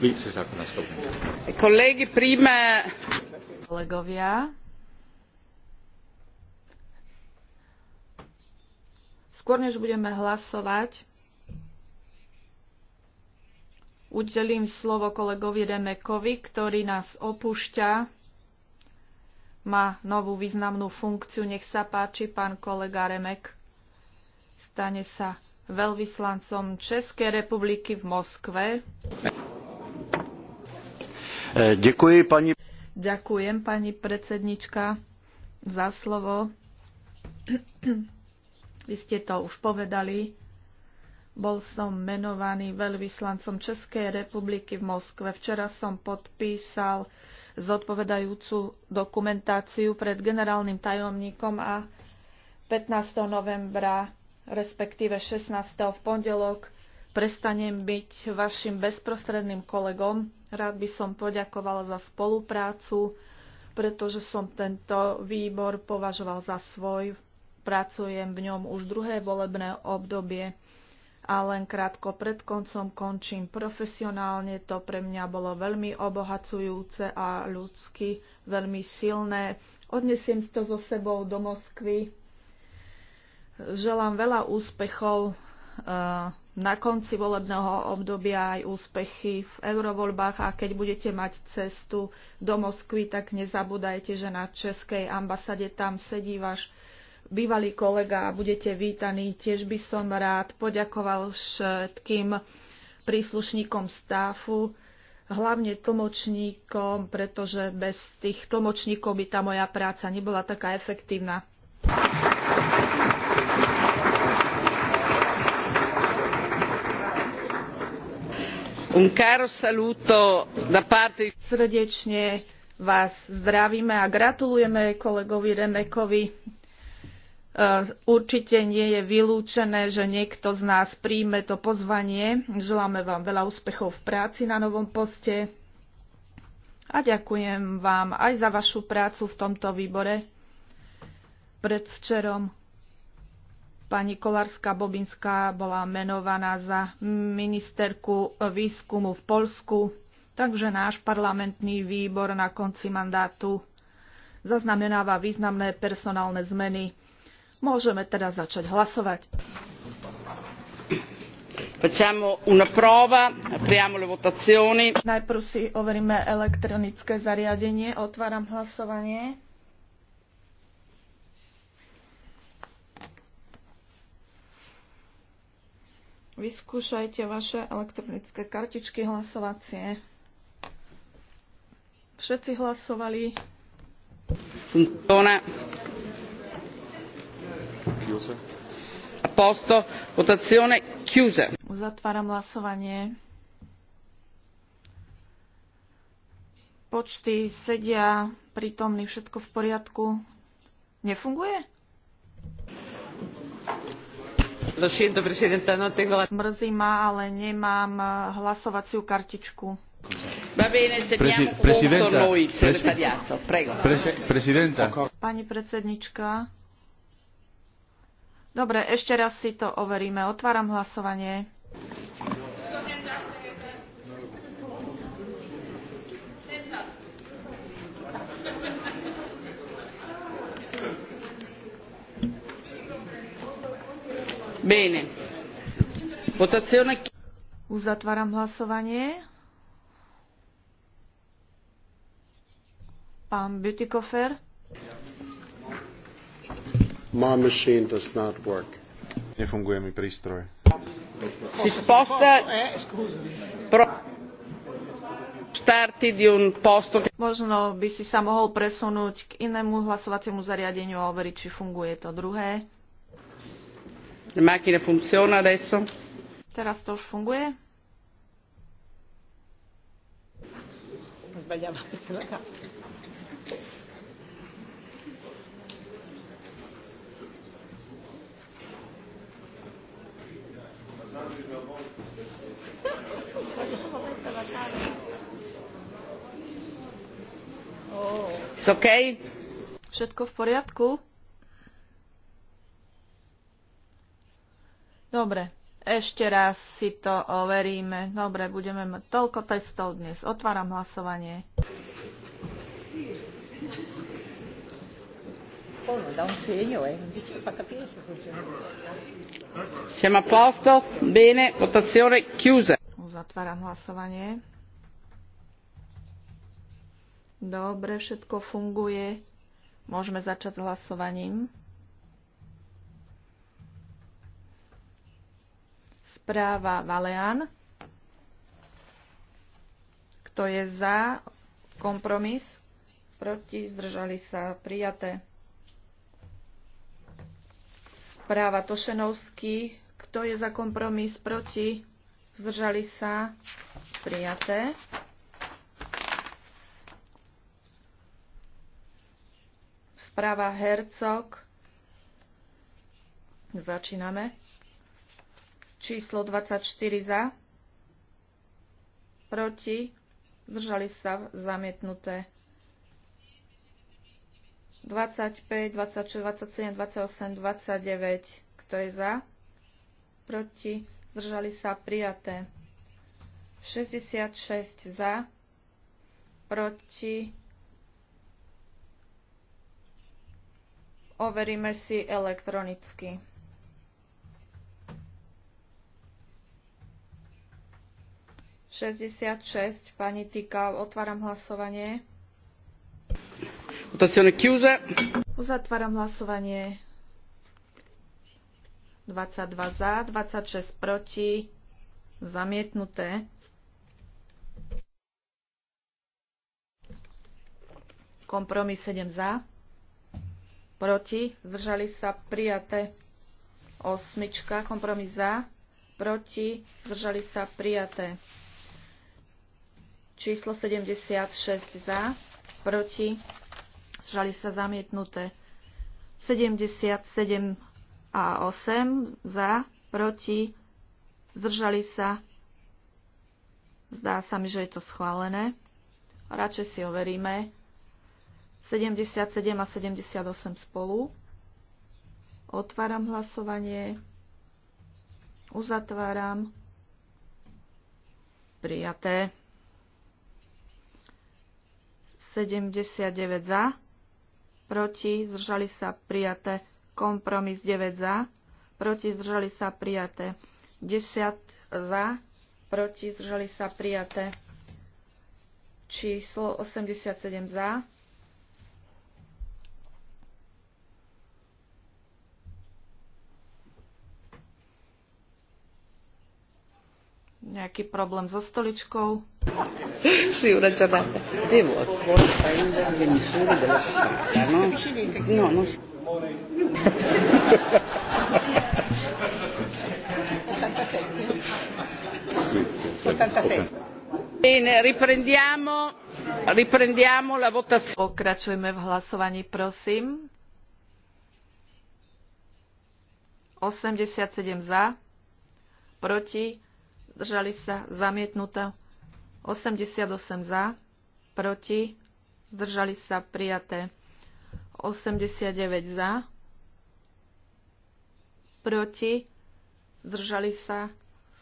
skôr než budeme hlasovať, udelím slovo kolegovi Remekovi, ktorý nás opúšťa. Má novú významnú funkciu. Nech sa páči, pán kolega Remek. Stane sa veľvyslancom Českej republiky v Moskve. Ďakujem pani... predsednička za slovo. Vy ste to už povedali. Bol som menovaný veľvyslancom Českej republiky v Moskve. Včera som podpísal zodpovedajúcu dokumentáciu pred generálnym tajomníkom a 15. novembra, respektíve 16. v pondelok, prestanem byť vašim bezprostredným kolegom Rád by som poďakovala za spoluprácu, pretože som tento výbor považoval za svoj. Pracujem v ňom už druhé volebné obdobie a len krátko pred koncom končím profesionálne. To pre mňa bolo veľmi obohacujúce a ľudsky veľmi silné. Odnesiem to so sebou do Moskvy. Želám veľa úspechov eh, na konci volebného obdobia aj úspechy v eurovoľbách a keď budete mať cestu do Moskvy, tak nezabúdajte, že na Českej ambasade tam sedí váš bývalý kolega a budete vítaní. Tiež by som rád poďakoval všetkým príslušníkom stáfu, hlavne tlmočníkom, pretože bez tých tlmočníkov by tá moja práca nebola taká efektívna. Srdečne vás zdravíme a gratulujeme kolegovi Remekovi. E, určite nie je vylúčené, že niekto z nás príjme to pozvanie. Želáme vám veľa úspechov v práci na novom poste a ďakujem vám aj za vašu prácu v tomto výbore. Predvčerom Pani Kolárska-Bobinská bola menovaná za ministerku výskumu v Polsku, takže náš parlamentný výbor na konci mandátu zaznamenáva významné personálne zmeny. Môžeme teda začať hlasovať. Najprv si overíme elektronické zariadenie. Otváram hlasovanie. Vyskúšajte vaše elektronické kartičky hlasovacie. Všetci hlasovali. Funziona. Chiusa. posto. Votazione chiusa. Uzatváram hlasovanie. Počty sedia prítomní, všetko v poriadku. Nefunguje? No Mrzí ma, ale nemám eh, hlasovaciu kartičku. Pani predsednička. Dobre, ešte raz si to overíme. Otváram hlasovanie. Bene. Votazione... Uzatváram hlasovanie. Pán Butikofer. My machine does not work. Nefunguje mi prístroj. Si sposta... Pro... Možno by si sa mohol presunúť k inému hlasovaciemu zariadeniu a overiť, či funguje to druhé. Le macchine funziona adesso? Teraz to už funguje? It's okay? Všetko v poriadku? Dobre, ešte raz si to overíme. Dobre, budeme mať toľko testov dnes. Otváram hlasovanie. Eh. Siamo a posto? Bene, votazione chiusa. Zatváram hlasovanie. Dobre, všetko funguje. Môžeme začať hlasovaním. Správa Valean. Kto je za? Kompromis. Proti? Zdržali sa. Prijaté. Správa Tošenovský. Kto je za kompromis? Proti? Zdržali sa. Prijaté. Správa Hercog. Začíname. Číslo 24 za, proti, zdržali sa zamietnuté. 25, 26, 27, 28, 29. Kto je za? Proti. Zdržali sa prijaté. 66 za. Proti. Overíme si elektronicky. 66, pani Tika, otváram hlasovanie. Votazione chiusa. Uzatváram hlasovanie. 22 za, 26 proti, zamietnuté. Kompromis 7 za, proti, zdržali sa prijaté. Osmička, kompromis za, proti, zdržali sa prijaté. Číslo 76 za, proti, zdržali sa zamietnuté. 77 a 8 za, proti, zdržali sa. Zdá sa mi, že je to schválené. Radšej si overíme. 77 a 78 spolu. Otváram hlasovanie. Uzatváram. Prijaté. 79 za, proti zdržali sa prijaté. Kompromis 9 za, proti zdržali sa prijaté. 10 za, proti zdržali sa prijaté. Číslo 87 za, nejaký problém so stoličkou sì, una giornata. Devo poi prendere le misure della sala, no? No, non si... Bene, riprendiamo, riprendiamo la votazione. Pokračujme v hlasovaní, prosím. 87 za, proti, držali sa, zamietnuté. 88 za, proti, zdržali sa prijaté 89 za, proti, zdržali sa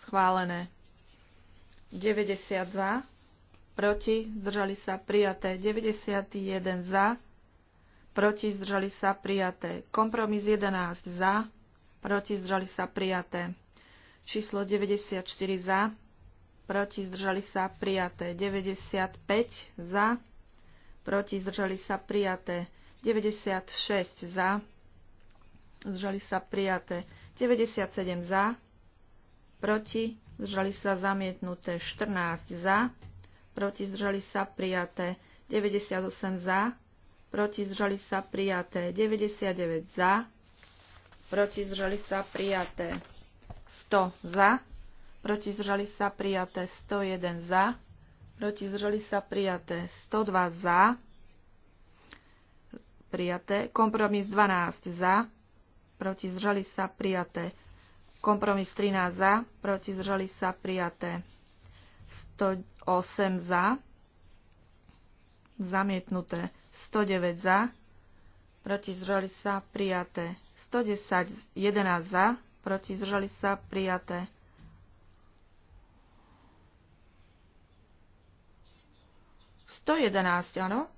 schválené 90 za, proti, zdržali sa prijaté 91 za, proti, zdržali sa prijaté kompromis 11 za, proti, zdržali sa prijaté číslo 94 za, proti, zdržali sa prijaté. 95 za, proti, zdržali sa prijaté. 96 za, zdržali sa prijaté. 97 za, proti, zdržali sa zamietnuté. 14 za, proti, zdržali sa prijaté. 98 za, proti, zdržali sa prijaté. 99 za, proti, zdržali sa prijaté. 100 za, proti zdržali sa prijaté 101 za, proti zdržali sa prijaté 102 za, prijaté, kompromis 12 za, proti zdržali sa prijaté, kompromis 13 za, proti zdržali sa prijaté 108 za, zamietnuté 109 za, proti zdržali sa prijaté 110, 11 za, proti zdržali sa prijaté 111, áno?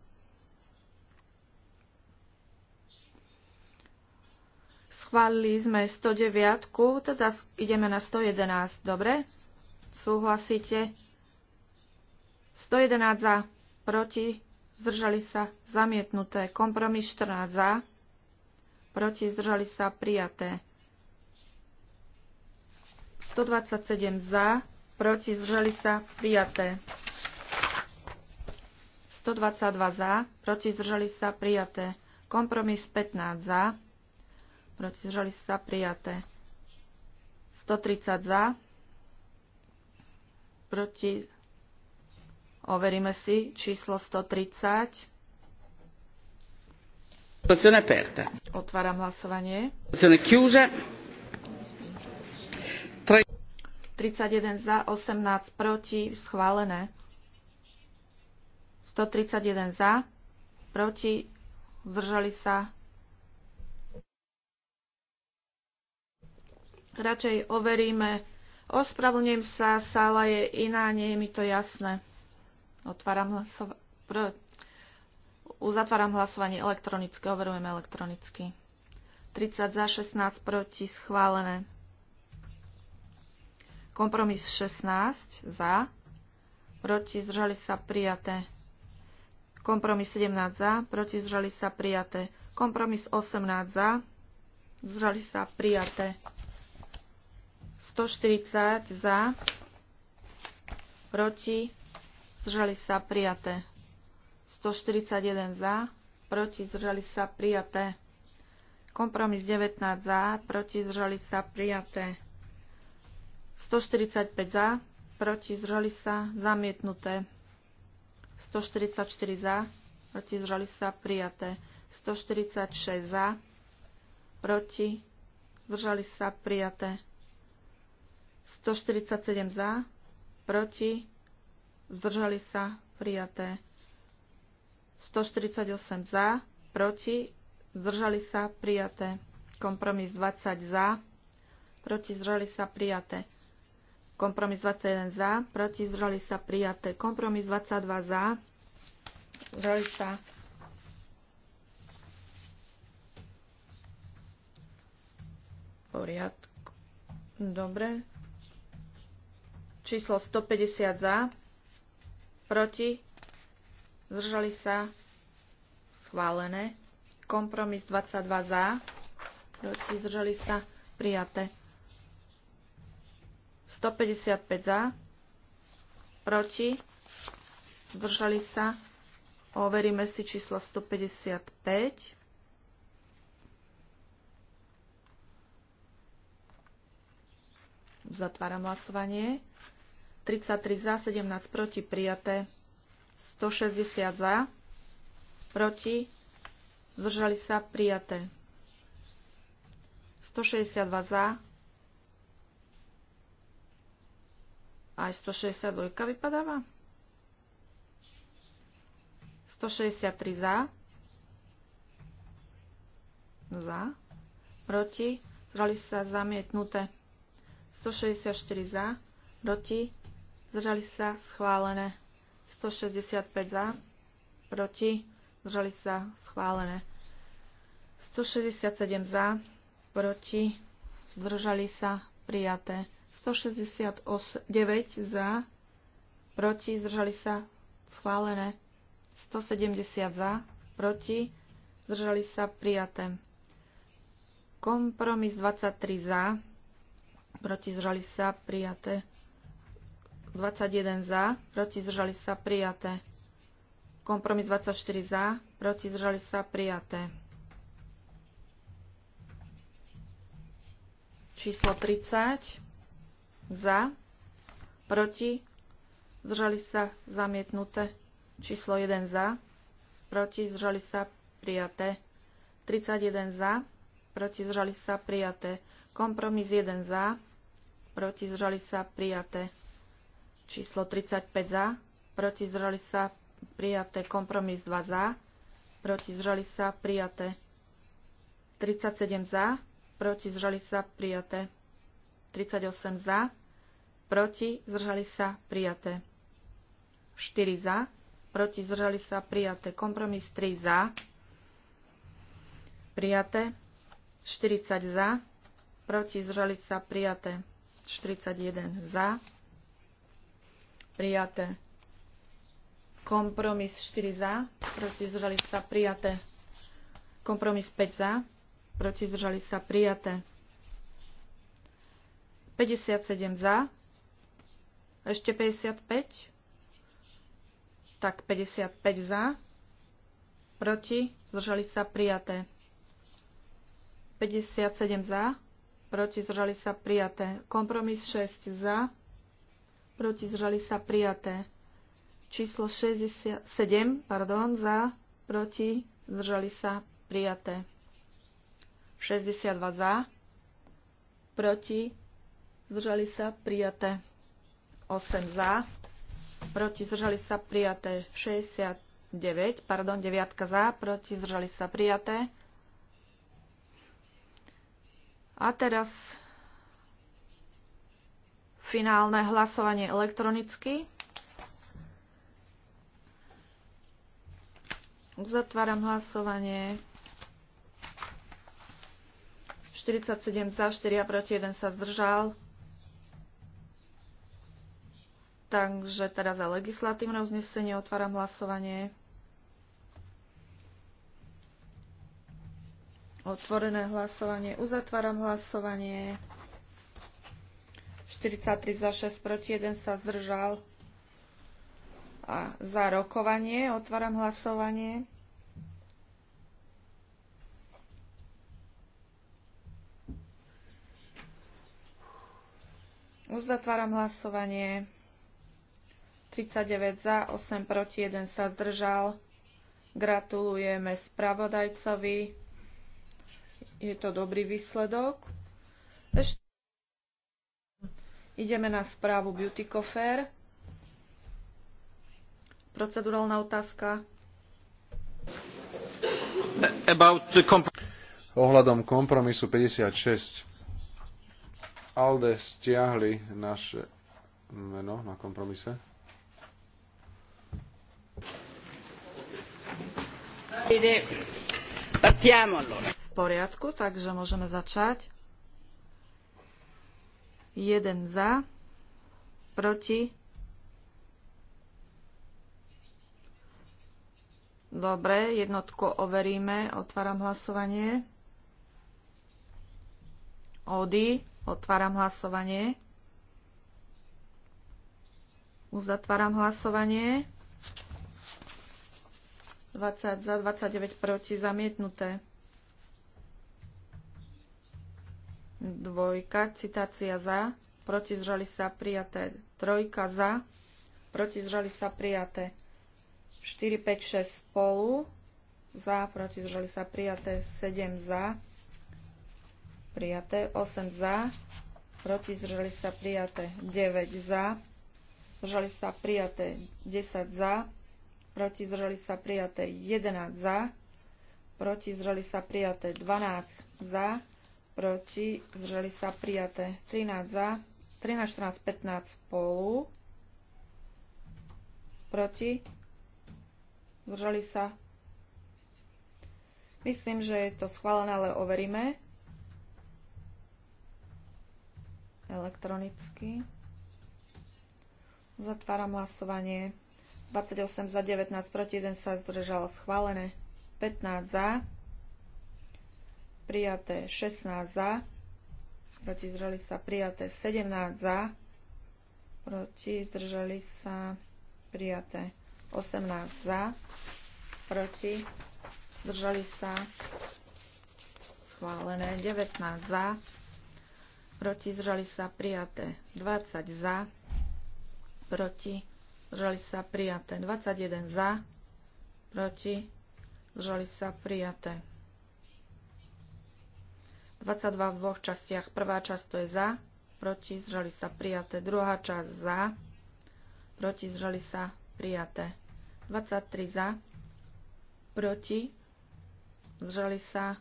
Schválili sme 109, teda ideme na 111, dobre? Súhlasíte? 111 za, proti, zdržali sa, zamietnuté. Kompromis 14 za, proti, zdržali sa, prijaté. 127 za, proti, zdržali sa, prijaté. 122 za, proti zdržali sa prijaté. Kompromis 15 za, proti zdržali sa prijaté. 130 za, proti, overíme si, číslo 130. Votazione aperta. Otváram hlasovanie. Votazione chiusa. 31 za, 18 proti, schválené. 131 za, proti, zdržali sa. Radšej overíme. Ospravlňujem sa, sála je iná, nie je mi to jasné. Otváram hlasovanie. Uzatváram hlasovanie elektronicky, overujeme elektronicky. 30 za, 16 proti, schválené. Kompromis 16 za, proti, zdržali sa prijaté. Kompromis 17 za, proti zdržali sa prijaté. Kompromis 18 za, zdržali sa prijaté. 140 za, proti zdržali sa prijaté. 141 za, proti zdržali sa prijaté. Kompromis 19 za, proti zdržali sa prijaté. 145 za, proti zdržali sa zamietnuté. 144 za, proti zdržali sa prijaté. 146 za, proti zdržali sa prijaté. 147 za, proti zdržali sa prijaté. 148 za, proti zdržali sa prijaté. Kompromis 20 za, proti zdržali sa prijaté. Kompromis 21 za, proti zdržali sa prijaté. Kompromis 22 za, zdržali sa poriadku. Dobre. Číslo 150 za, proti, zdržali sa, schválené. Kompromis 22 za, proti, zdržali sa, prijaté. 155 za, proti, zdržali sa, overíme si číslo 155. Zatváram hlasovanie. 33 za, 17 proti, prijaté. 160 za, proti, zdržali sa, prijaté. 162 za, Aj 162 vypadáva? 163 za. Za. Proti. Zrali sa zamietnuté. 164 za. Proti. Zdržali sa schválené. 165 za. Proti. Zdržali sa schválené. 167 za. Proti. Zdržali sa prijaté. 169 za, proti, zdržali sa, schválené. 170 za, proti, zdržali sa, prijaté. Kompromis 23 za, proti, zdržali sa, prijaté. 21 za, proti, zdržali sa, prijaté. Kompromis 24 za, proti, zdržali sa, prijaté. Číslo 30 za, proti, zdržali sa zamietnuté, číslo 1 za, proti, zdržali sa prijaté, 31 za, proti, zdržali sa prijaté, kompromis 1 za, proti, zdržali sa prijaté, číslo 35 za, proti, zdržali sa prijaté, kompromis 2 za, proti, zdržali sa prijaté, 37 za, proti, zdržali sa prijaté, 38 za, proti, zdržali sa, prijaté. 4 za, proti, zdržali sa, prijaté. Kompromis 3 za, prijaté. 40 za, proti, zdržali sa, prijaté. 41 za, prijaté. Kompromis 4 za, proti, zdržali sa, prijaté. Kompromis 5 za, proti, zdržali sa, prijaté. 57 za, ešte 55. Tak 55 za. Proti. Zdržali sa prijaté. 57 za. Proti. Zdržali sa prijaté. Kompromis 6 za. Proti. Zdržali sa prijaté. Číslo 67, pardon, za. Proti. Zdržali sa prijaté. 62 za. Proti. Zdržali sa prijaté. 8 za, proti zdržali sa prijaté 69, pardon, 9 za, proti zdržali sa prijaté. A teraz finálne hlasovanie elektronicky. Uzatváram hlasovanie. 47 za, 4 proti, 1 sa zdržal. Takže teraz za legislatívne uznesenie otváram hlasovanie. Otvorené hlasovanie. Uzatváram hlasovanie. 43 za 6 proti 1 sa zdržal. A za rokovanie otváram hlasovanie. Uzatváram hlasovanie. 39 za, 8 proti, 1 sa zdržal. Gratulujeme spravodajcovi. Je to dobrý výsledok. Ešte ideme na správu Beauty Coffer. Procedurálna otázka. Ohľadom kompromisu 56. Alde stiahli naše meno na kompromise. V poriadku, takže môžeme začať. Jeden za, proti. Dobre, jednotku overíme. Otváram hlasovanie. Ody, otváram hlasovanie. Uzatváram hlasovanie. 20 za, 29 proti, zamietnuté. Dvojka, citácia za, proti zžali sa prijaté. Trojka za, proti zžali sa prijaté. 4, 5, 6 spolu, za, proti zžali sa prijaté. 7 za, prijaté. 8 za, proti zžali sa prijaté. 9 za, zžali sa prijaté. 10 za, proti zdržali sa prijaté 11 za, proti zdržali sa prijaté 12 za, proti zdržali sa prijaté 13 za, 13, 14, 15 spolu, proti zdržali sa. Myslím, že je to schválené, ale overíme. Elektronicky. Zatváram hlasovanie. 28 za 19 proti 1 sa zdržalo schválené. 15 za. Prijaté 16 za. Proti zdržali sa prijaté 17 za. Proti zdržali sa prijaté 18 za. Proti zdržali sa schválené 19 za. Proti zdržali sa prijaté 20 za. Proti zdržali sa prijaté. 21 za, proti, zdržali sa prijaté. 22 v dvoch častiach. Prvá časť to je za, proti, zdržali sa prijaté. Druhá časť za, proti, zdržali sa prijaté. 23 za, proti, zdržali sa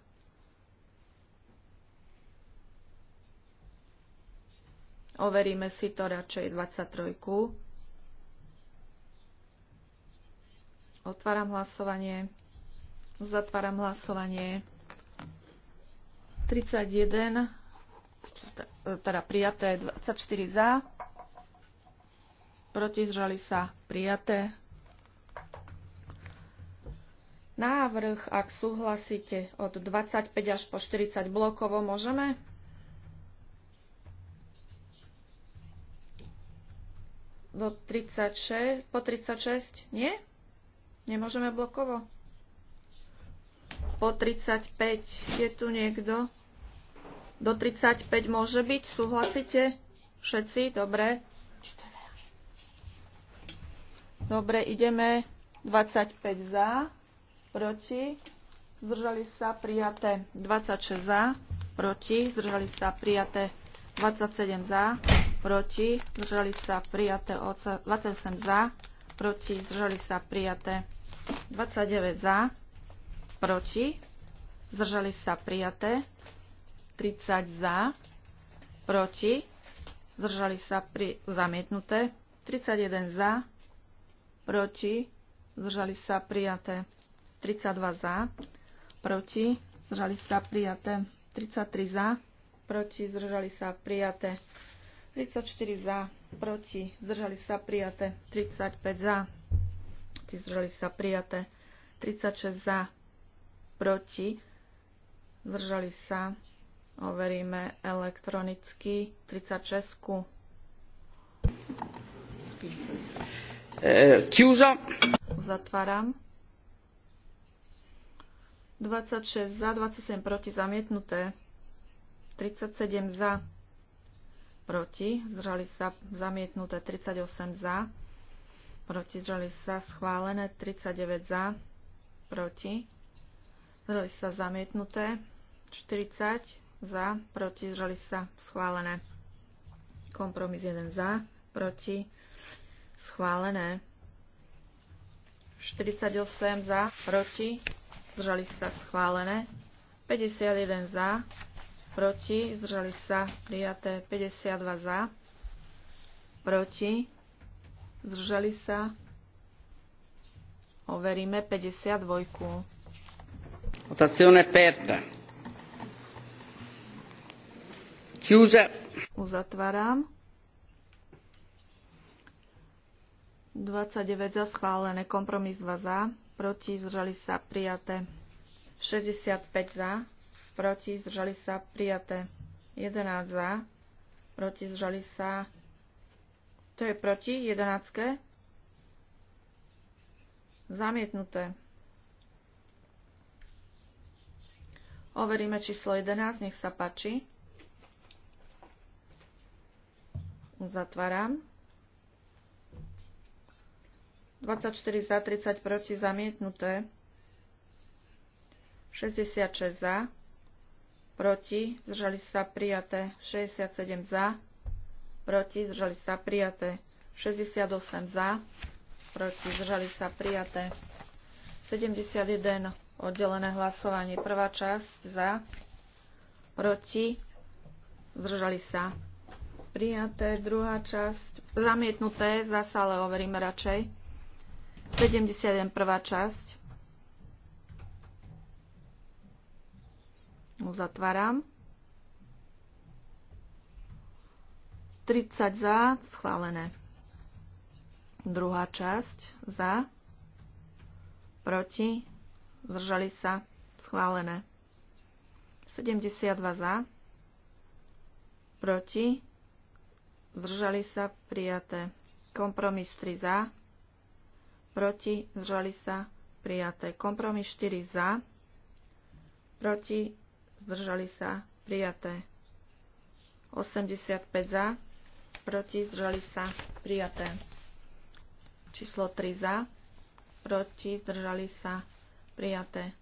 Overíme si to radšej 23. Otváram hlasovanie. Zatváram hlasovanie. 31, teda prijaté, 24 za. Proti zžali sa prijaté. Návrh, ak súhlasíte, od 25 až po 40 blokovo môžeme? Do 36, po 36, nie? Nemôžeme blokovo? Po 35 je tu niekto? Do 35 môže byť? Súhlasíte? Všetci? Dobre. Dobre, ideme. 25 za, proti, zdržali sa prijaté 26 za, proti, zdržali sa prijaté 27 za, proti, zdržali sa prijaté 28 za, proti, zdržali sa prijaté 29 za, proti, zdržali sa prijaté, 30 za, proti, zdržali sa pri, zamietnuté, 31 za, proti, zdržali sa prijaté, 32 za, proti, zdržali sa prijaté, 33 za, proti, zdržali sa prijaté, 34 za, proti, zdržali sa prijaté, 35 za, proti, zdržali sa prijaté. 36 za, proti, zdržali sa. Overíme elektronicky 36. Kiuza. Zatváram. 26 za, 27 proti, zamietnuté. 37 za, proti, zdržali sa zamietnuté 38 za, proti, zdrali sa schválené, 39 za, proti, Zdrali sa zamietnuté, 40 za, proti, zdrali sa schválené, kompromis 1 za, proti, schválené, 48 za, proti, Zdrali sa schválené, 51 za, proti, Zdrali sa prijaté, 52 za, proti, Zdržali sa. Overíme 52. Votazione aperta. Chiusa. Uzatváram. 29 za schválené, kompromis 2 za, proti zdržali sa prijaté. 65 za, proti zdržali sa prijaté. 11 za, proti zdržali sa kto je proti? Jedenácké. Zamietnuté. Overíme číslo 11, nech sa páči. Uzatváram. 24 za, 30 proti, zamietnuté. 66 za, proti, zdržali sa prijaté 67 za, proti, zdržali sa prijaté. 68 za, proti, zdržali sa prijaté. 71 oddelené hlasovanie. Prvá časť za, proti, zdržali sa prijaté. Druhá časť zamietnuté, zasa ale overíme radšej. 71 prvá časť. Uzatváram. 30 za, schválené. Druhá časť za, proti, zdržali sa, schválené. 72 za, proti, zdržali sa, prijaté. Kompromis 3 za, proti, zdržali sa, prijaté. Kompromis 4 za, proti, zdržali sa, prijaté. 85 za, proti, zdržali sa, prijaté. Číslo 3 za, proti, zdržali sa, prijaté.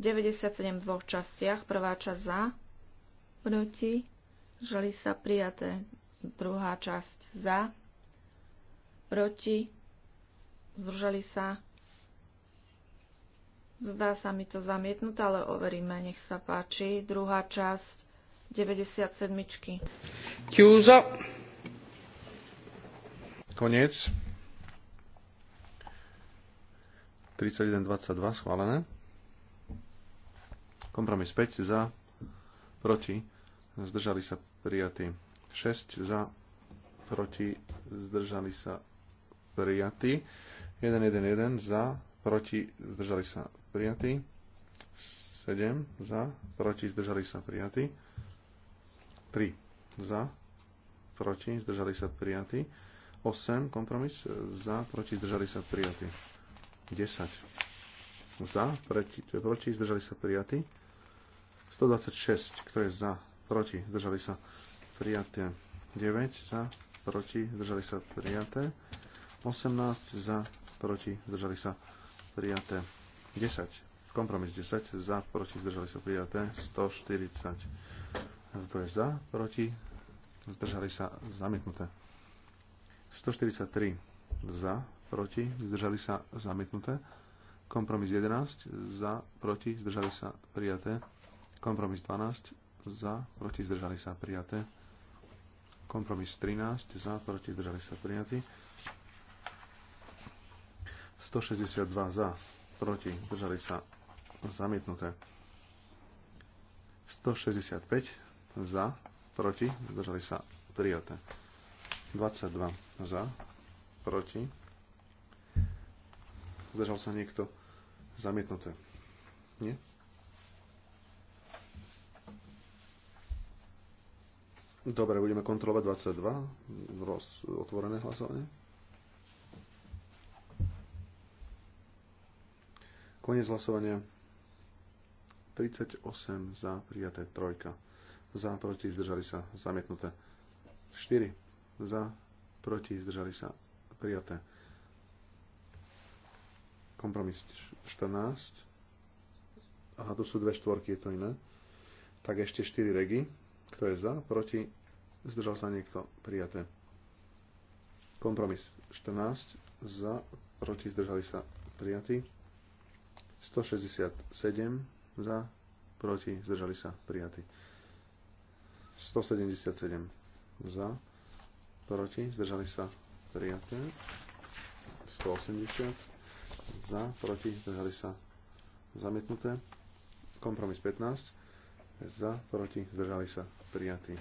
97 v dvoch častiach, prvá časť za, proti, zdržali sa, prijaté. Druhá časť za, proti, zdržali sa, Zdá sa mi to zamietnuté, ale overíme, nech sa páči. Druhá časť 97. Chiuso. Koniec. 31.22 schválené. Kompromis 5 za, proti, zdržali sa prijatí. 6 za, proti, zdržali sa prijatí. 1.1.1 za, proti, zdržali sa prijatí. 7 za, proti, zdržali sa prijatí. 3 za, proti, zdržali sa prijatí. 8 kompromis za, proti, zdržali sa prijatí. 10 za, proti, proti zdržali sa prijatí. 126, kto je za, proti, zdržali sa prijaté. 9 za, proti, zdržali sa prijaté. 18 za, proti, zdržali sa prijaté. 10. Kompromis 10 za, proti, zdržali sa prijaté. 140 kto je za? Proti? Zdržali sa? Zamietnuté. 143 za, proti, zdržali sa zamietnuté. Kompromis 11 za, proti, zdržali sa prijaté. Kompromis 12 za, proti, zdržali sa prijaté. Kompromis 13 za, proti, zdržali sa prijatí. 162 za, proti, zdržali sa zamietnuté. 165 za, proti, zdržali sa prijaté. 22 za, proti, zdržal sa niekto zamietnuté. Nie? Dobre, budeme kontrolovať 22, roz, otvorené hlasovanie. Koniec hlasovania. 38 za prijaté trojka za, proti, zdržali sa, zamietnuté. 4 za, proti, zdržali sa, prijaté. Kompromis 14. Aha, tu sú dve štvorky, je to iné. Tak ešte 4 regi. Kto je za, proti, zdržal sa niekto, prijaté. Kompromis 14. Za, proti, zdržali sa, prijatí. 167 za, proti, zdržali sa, prijatí. 177 za, proti, zdržali sa prijaté. 180 za, proti, zdržali sa zamietnuté. Kompromis 15 za, proti, zdržali sa prijatí.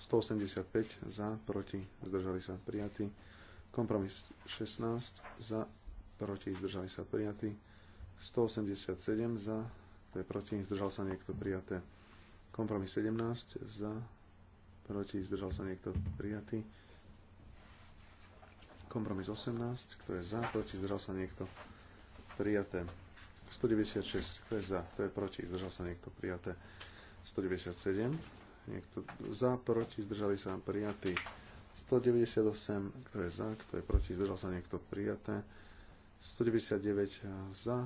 185 za, proti, zdržali sa prijatí. Kompromis 16 za, proti, zdržali sa prijatí. 187 za, to je proti, zdržal sa niekto prijaté. Kompromis 17 za, proti, zdržal sa niekto prijatý. Kompromis 18, kto je za, proti, zdržal sa niekto prijaté. 196, kto je za, kto je proti, zdržal sa niekto prijaté. 197, niekto za, proti, zdržali sa prijatí. 198, kto je za, kto je proti, zdržal sa niekto prijaté. 199 za,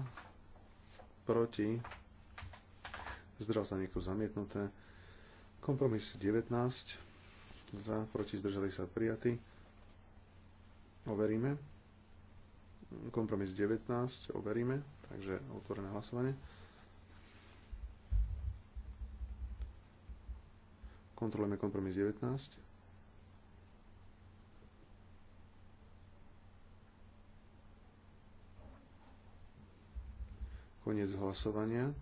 proti, zdržal sa niekto zamietnuté. Kompromis 19, za, proti, zdržali sa prijatí. Overíme. Kompromis 19, overíme, takže otvorené hlasovanie. Kontrolujeme kompromis 19. Koniec hlasovania.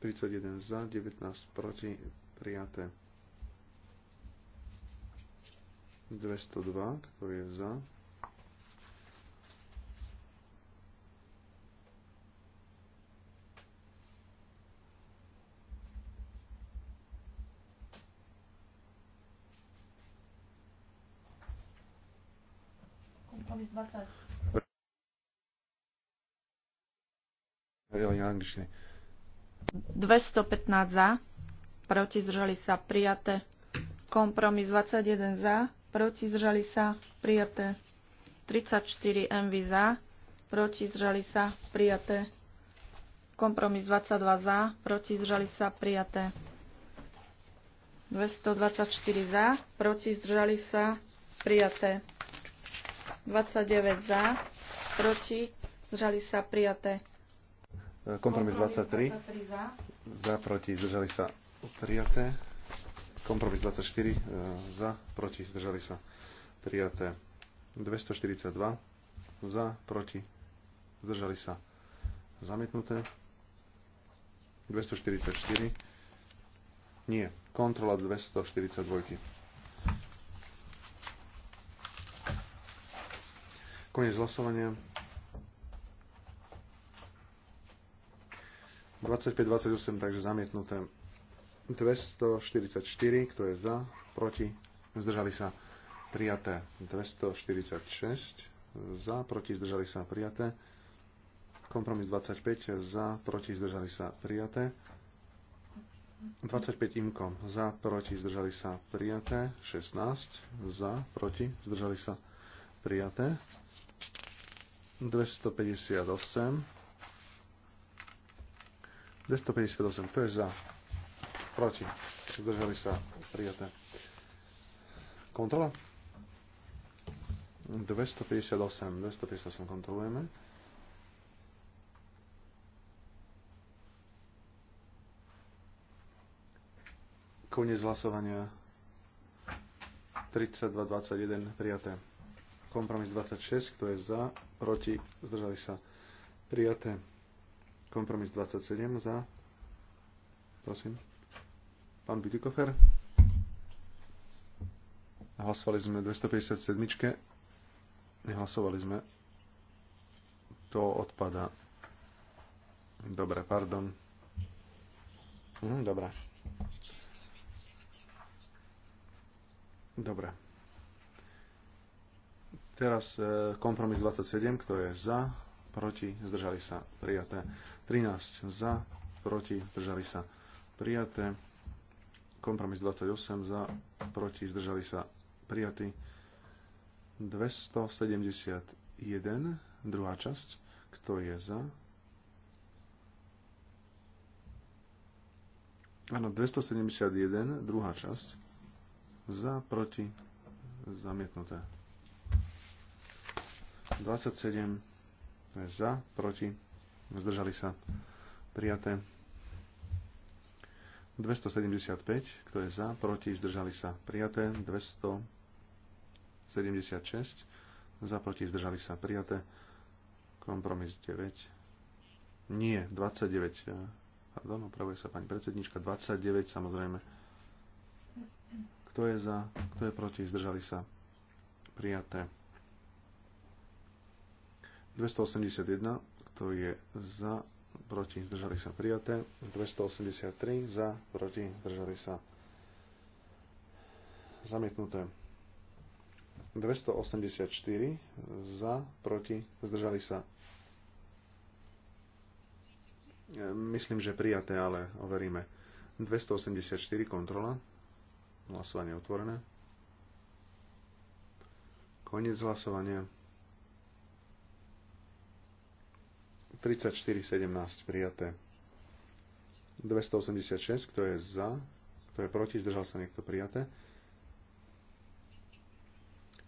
31 za, 19 proti, prijaté. 202, ktorý je za. Kompromis 20. Ja, ja, angličtine. 215 za, proti zdržali sa prijaté. Kompromis 21 za, proti zdržali sa prijaté. 34 MV za, proti zdržali sa prijaté. Kompromis 22 za, proti zdržali sa prijaté. 224 za, proti zdržali sa prijaté. 29 za, proti zdržali sa prijaté. Kompromis 23. Za, proti, zdržali sa prijaté. Kompromis 24. E, za, proti, zdržali sa prijaté. 242. Za, proti, zdržali sa zamietnuté. 244. Nie, kontrola 242. Koniec hlasovania. 25-28, takže zamietnuté. 244, kto je za, proti, zdržali sa prijaté. 246, za, proti, zdržali sa prijaté. Kompromis 25, za, proti, zdržali sa prijaté. 25 imko, za, proti, zdržali sa prijaté. 16, za, proti, zdržali sa prijaté. 258, 258, to je za. Proti. Zdržali sa. Prijaté. Kontrola? 258. 258 kontrolujeme. Koniec hlasovania. 32, 21, prijaté. Kompromis 26, kto je za, proti, zdržali sa. Prijaté. Kompromis 27 za. Prosím. Pán Bidikofer. Hlasovali sme 257. Nehlasovali sme. To odpada. Dobre, pardon. Hm, dobre. Dobre. Teraz e, kompromis 27, kto je za, proti, zdržali sa, prijaté. 13 za, proti, zdržali sa, prijaté. Kompromis 28 za, proti, zdržali sa, prijatý. 271, druhá časť, kto je za? Áno, 271, druhá časť, za, proti, zamietnuté. 27, za, proti, zdržali sa prijaté. 275, kto je za, proti, zdržali sa prijaté. 276, za, proti, zdržali sa prijaté. Kompromis 9. Nie, 29. E, pardon, opravuje sa pani predsednička. 29 samozrejme. Kto je za, kto je proti, zdržali sa prijaté. 281, kto je za, proti, zdržali sa prijaté. 283 za, proti, zdržali sa zamietnuté. 284 za, proti, zdržali sa. E, myslím, že prijaté, ale overíme. 284 kontrola. Hlasovanie otvorené. Koniec hlasovania. 34,17 prijaté. 286, kto je za, kto je proti, zdržal sa niekto prijaté.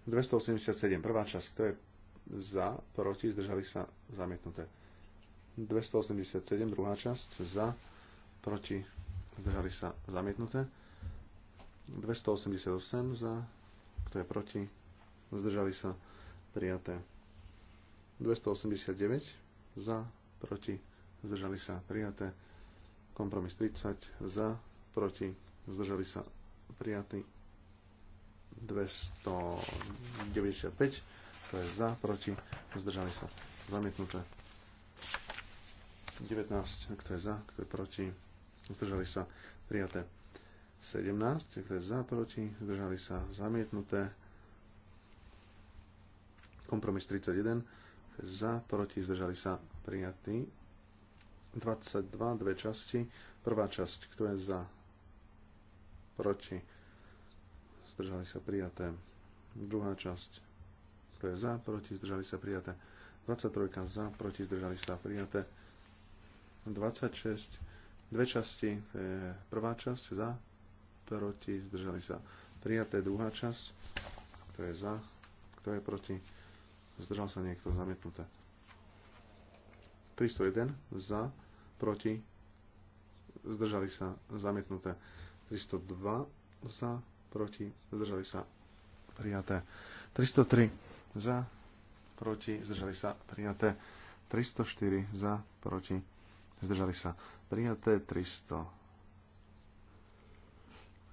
287, prvá časť, kto je za, proti, zdržali sa zamietnuté. 287, druhá časť, za, proti, zdržali sa zamietnuté. 288 za, kto je proti, zdržali sa prijaté. 289 za, proti, zdržali sa prijaté. Kompromis 30 za, proti, zdržali sa prijatý. 295, to je za, proti, zdržali sa zamietnuté. 19, kto je za, kto je proti, zdržali sa prijaté. 17, kto je za, proti, zdržali sa zamietnuté. Kompromis 31, za, proti, zdržali sa prijatí. 22, dve časti. Prvá časť, kto je za, proti, zdržali sa prijaté. Druhá časť, kto je za, proti, zdržali sa prijaté. 23 za, proti, zdržali sa prijaté. 26, dve časti, to je prvá časť za, proti, zdržali sa prijaté. Druhá časť, kto je za, kto je proti, zdržal sa niekto, zamietnuté. 301 za, proti, zdržali sa, zamietnuté. 302 za, proti, zdržali sa, prijaté. 303 za, proti, zdržali sa, prijaté. 304 za, proti, zdržali sa, prijaté. 300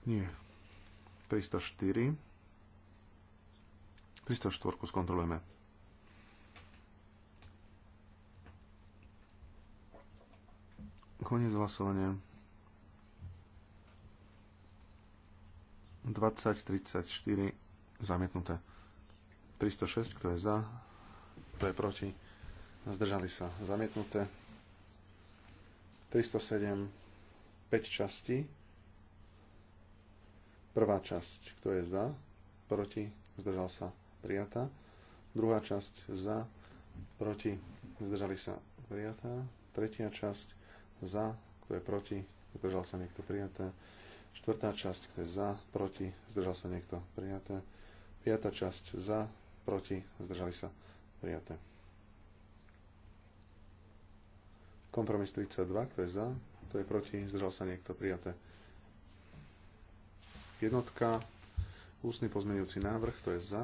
nie. 304 304 skontrolujeme. Koniec hlasovania. 20, 34, zamietnuté. 306, kto je za, kto je proti, zdržali sa, zamietnuté. 307, 5 časti. Prvá časť, kto je za, proti, zdržal sa, prijatá. Druhá časť, za, proti, zdržali sa, prijatá. Tretia časť, za, kto je proti, zdržal sa niekto prijaté. Štvrtá časť, kto je za, proti, zdržal sa niekto prijaté. Piatá časť za, proti, zdržali sa prijaté. Kompromis 32, kto je za, kto je proti, zdržal sa niekto prijaté. Jednotka, ústny pozmeňujúci návrh, kto je za,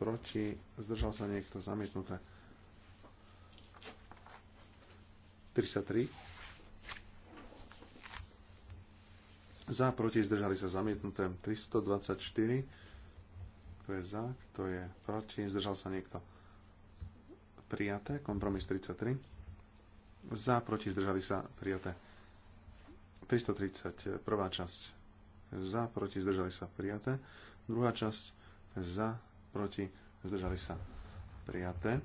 proti, zdržal sa niekto zamietnuté. 33. Za, proti, zdržali sa zamietnuté. 324. Kto je za, kto je proti, zdržal sa niekto. Prijaté. Kompromis 33. Za, proti, zdržali sa. Prijaté. 330. Prvá časť. Za, proti, zdržali sa. Prijaté. Druhá časť. Za, proti, zdržali sa. Prijaté.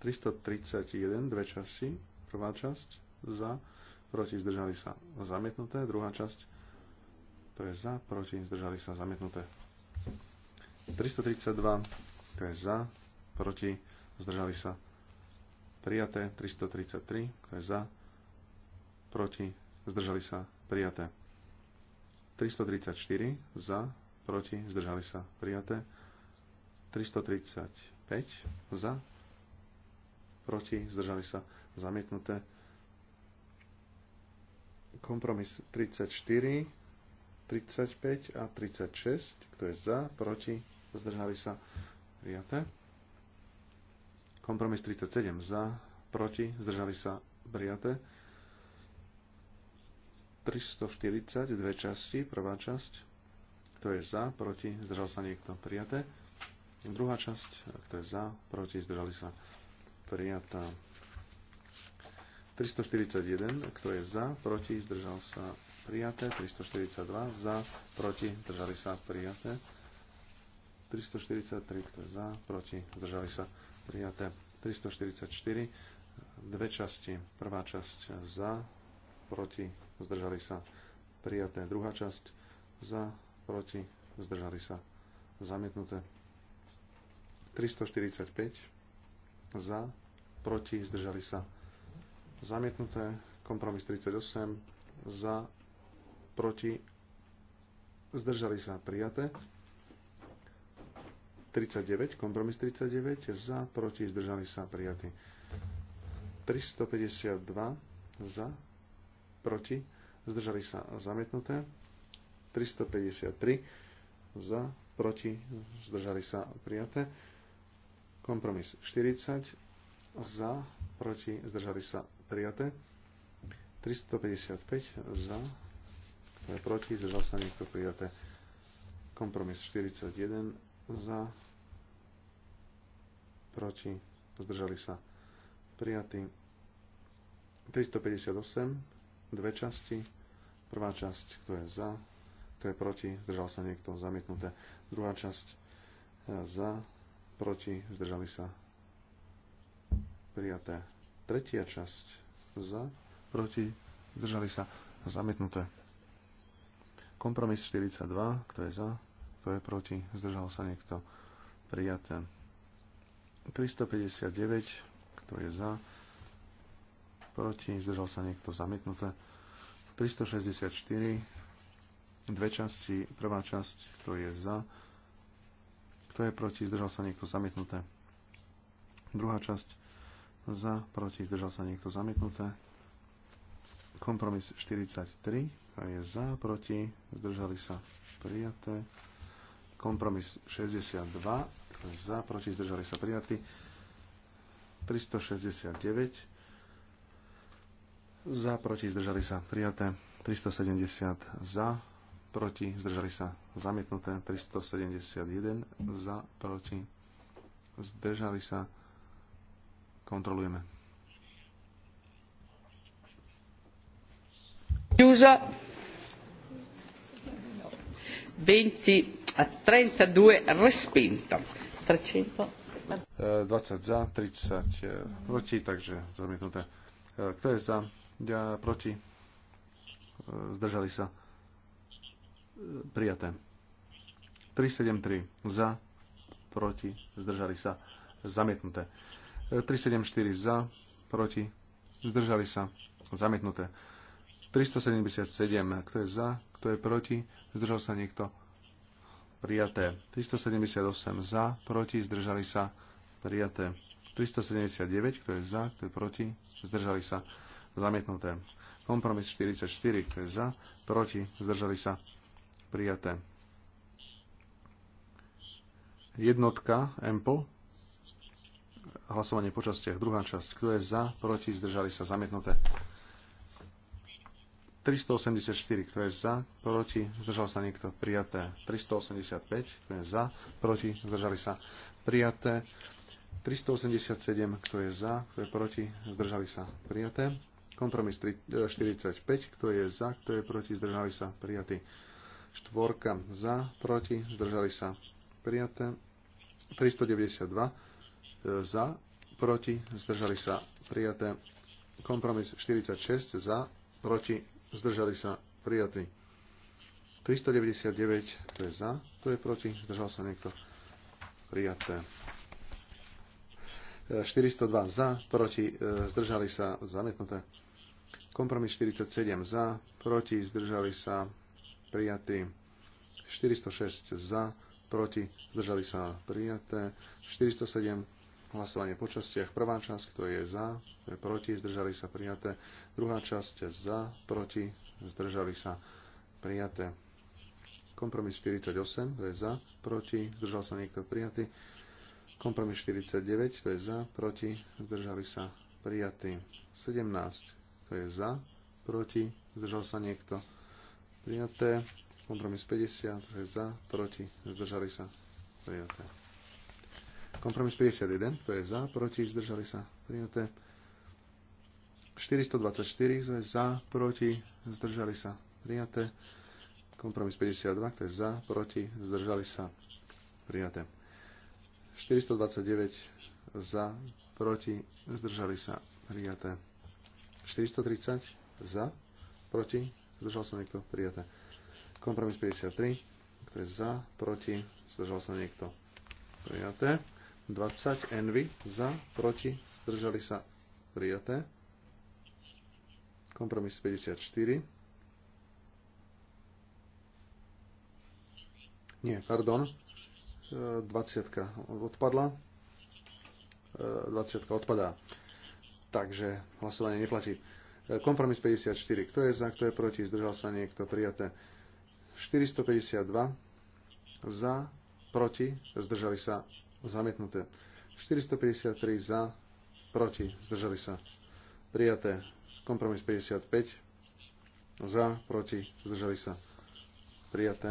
331, dve časti. Prvá časť za, proti, zdržali sa zamietnuté. Druhá časť, to je za, proti, zdržali sa zamietnuté. 332, to je za, proti, zdržali sa prijaté. 333, to je za, proti, zdržali sa prijaté. 334 za, proti, zdržali sa prijaté. 335 za, proti, zdržali sa zamietnuté. Kompromis 34, 35 a 36, kto je za, proti, zdržali sa prijaté. Kompromis 37 za, proti, zdržali sa prijaté. 340, dve časti, prvá časť, kto je za, proti, zdržal sa niekto prijaté. Druhá časť, kto je za, proti, zdržali sa prijaté prijatá. 341, kto je za, proti, zdržal sa prijaté. 342, za, proti, zdržali sa prijaté. 343, kto je za, proti, zdržali sa prijaté. 344, dve časti. Prvá časť za, proti, zdržali sa prijaté. Druhá časť za, proti, zdržali sa zamietnuté. 345, za, proti, zdržali sa. Zamietnuté, kompromis 38, za, proti, zdržali sa, prijaté. 39, kompromis 39, za, proti, zdržali sa, prijaté. 352, za, proti, zdržali sa, zamietnuté. 353, za, proti, zdržali sa, prijaté. Kompromis 40, za, proti, zdržali sa prijaté. 355 za, kto je proti, zdržal sa niekto prijaté. Kompromis 41 za, proti, zdržali sa prijatí. 358, dve časti. Prvá časť, kto je za, kto je proti, zdržal sa niekto, zamietnuté. Druhá časť, za, proti, zdržali sa prijaté. Tretia časť za, proti, zdržali sa, zamietnuté. Kompromis 42, kto je za, kto je proti, zdržal sa niekto, prijaté. 359, kto je za, proti, zdržal sa niekto, zamietnuté. 364, dve časti, prvá časť, kto je za, kto je proti, zdržal sa niekto, zamietnuté. Druhá časť, za, proti, zdržal sa niekto zamietnuté. Kompromis 43, to je za, proti, zdržali sa prijaté. Kompromis 62, to je za, proti, zdržali sa prijatí. 369, za, proti, zdržali sa prijaté. 370 za, proti, zdržali sa zamietnuté. 371 za, proti, zdržali sa prijaté Kontrolujeme. Chiusa. 20 a 32 respinto. 300. 20 eh, za, 30 eh, proti, takže zamietnuté. Eh, kto je za? Ja proti. Zdržali sa. Prijaté. 373 za, proti, zdržali sa. Zamietnuté. 374 za, proti, zdržali sa, zamietnuté. 377, kto je za, kto je proti, zdržal sa niekto, prijaté. 378 za, proti, zdržali sa, prijaté. 379, kto je za, kto je proti, zdržali sa, zamietnuté. Kompromis 44, kto je za, proti, zdržali sa, prijaté. Jednotka, MPO, hlasovanie po častiach. Druhá časť. Kto je za, proti, zdržali sa, zamietnuté. 384. Kto je za, proti, zdržal sa niekto, prijaté. 385. Kto je za, proti, zdržali sa, prijaté. 387. Kto je za, kto je proti, zdržali sa, prijaté. Kompromis 45. E, kto je za, kto je proti, zdržali sa, prijatý. Štvorka za, proti, zdržali sa, prijaté. 392 za, proti, zdržali sa prijaté. Kompromis 46 za, proti, zdržali sa prijatí. 399, to je za, to je proti, zdržal sa niekto prijaté. 402 e, za, proti, zdržali sa zamietnuté. Kompromis 47 za, proti, zdržali sa prijatí. 406 za, proti, zdržali sa prijaté. 407 Hlasovanie po častiach. Prvá časť, kto je za, kto je proti, zdržali sa prijaté. Druhá časť za, proti, zdržali sa prijaté. Kompromis 48, to je za, proti, zdržal sa niekto prijatý. Kompromis 49, to je za, proti, zdržali sa prijatý. 17, to je za, proti, zdržal sa niekto prijaté. Kompromis 50, to je za, proti, zdržali sa prijaté. Kompromis 51, kto je za, proti, zdržali sa, prijaté. 424, kto je za, proti, zdržali sa, prijaté. Kompromis 52, kto je za, proti, zdržali sa, prijaté. 429 za, proti, zdržali sa, prijaté. 430 za, proti, zdržal sa niekto, prijaté. Kompromis 53, kto je za, proti, zdržal sa niekto, prijaté. 20 envy za, proti, zdržali sa prijaté. Kompromis 54. Nie, pardon. 20 e, odpadla. 20 e, odpadá. Takže hlasovanie neplatí. E, kompromis 54. Kto je za, kto je proti, zdržal sa niekto, prijaté. 452 za, proti, zdržali sa Zamietnuté. 453 za, proti, zdržali sa. Prijaté. Kompromis 55. Za, proti, zdržali sa. Prijaté.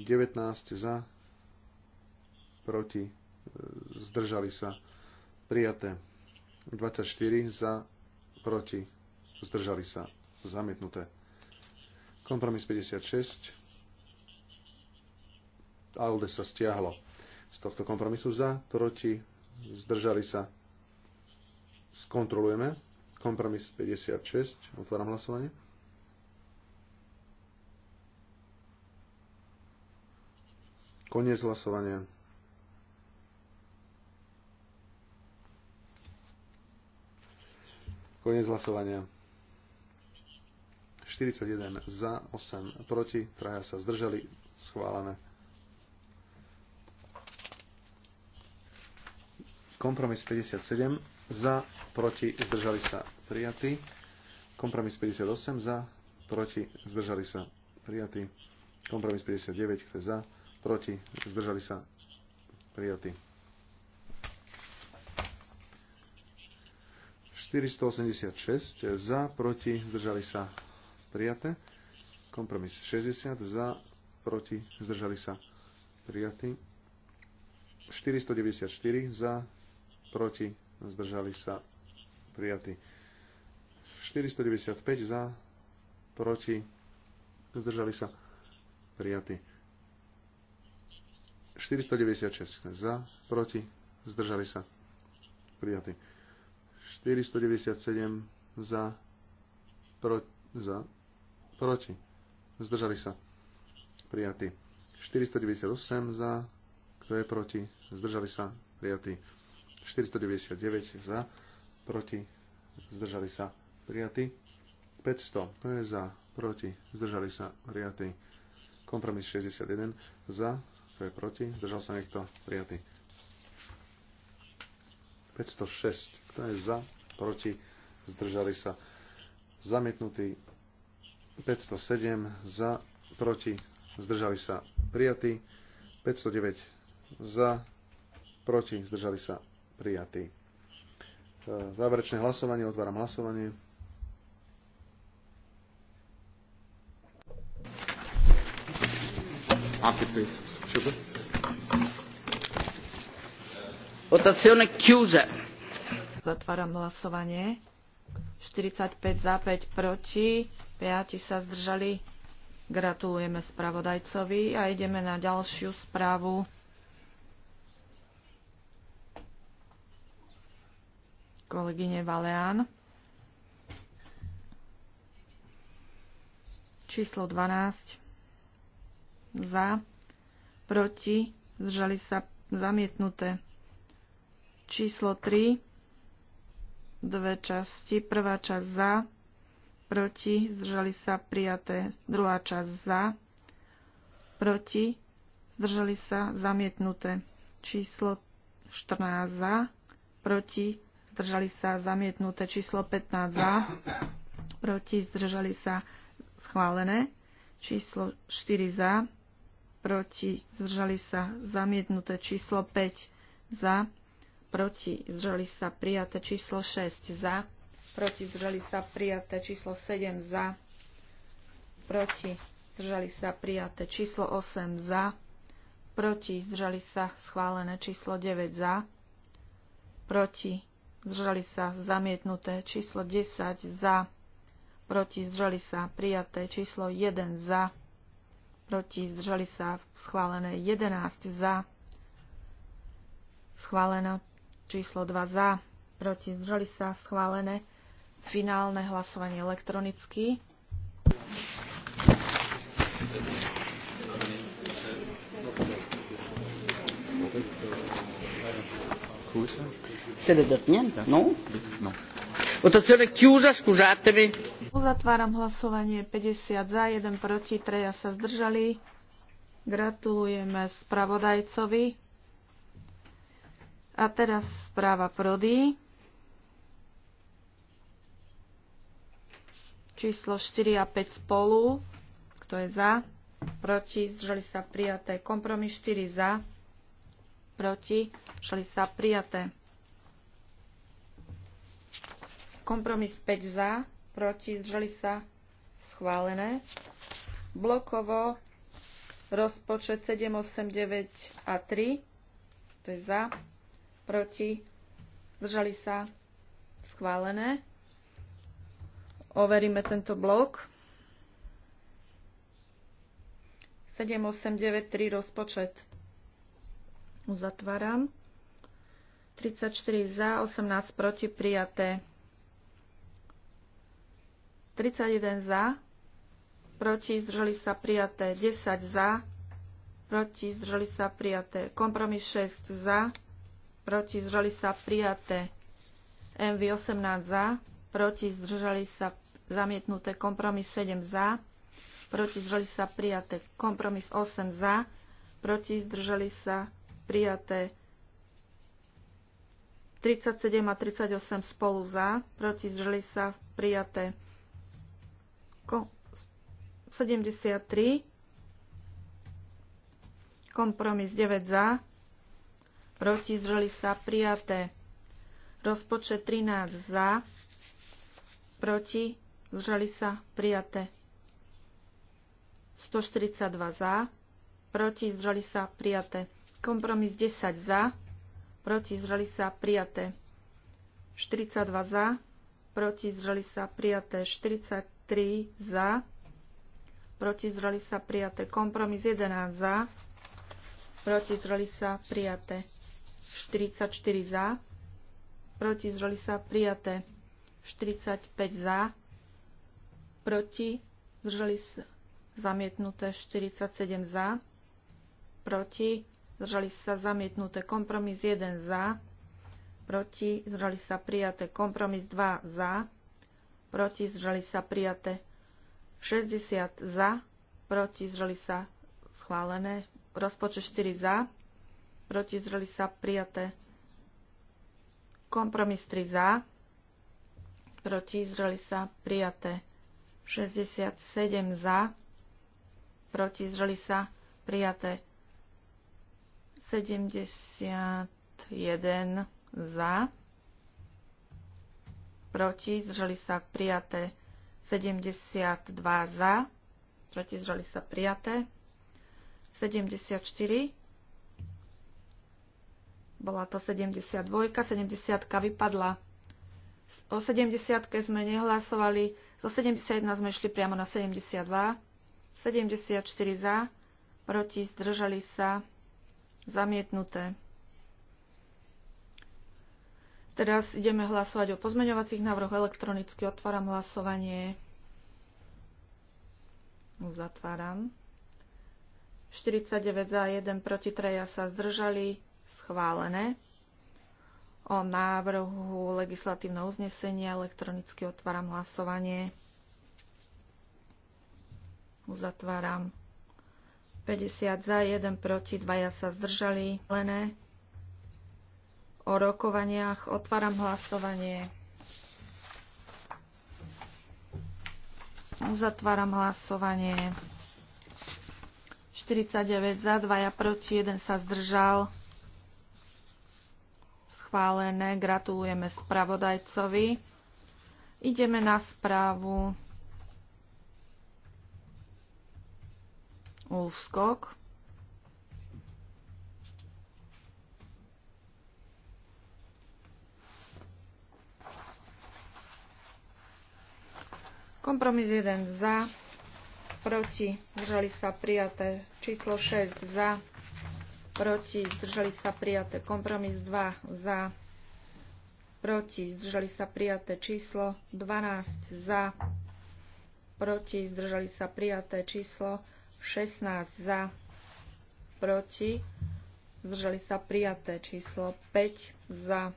19 za, proti, e, zdržali sa. Prijaté. 24 za, proti, zdržali sa. Zamietnuté. Kompromis 56. ALDE sa stiahlo z tohto kompromisu za, proti, zdržali sa. Skontrolujeme. Kompromis 56. Otváram hlasovanie. Koniec hlasovania. Koniec hlasovania. 41 za, 8 proti, traja sa zdržali, schválené. Kompromis 57 za, proti, zdržali sa prijatí. Kompromis 58 za, proti, zdržali sa prijatí. Kompromis 59, kto je za, proti, zdržali sa prijatí. 486 za, proti, zdržali sa prijaté. Kompromis 60 za, proti, zdržali sa prijatí. 494 za, proti, zdržali sa prijatí. 495 za, proti, zdržali sa prijatí. 496 za, proti, zdržali sa prijatí. 497 za, pro, za proti, zdržali sa prijatí. 498 za, kto je proti, zdržali sa prijatí. 499 za, proti, zdržali sa, prijatí. 500, to je za, proti, zdržali sa, prijatí. Kompromis 61, za, to je proti, zdržal sa niekto, prijatí. 506, kto je za, proti, zdržali sa, zamietnutý. 507, za, proti, zdržali sa, prijatí. 509, za, proti, zdržali sa, prijatý. E, záverečné hlasovanie, otváram hlasovanie. Votazione chiusa. Zatváram hlasovanie. 45 za, 5 proti, 5 sa zdržali. Gratulujeme spravodajcovi a ideme na ďalšiu správu. kolegyne Valeán. Číslo 12. Za, proti, zdržali sa zamietnuté. Číslo 3. Dve časti. Prvá časť za, proti, zdržali sa prijaté. Druhá časť za, proti, zdržali sa zamietnuté. Číslo 14 za, proti, zdržali sa zamietnuté, číslo 15 za, proti, zdržali sa schválené, číslo 4 za, proti, zdržali sa zamietnuté, číslo 5 za, proti, zdržali sa prijaté, číslo 6 za, proti, zdržali sa prijaté, číslo 7 za, proti, zdržali sa prijaté, číslo 8 za, proti, zdržali sa schválené, číslo 9 za, proti, zdržali sa zamietnuté, číslo 10 za, proti zdržali sa prijaté, číslo 1 za, proti zdržali sa schválené 11 za, schválené číslo 2 za, proti zdržali sa schválené finálne hlasovanie elektronicky. chiusa? Se le do niente, no? No. Votazione chiusa, scusatemi. Uzatváram hlasovanie 50 za, 1 proti, 3 sa zdržali. Gratulujeme spravodajcovi. A teraz správa Prody. Číslo 4 a 5 spolu. Kto je za? Proti, zdržali sa prijaté. Kompromis 4 za proti, šli sa prijaté. Kompromis 5 za, proti, zdržali sa schválené. Blokovo rozpočet 7, 8, 9 a 3, to je za, proti, zdržali sa schválené. Overíme tento blok. 7, 8, 9, 3 rozpočet. Uzatváram. 34 za, 18 proti, prijaté. 31 za, proti, zdržali sa prijaté. 10 za, proti, zdržali sa prijaté. Kompromis 6 za, proti, zdržali sa prijaté. MV 18 za, proti, zdržali sa zamietnuté. Kompromis 7 za, proti, zdržali sa prijaté. Kompromis 8 za, proti, zdržali sa prijaté prijaté 37 a 38 spolu za, proti zdržali sa prijaté 73, kompromis 9 za, proti zdržali sa prijaté rozpočet 13 za, proti zdržali sa prijaté 142 za, proti zdržali sa prijaté Kompromis 10 za, proti zdržali sa prijaté. 42 za, proti zdržali sa prijaté. 43 za, proti zdržali sa prijaté. Kompromis 11 za, proti zdržali sa prijaté. 44 za, proti zdržali sa prijaté. 45 za, proti zreli sa zamietnuté. 47 za, proti zdržali sa zamietnuté kompromis 1 za, proti, zdržali sa prijaté kompromis 2 za, proti, zdržali sa prijaté 60 za, proti, zdržali sa schválené, rozpočet 4 za, proti, zdržali sa prijaté kompromis 3 za, proti, zdržali sa prijaté 67 za, proti, zdržali sa prijaté 71 za, proti, zdržali sa prijaté 72 za, proti, zdržali sa prijaté 74, bola to 72, 70 vypadla. O 70 sme nehlasovali, zo 71 sme išli priamo na 72, 74 za, proti, zdržali sa Zamietnuté. Teraz ideme hlasovať o pozmeňovacích návrhoch elektronicky. Otváram hlasovanie. Uzatváram. 49 za 1 proti 3 sa zdržali. Schválené. O návrhu legislatívneho uznesenia elektronicky otváram hlasovanie. Uzatváram. 50 za, 1 proti, 2 sa zdržali. Lené o rokovaniach. Otváram hlasovanie. Uzatváram hlasovanie. 49 za, 2 proti, 1 sa zdržal. Schválené. Gratulujeme spravodajcovi. Ideme na správu. úskok. Kompromis 1 za, proti, zdržali sa prijaté. Číslo 6 za, proti, zdržali sa prijaté. Kompromis 2 za, proti, zdržali sa prijaté. Číslo 12 za, proti, zdržali sa prijaté. Číslo 16 za, proti, zdržali sa prijaté. Číslo 5 za,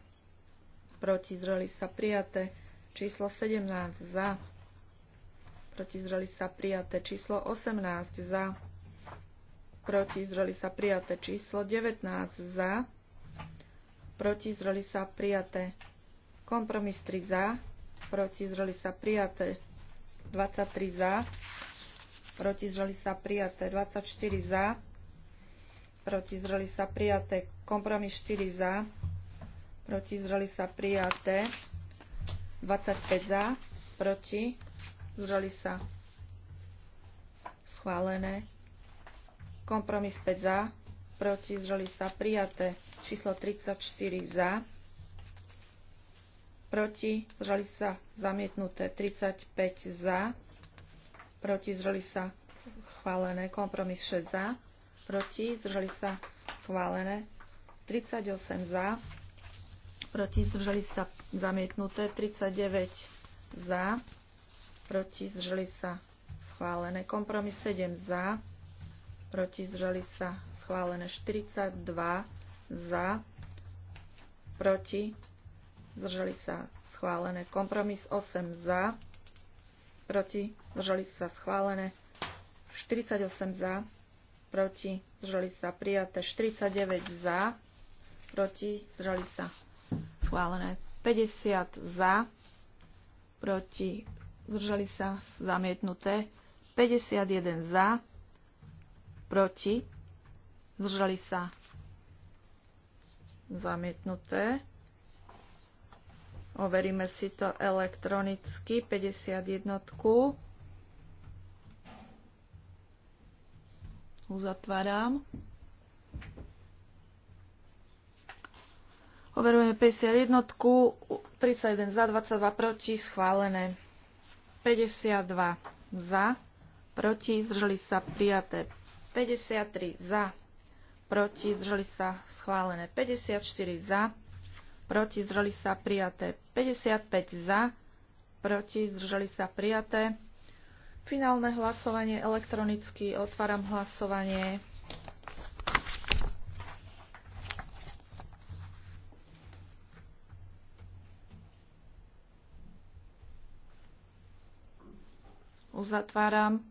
proti, zdržali sa prijaté. Číslo 17 za, proti, zdržali sa prijaté. Číslo 18 za, proti, zdržali sa prijaté. Číslo 19 za, proti, zdržali sa prijaté. Kompromis 3 za, proti, zdržali sa prijaté. 23 za, proti zdržali sa prijaté 24 za, proti zdržali sa prijaté kompromis 4 za, proti zdržali sa prijaté 25 za, proti zdržali sa schválené, kompromis 5 za, proti zdržali sa prijaté číslo 34 za, proti zdržali sa zamietnuté 35 za, proti, zdržali sa, chválené, Kompromis 6 za, proti, zdržali sa, chválené. 38 za, proti, zdržali sa, zamietnuté. 39 za, proti, zdržali sa, schválené. Kompromis 7 za, proti, zdržali sa, schválené. 42 za, proti, zdržali sa, schválené. Kompromis 8 za, proti, zdržali sa schválené, 48 za, proti, zdržali sa prijaté, 49 za, proti, zdržali sa schválené, 50 za, proti, zdržali sa zamietnuté, 51 za, proti, zdržali sa zamietnuté, Overíme si to elektronicky. 51. Uzatváram. Overujeme 51. 31 za, 22 proti, schválené. 52 za, proti, zdržali sa prijaté. 53 za, proti, zdržali sa schválené. 54 za, proti, zdržali sa prijaté. 55 za, proti, zdržali sa prijaté. Finálne hlasovanie elektronicky. Otváram hlasovanie. Uzatváram.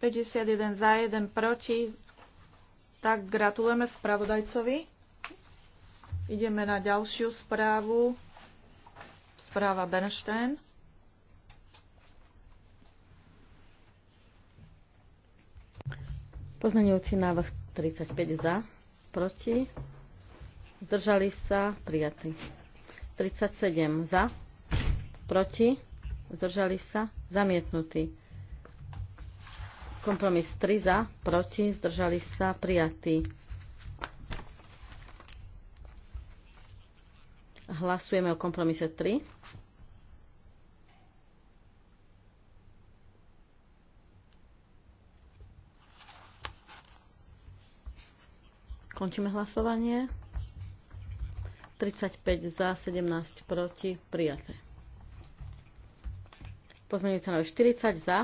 51 za, 1 proti. Tak gratulujeme spravodajcovi. Ideme na ďalšiu správu. Správa Bernstein. Poznaniujúci návrh 35 za, proti, zdržali sa, prijatí. 37 za, proti, zdržali sa, zamietnutí. Kompromis 3 za, proti, zdržali sa, prijatí. Hlasujeme o kompromise 3. Končíme hlasovanie. 35 za, 17 proti, prijaté. sa návrh 40 za,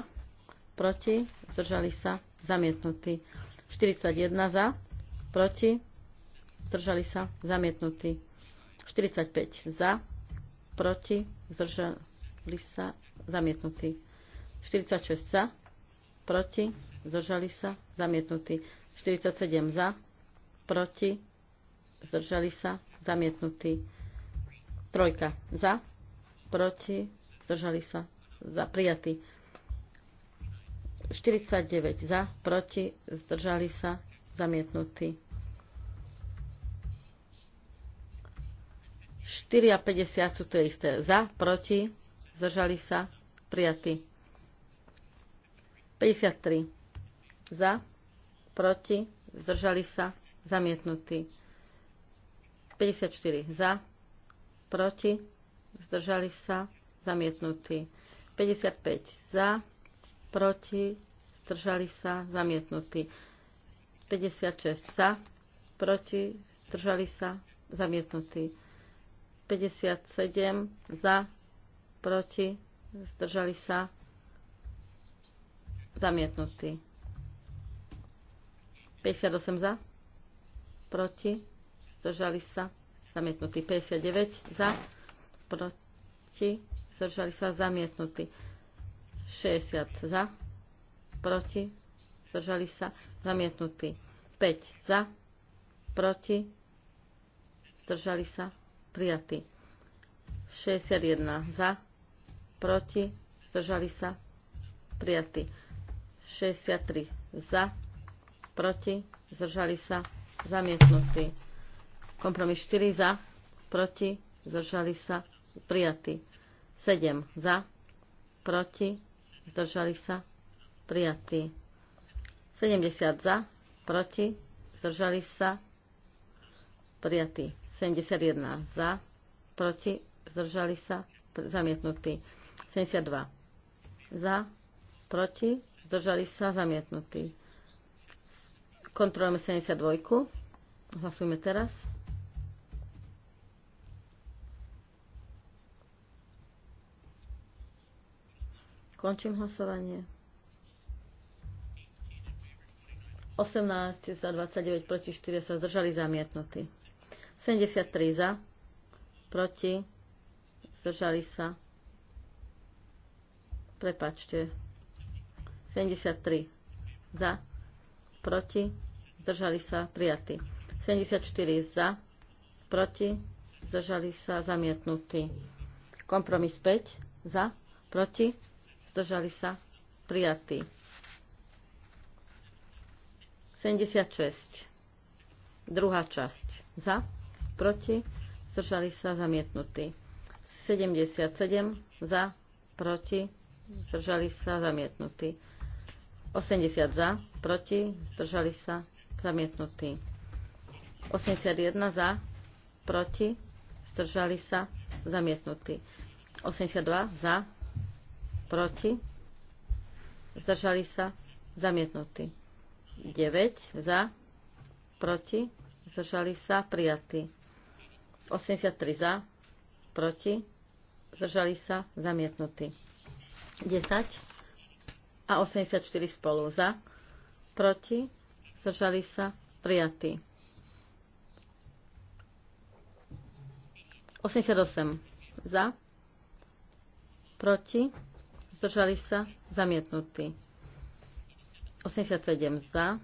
proti, zdržali sa, zamietnutí. 41 za, proti, zdržali sa, zamietnutí. 45 za, proti, zdržali sa, zamietnutý. 46 za, proti, zdržali sa, zamietnutý. 47 za, proti, zdržali sa, zamietnutý. Trojka za, proti, zdržali sa, za, prijatý. 49 za, proti, zdržali sa, zamietnutý. 4 a 50 sú to isté. Za, proti, zdržali sa, prijatí. 53. Za, proti, zdržali sa, zamietnutí. 54. Za, proti, zdržali sa, zamietnutí. 55. Za, proti, zdržali sa, zamietnutí. 56. Za, proti, zdržali sa, zamietnutí. 57 za, proti, zdržali sa, zamietnutý. 58 za, proti, zdržali sa, zamietnutý. 59 za, proti, zdržali sa, zamietnutý. 60 za, proti, zdržali sa, zamietnutý. 5 za, proti, zdržali sa, prijatý. 61 za, proti, zdržali sa, prijatý. 63 za, proti, zdržali sa, zamietnutý. Kompromis 4 za, proti, zdržali sa, prijatý. 7 za, proti, zdržali sa, prijatý. 70 za, proti, zdržali sa, prijatý. 71 za, proti, zdržali sa, zamietnutý. 72 za, proti, zdržali sa, zamietnutý. Kontrolujeme 72. Hlasujme teraz. Končím hlasovanie. 18 za 29 proti 4 sa zdržali zamietnutí. 73 za, proti, zdržali sa. Prepačte. 73 za, proti, zdržali sa, prijatí. 74 za, proti, zdržali sa, zamietnutí. Kompromis 5 za, proti, zdržali sa, prijatí. 76. Druhá časť. Za proti, zdržali sa zamietnutí. 77 za, proti, zdržali sa zamietnutí. 80 za, proti, zdržali sa zamietnutí. 81 za, proti, zdržali sa zamietnutí. 82 za, proti, zdržali sa zamietnutí. 9 za, proti, zdržali sa prijatí. 83 za, proti, zdržali sa, zamietnutí. 10 a 84 spolu za, proti, zdržali sa, prijatí. 88 za, proti, zdržali sa, zamietnutí. 87 za,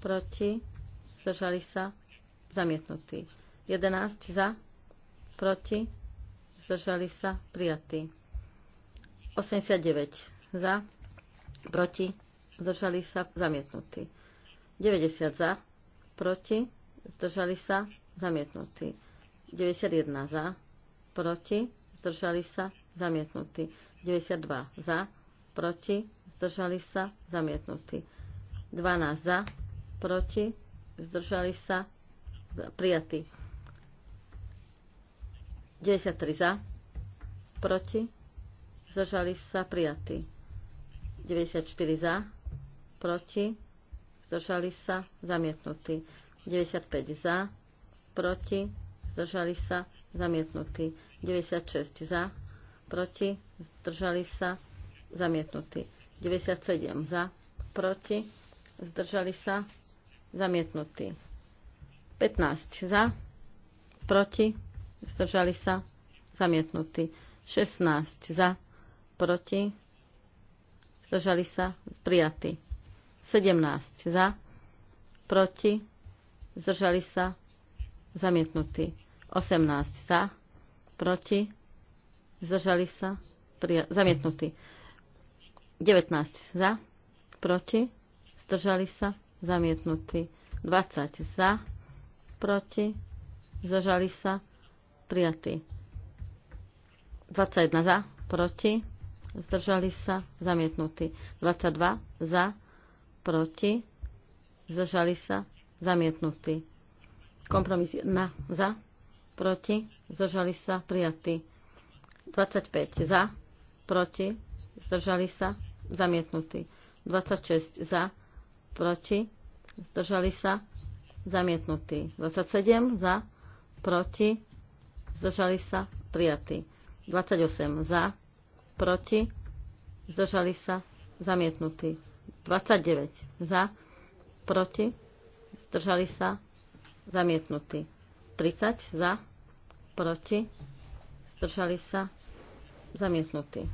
proti, zdržali sa, zamietnutí. 11 za, proti, zdržali sa, prijatí. 89 za, proti, zdržali sa, zamietnutí. 90 za, proti, zdržali sa, zamietnutí. 91 za, proti, zdržali sa, zamietnutí. 92 za, proti, zdržali sa, zamietnutí. 12 za, proti, zdržali sa, prijatí. 93 za, proti, zdržali sa prijatí. 94 za, proti, zdržali sa zamietnutí. 95 za, proti, zdržali sa zamietnutí. 96 za, proti, zdržali sa zamietnutí. 97 za, proti, zdržali sa zamietnutí. 15 za, proti, zdržali sa, zamietnutí. 16 za, proti, zdržali sa, prijatí. 17 za, proti, zdržali sa, zamietnutí. 18 za, proti, zdržali sa, prija- zamietnutí. 19 za, proti, zdržali sa, zamietnutí. 20 za, proti, zdržali sa, prijatý. 21 za, proti, zdržali sa, zamietnutý. 22 za, proti, zdržali sa, zamietnutý. Kompromis 1 za, proti, zdržali sa, prijatý. 25 za, proti, zdržali sa, zamietnutý. 26 za, proti, zdržali sa, zamietnutý. 27 za, proti, zdržali sa, prijatý. 28 za, proti, zdržali sa, zamietnutý. 29 za, proti, zdržali sa, zamietnutý. 30 za, proti, zdržali sa, zamietnutý.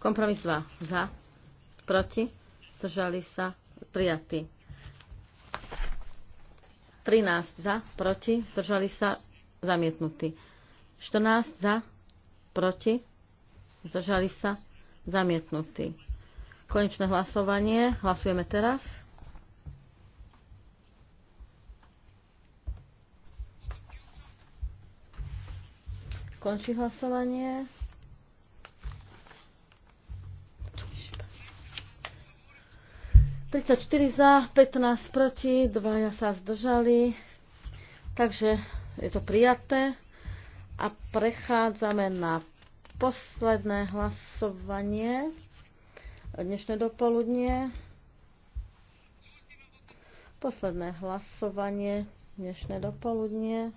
Kompromis 2 za, proti, zdržali sa, prijatý. 13 za, proti, zdržali sa, zamietnutý. 14 za, proti, zdržali sa, zamietnutý. Konečné hlasovanie. Hlasujeme teraz. Končí hlasovanie. Tridsaťštyri za, 15 proti, dvaja sa zdržali. Takže je to prijaté. A prechádzame na posledné hlasovanie dnešné dopoludnie. Posledné hlasovanie dnešné dopoludnie.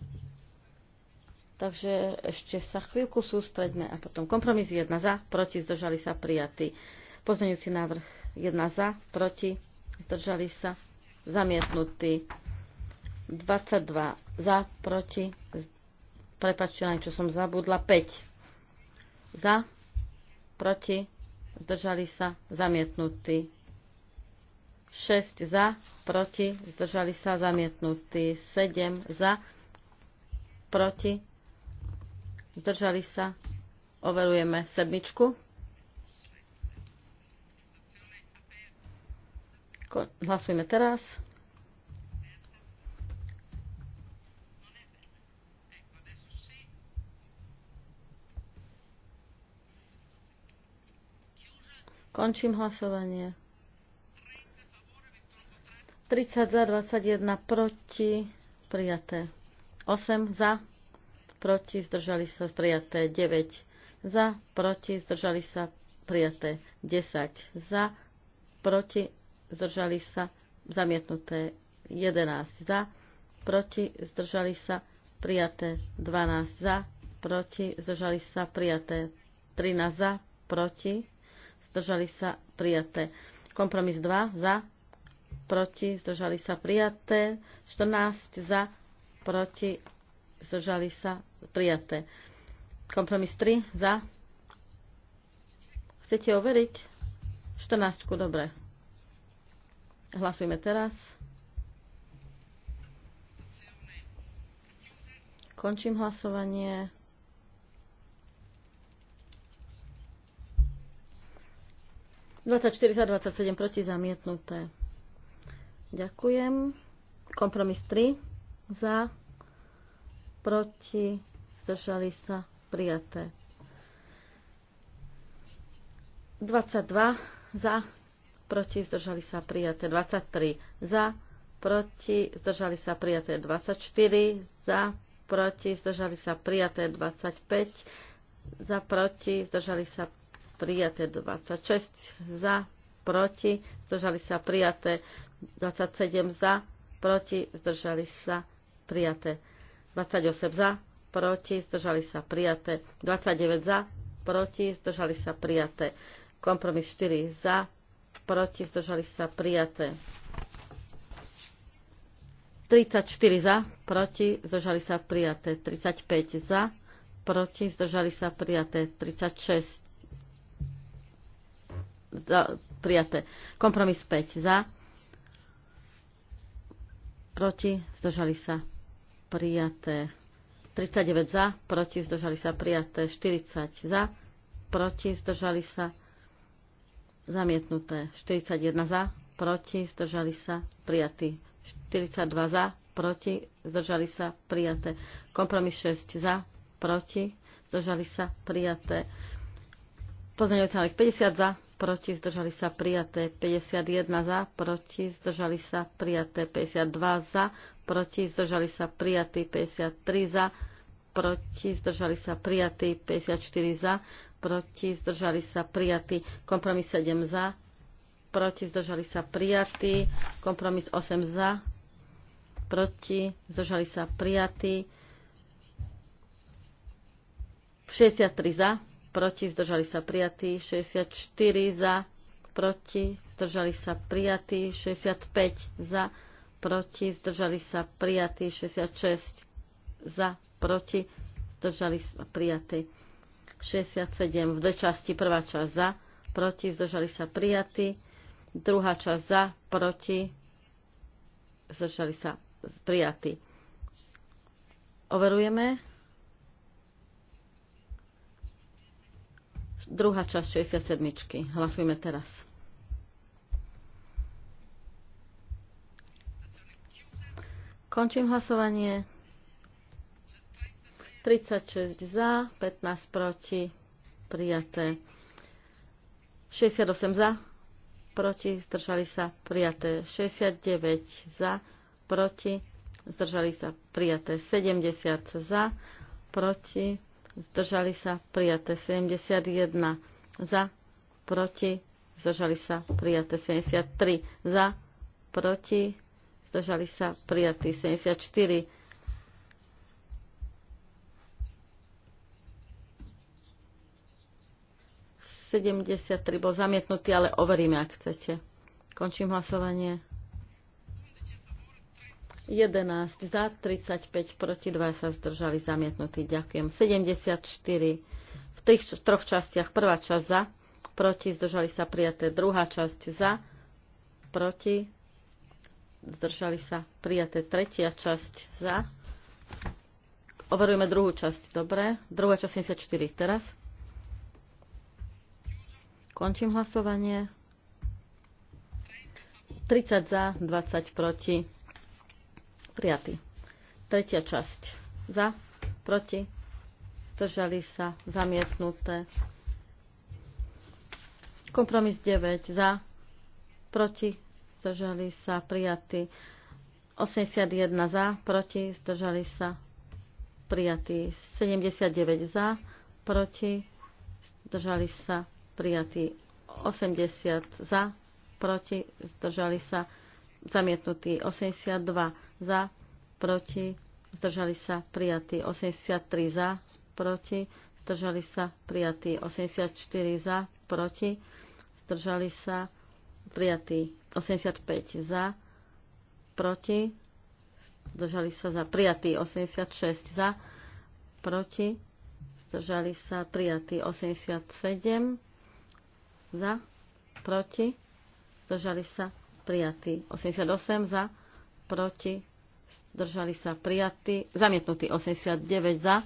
Takže ešte sa chvíľku sústredme a potom kompromis 1 za, proti, zdržali sa prijatí. Pozmeňujúci návrh 1 za, proti, zdržali sa zamietnutí. 22 za, proti, prepačte na čo som zabudla, 5 za, proti, zdržali sa, zamietnutí. 6 za, proti, zdržali sa, zamietnutí. 7 za, proti, zdržali sa, overujeme sedmičku. Hlasujeme teraz. Končím hlasovanie. 30 za, 21 proti, prijaté. 8 za, proti, zdržali sa, prijaté. 9 za, proti, zdržali sa, prijaté. 10 za, proti, zdržali sa, zamietnuté. 11 za, proti, zdržali sa, prijaté. 12 za, proti, zdržali sa, prijaté. 13 za, proti, zdržali sa prijaté. Kompromis 2 za, proti, zdržali sa prijaté. 14 za, proti, zdržali sa prijaté. Kompromis 3 za. Chcete overiť? 14, dobre. Hlasujme teraz. Končím hlasovanie. 24 za 27 proti zamietnuté. Ďakujem. Kompromis 3 za, proti, zdržali sa, prijaté. 22 za, proti, zdržali sa, prijaté. 23 za, proti, zdržali sa, prijaté. 24 za, proti, zdržali sa, prijaté. 25 za, proti, zdržali sa, prijaté 26 za, proti, zdržali sa prijaté 27 za, proti, zdržali sa prijaté 28 za, proti, zdržali sa prijaté 29 za, proti, zdržali sa prijaté kompromis 4 za, proti, zdržali sa prijaté 34 za, proti, zdržali sa prijaté 35 za, proti, zdržali sa prijaté 36 za, prijaté. Kompromis 5 za, proti, zdržali sa prijaté. 39 za, proti, zdržali sa prijaté. 40 za, proti, zdržali sa zamietnuté. 41 za, proti, zdržali sa prijatí. 42 za, proti, zdržali sa prijaté. Kompromis 6 za, proti, zdržali sa prijaté. Pozmeňujúci 50 za, proti zdržali sa prijaté 51 za, proti zdržali sa prijaté 52 za, proti zdržali sa prijatí 53 za, proti zdržali sa prijatí 54 za, proti zdržali sa prijatí kompromis 7 za, proti zdržali sa prijatí kompromis 8 za, proti zdržali sa prijatí 63 za, proti, zdržali sa prijatí, 64 za, proti, zdržali sa prijatí, 65 za, proti, zdržali sa prijatí, 66 za, proti, zdržali sa prijatí, 67 v dve časti, prvá časť za, proti, zdržali sa prijatí, druhá časť za, proti, zdržali sa prijatí. Overujeme. Druhá časť 67. Hlasujme teraz. Končím hlasovanie. 36 za, 15 proti, prijaté. 68 za, proti, zdržali sa, prijaté. 69 za, proti, zdržali sa, prijaté. 70 za, proti, zdržali sa, prijaté 71 za, proti, zdržali sa, prijaté 73 za, proti, zdržali sa, prijatí 74 73 bol zamietnutý, ale overíme, ak chcete. Končím hlasovanie. 11 za, 35 proti, 2 sa zdržali zamietnutí. Ďakujem. 74 v tých troch častiach. Prvá časť za, proti, zdržali sa prijaté. Druhá časť za, proti, zdržali sa prijaté. Tretia časť za. Overujeme druhú časť. Dobre. Druhá časť 74 teraz. Končím hlasovanie. 30 za, 20 proti Prijatý. Tretia časť. Za, proti, zdržali sa, zamietnuté. Kompromis 9. Za, proti, zdržali sa, prijatý. 81 za, proti, zdržali sa, prijatý. 79 za, proti, zdržali sa, prijatý. 80 za, proti, zdržali sa, prijatý zamietnutý 82 za, proti, zdržali sa prijatí 83 za, proti, zdržali sa prijatí 84 za, proti, zdržali sa prijatí 85 za, proti, zdržali sa za prijatí 86 za, proti, zdržali sa prijatí 87 za, proti, zdržali sa prijatý. 88 za, proti, zdržali sa prijatí, zamietnutý 89 za,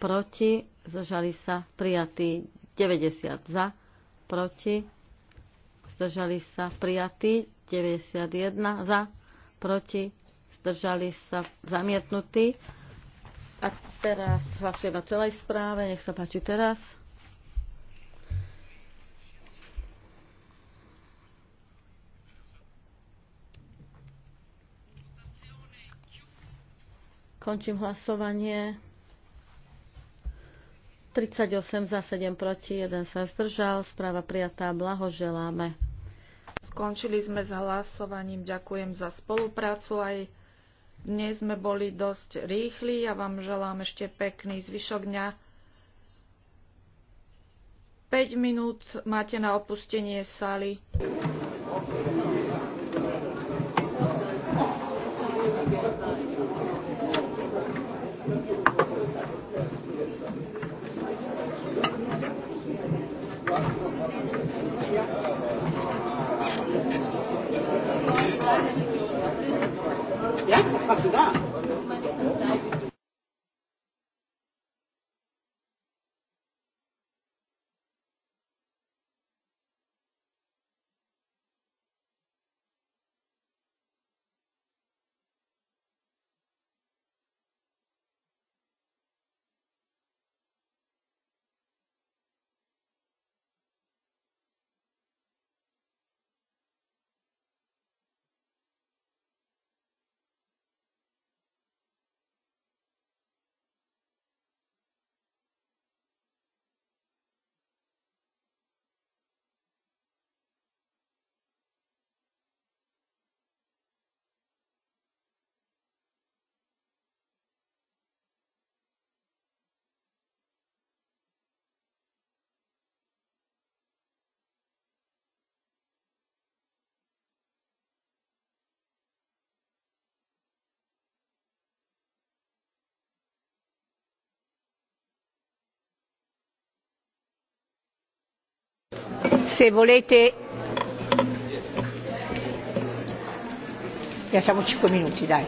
proti, zdržali sa prijatí 90 za, proti, zdržali sa prijatí 91 za, proti, zdržali sa zamietnutí. A teraz hlasujeme na celej správe, nech sa páči teraz. Končím hlasovanie. 38 za 7 proti, 1 sa zdržal. Správa prijatá, blahoželáme. Skončili sme s hlasovaním. Ďakujem za spoluprácu. Aj dnes sme boli dosť rýchli. Ja vám želám ešte pekný zvyšok dňa. 5 minút máte na opustenie sály. Ja? Was machst du da? se volete lasciamo cinque minuti dai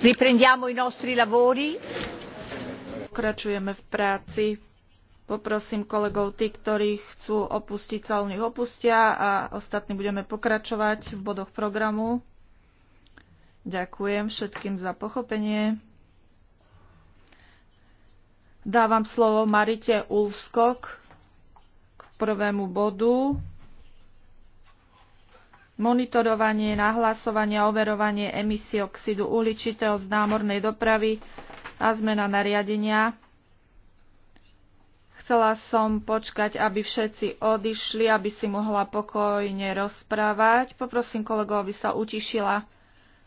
riprendiamo i nostri lavori pokračujeme v práci Poprosím kolegov, tí, ktorí chcú opustiť sál, nech opustia a ostatní budeme pokračovať v bodoch programu. Ďakujem všetkým za pochopenie. Dávam slovo Marite Ulfskok k prvému bodu. Monitorovanie, nahlasovanie a overovanie emisí oxidu uhličitého z námornej dopravy a zmena nariadenia. Chcela som počkať, aby všetci odišli, aby si mohla pokojne rozprávať. Poprosím kolegov, aby sa utišila.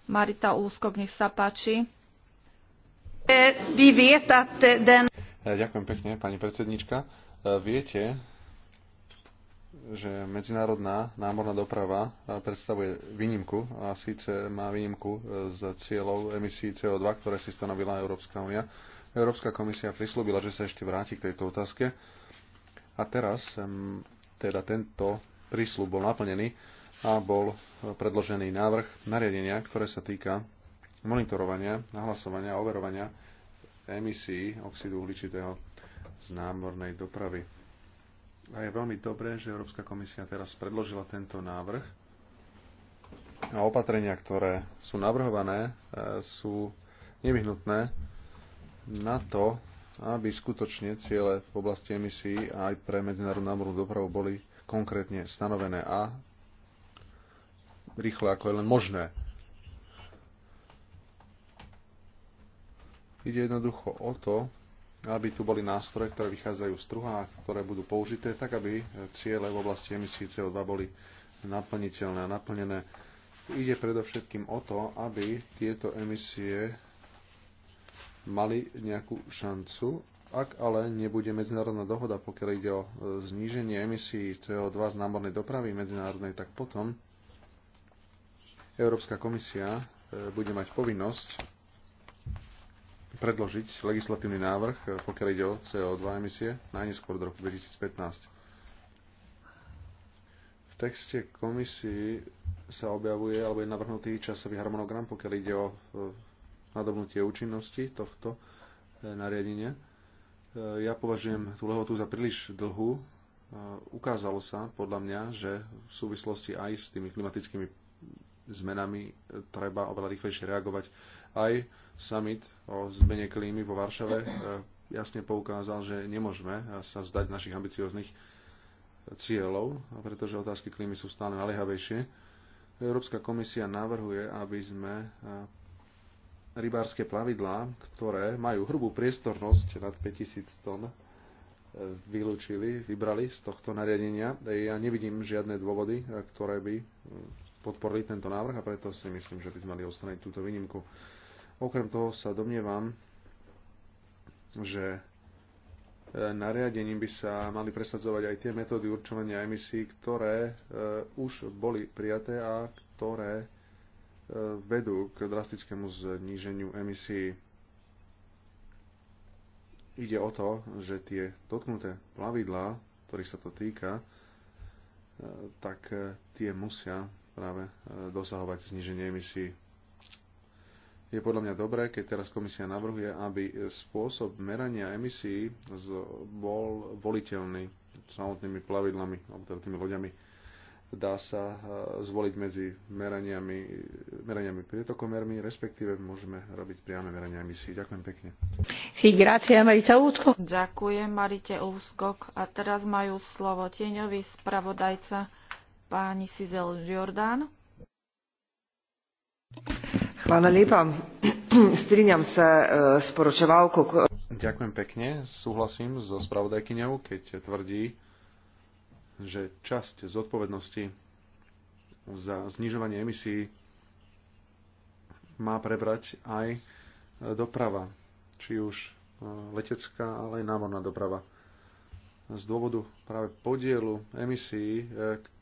Marita Úskok, nech sa páči. Eh, eh, den... Ďakujem pekne, pani predsednička. E, viete, že medzinárodná námorná doprava e, predstavuje výnimku a síce má výnimku e, z cieľov emisí CO2, ktoré si stanovila Európska únia. Európska komisia prislúbila, že sa ešte vráti k tejto otázke. A teraz teda tento prísľub bol naplnený a bol predložený návrh nariadenia, ktoré sa týka monitorovania, nahlasovania a overovania emisí oxidu uhličitého z námornej dopravy. A je veľmi dobré, že Európska komisia teraz predložila tento návrh. A opatrenia, ktoré sú navrhované, e, sú nevyhnutné na to, aby skutočne ciele v oblasti emisí aj pre medzinárodnú námornú dopravu boli konkrétne stanovené a rýchle ako je len možné. Ide jednoducho o to, aby tu boli nástroje, ktoré vychádzajú z truhá, ktoré budú použité, tak aby ciele v oblasti emisí CO2 boli naplniteľné a naplnené. Ide predovšetkým o to, aby tieto emisie mali nejakú šancu, ak ale nebude medzinárodná dohoda, pokiaľ ide o e, zníženie emisí CO2 z námornej dopravy medzinárodnej, tak potom Európska komisia e, bude mať povinnosť predložiť legislatívny návrh, e, pokiaľ ide o CO2 emisie, najneskôr do roku 2015. V texte komisii sa objavuje, alebo je navrhnutý časový harmonogram, pokiaľ ide o e, nadobnutie účinnosti tohto e, nariadenia. Ja považujem tú lehotu za príliš dlhú. Ukázalo sa podľa mňa, že v súvislosti aj s tými klimatickými zmenami treba oveľa rýchlejšie reagovať aj summit o zmene klímy vo Varšave eh, jasne poukázal, že nemôžeme eh, sa vzdať našich ambicióznych eh, cieľov, pretože otázky klímy sú stále naliehavejšie. Európska komisia navrhuje, aby sme rybárske plavidlá, ktoré majú hrubú priestornosť nad 5000 tón, vylúčili, vybrali z tohto nariadenia. Ja nevidím žiadne dôvody, ktoré by hm, podporili tento návrh a preto si myslím, že by sme mali odstrániť túto výnimku. Okrem toho sa domnievam, že e, nariadením by sa mali presadzovať aj tie metódy určovania emisí, ktoré e, už boli prijaté a ktoré e, vedú k drastickému zníženiu emisí. Ide o to, že tie dotknuté plavidlá, ktorých sa to týka, tak tie musia práve dosahovať zníženie emisí je podľa mňa dobré, keď teraz komisia navrhuje, aby spôsob merania emisí bol voliteľný samotnými plavidlami, alebo teda tými loďami. Dá sa e, zvoliť medzi meraniami, meraniami prietokomermi, respektíve môžeme robiť priame merania emisí. Ďakujem pekne. Sí, grácia, Marita Úskok. Ďakujem, Marite Úskok. A teraz majú slovo tieňový spravodajca páni Sizel Jordán. Hvala lepa. sa eh, s poročevalkou. Ďakujem pekne. Súhlasím so spravodajkyňou, keď tvrdí, že časť zodpovednosti za znižovanie emisí má prebrať aj eh, doprava, či už eh, letecká, ale aj námorná doprava. Z dôvodu práve podielu emisí,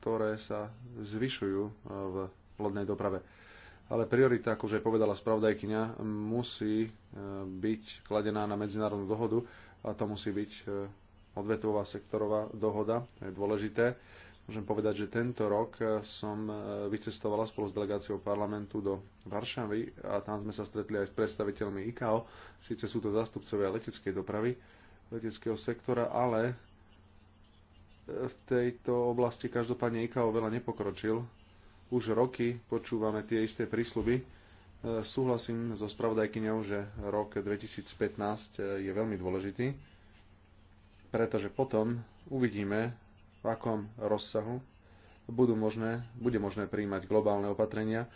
ktoré sa zvyšujú v lodnej doprave. Ale priorita, ako už aj povedala spravodajkyňa, musí e, byť kladená na medzinárodnú dohodu a to musí byť e, odvetová sektorová dohoda. To je dôležité. Môžem povedať, že tento rok e, som vycestovala spolu s delegáciou parlamentu do Varšavy a tam sme sa stretli aj s predstaviteľmi IKAO, Síce sú to zastupcovia leteckej dopravy, leteckého sektora, ale v tejto oblasti každopádne IKAO veľa nepokročil. Už roky počúvame tie isté prísľuby. E, súhlasím so spravodajkyňou, že rok 2015 e, je veľmi dôležitý, pretože potom uvidíme, v akom rozsahu budú možné, bude možné príjmať globálne opatrenia, e,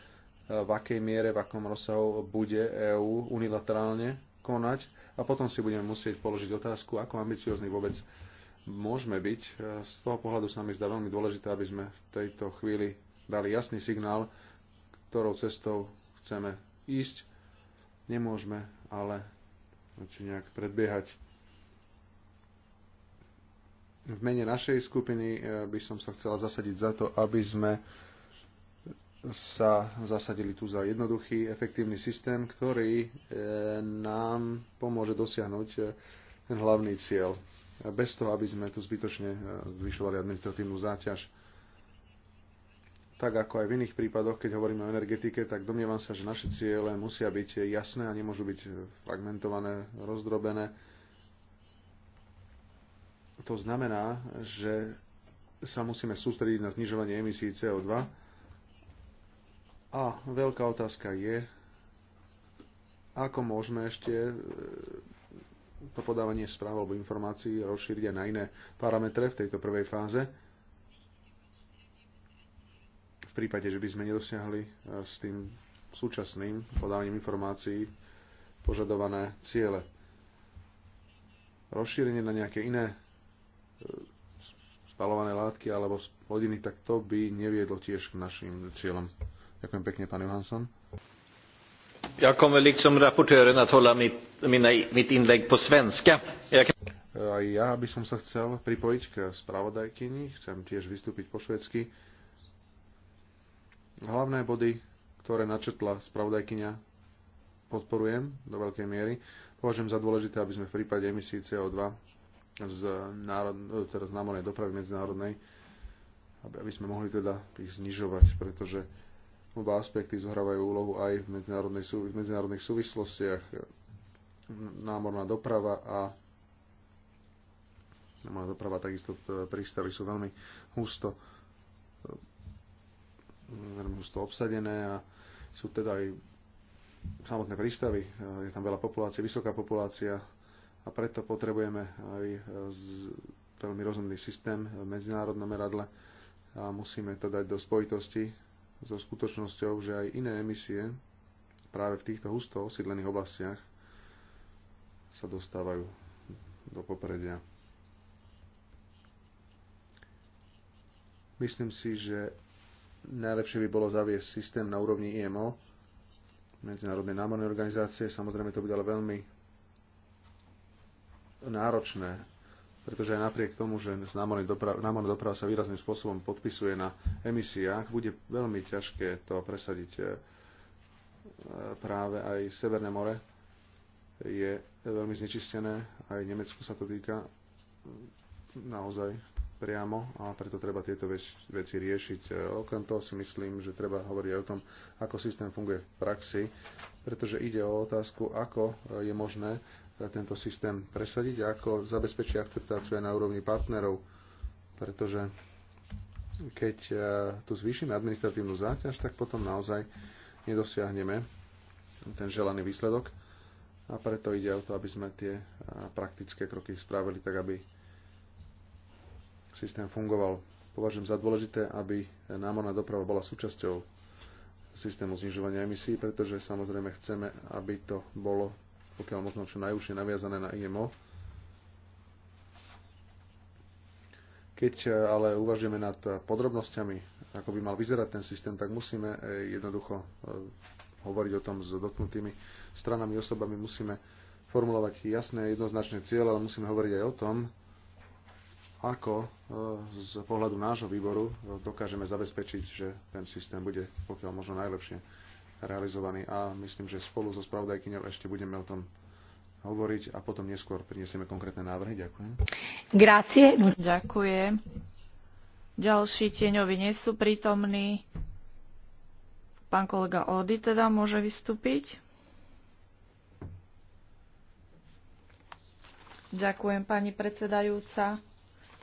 v akej miere, v akom rozsahu bude EÚ unilaterálne konať a potom si budeme musieť položiť otázku, ako ambiciozný vôbec môžeme byť. Z toho pohľadu sa mi zdá veľmi dôležité, aby sme v tejto chvíli dali jasný signál, ktorou cestou chceme ísť. Nemôžeme ale si nejak predbiehať. V mene našej skupiny e, by som sa chcela zasadiť za to, aby sme sa zasadili tu za jednoduchý, efektívny systém, ktorý e, nám pomôže dosiahnuť e, ten hlavný cieľ. Bez toho, aby sme tu zbytočne zvyšovali administratívnu záťaž tak ako aj v iných prípadoch, keď hovoríme o energetike, tak domnievam sa, že naše ciele musia byť jasné a nemôžu byť fragmentované, rozdrobené. To znamená, že sa musíme sústrediť na znižovanie emisí CO2. A veľká otázka je, ako môžeme ešte e, to podávanie správ alebo informácií rozšíriť aj na iné parametre v tejto prvej fáze v prípade, že by sme nedosiahli e, s tým súčasným podávaním informácií požadované ciele. Rozšírenie na nejaké iné e, spalované látky alebo plodiny, tak to by neviedlo tiež k našim cieľom. Ďakujem pekne, pán Johansson. Jag kommer liksom rapportören att hålla mitt, mina, mitt inlägg på svenska. Jag kan... E, ja by som sa chcel pripojiť k spravodajkyni, chcem tiež vystúpiť po švedsky. Hlavné body, ktoré načetla spravodajkyňa, podporujem do veľkej miery. Považujem za dôležité, aby sme v prípade emisí CO2 z, národ, e, teda z námornej dopravy medzinárodnej, aby, aby sme mohli teda ich znižovať, pretože oba aspekty zohrávajú úlohu aj v, medzinárodnej, v medzinárodných súvislostiach. Námorná doprava a námorná doprava takisto e, prístavy sú veľmi husto množstvo obsadené a sú teda aj samotné prístavy, je tam veľa populácie, vysoká populácia a preto potrebujeme aj veľmi rozumný systém v medzinárodnom meradle a musíme to dať do spojitosti so skutočnosťou, že aj iné emisie práve v týchto husto osídlených oblastiach sa dostávajú do popredia. Myslím si, že najlepšie by bolo zaviesť systém na úrovni IMO, Medzinárodnej námornej organizácie. Samozrejme, to bude ale veľmi náročné, pretože aj napriek tomu, že námorná doprava, doprava sa výrazným spôsobom podpisuje na emisiách, bude veľmi ťažké to presadiť e, práve aj Severné more je veľmi znečistené, aj Nemecku sa to týka naozaj priamo a preto treba tieto veci riešiť. E, okrem toho si myslím, že treba hovoriť aj o tom, ako systém funguje v praxi, pretože ide o otázku, ako e, je možné e, tento systém presadiť a ako zabezpečí akceptáciu aj na úrovni partnerov, pretože keď tu zvýšime administratívnu záťaž, tak potom naozaj nedosiahneme ten želaný výsledok a preto ide o to, aby sme tie praktické kroky spravili tak, aby systém fungoval. Považujem za dôležité, aby námorná doprava bola súčasťou systému znižovania emisí, pretože samozrejme chceme, aby to bolo pokiaľ možno čo najúžšie naviazané na IMO. Keď eh, ale uvažujeme nad podrobnosťami, ako by mal vyzerať ten systém, tak musíme eh, jednoducho eh, hovoriť o tom s dotknutými stranami, osobami, musíme formulovať jasné, jednoznačné cieľe, ale musíme hovoriť aj o tom, ako e, z pohľadu nášho výboru e, dokážeme zabezpečiť, že ten systém bude pokiaľ možno najlepšie realizovaný a myslím, že spolu so spravodajkyňou ešte budeme o tom hovoriť a potom neskôr prinesieme konkrétne návrhy. Ďakujem. Grácie. Ďakujem. Ďalší tieňovi nie sú prítomní. Pán kolega Ody teda môže vystúpiť. Ďakujem, pani predsedajúca.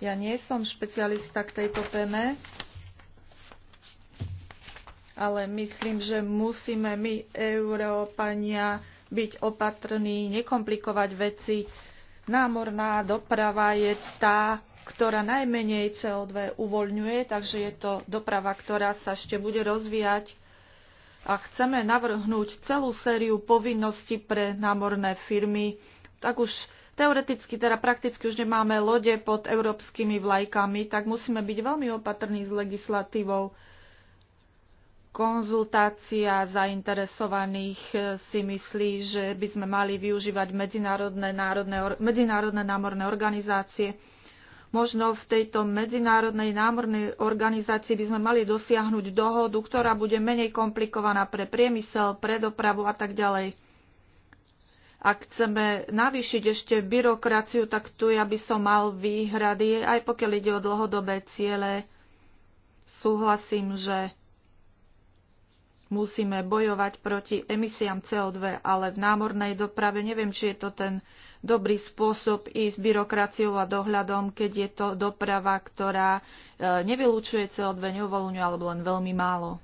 Ja nie som špecialista k tejto téme, ale myslím, že musíme my, Európania, byť opatrní, nekomplikovať veci. Námorná doprava je tá, ktorá najmenej CO2 uvoľňuje, takže je to doprava, ktorá sa ešte bude rozvíjať a chceme navrhnúť celú sériu povinností pre námorné firmy, tak už teoreticky, teda prakticky už nemáme lode pod európskymi vlajkami, tak musíme byť veľmi opatrní s legislatívou. Konzultácia zainteresovaných eh, si myslí, že by sme mali využívať medzinárodné, národné, medzinárodné námorné organizácie. Možno v tejto medzinárodnej námornej organizácii by sme mali dosiahnuť dohodu, ktorá bude menej komplikovaná pre priemysel, pre dopravu a tak ďalej ak chceme navýšiť ešte byrokraciu, tak tu ja by som mal výhrady, aj pokiaľ ide o dlhodobé ciele. Súhlasím, že musíme bojovať proti emisiám CO2, ale v námornej doprave neviem, či je to ten dobrý spôsob ísť byrokraciou a dohľadom, keď je to doprava, ktorá e, nevylučuje CO2, neuvoľňuje alebo len veľmi málo.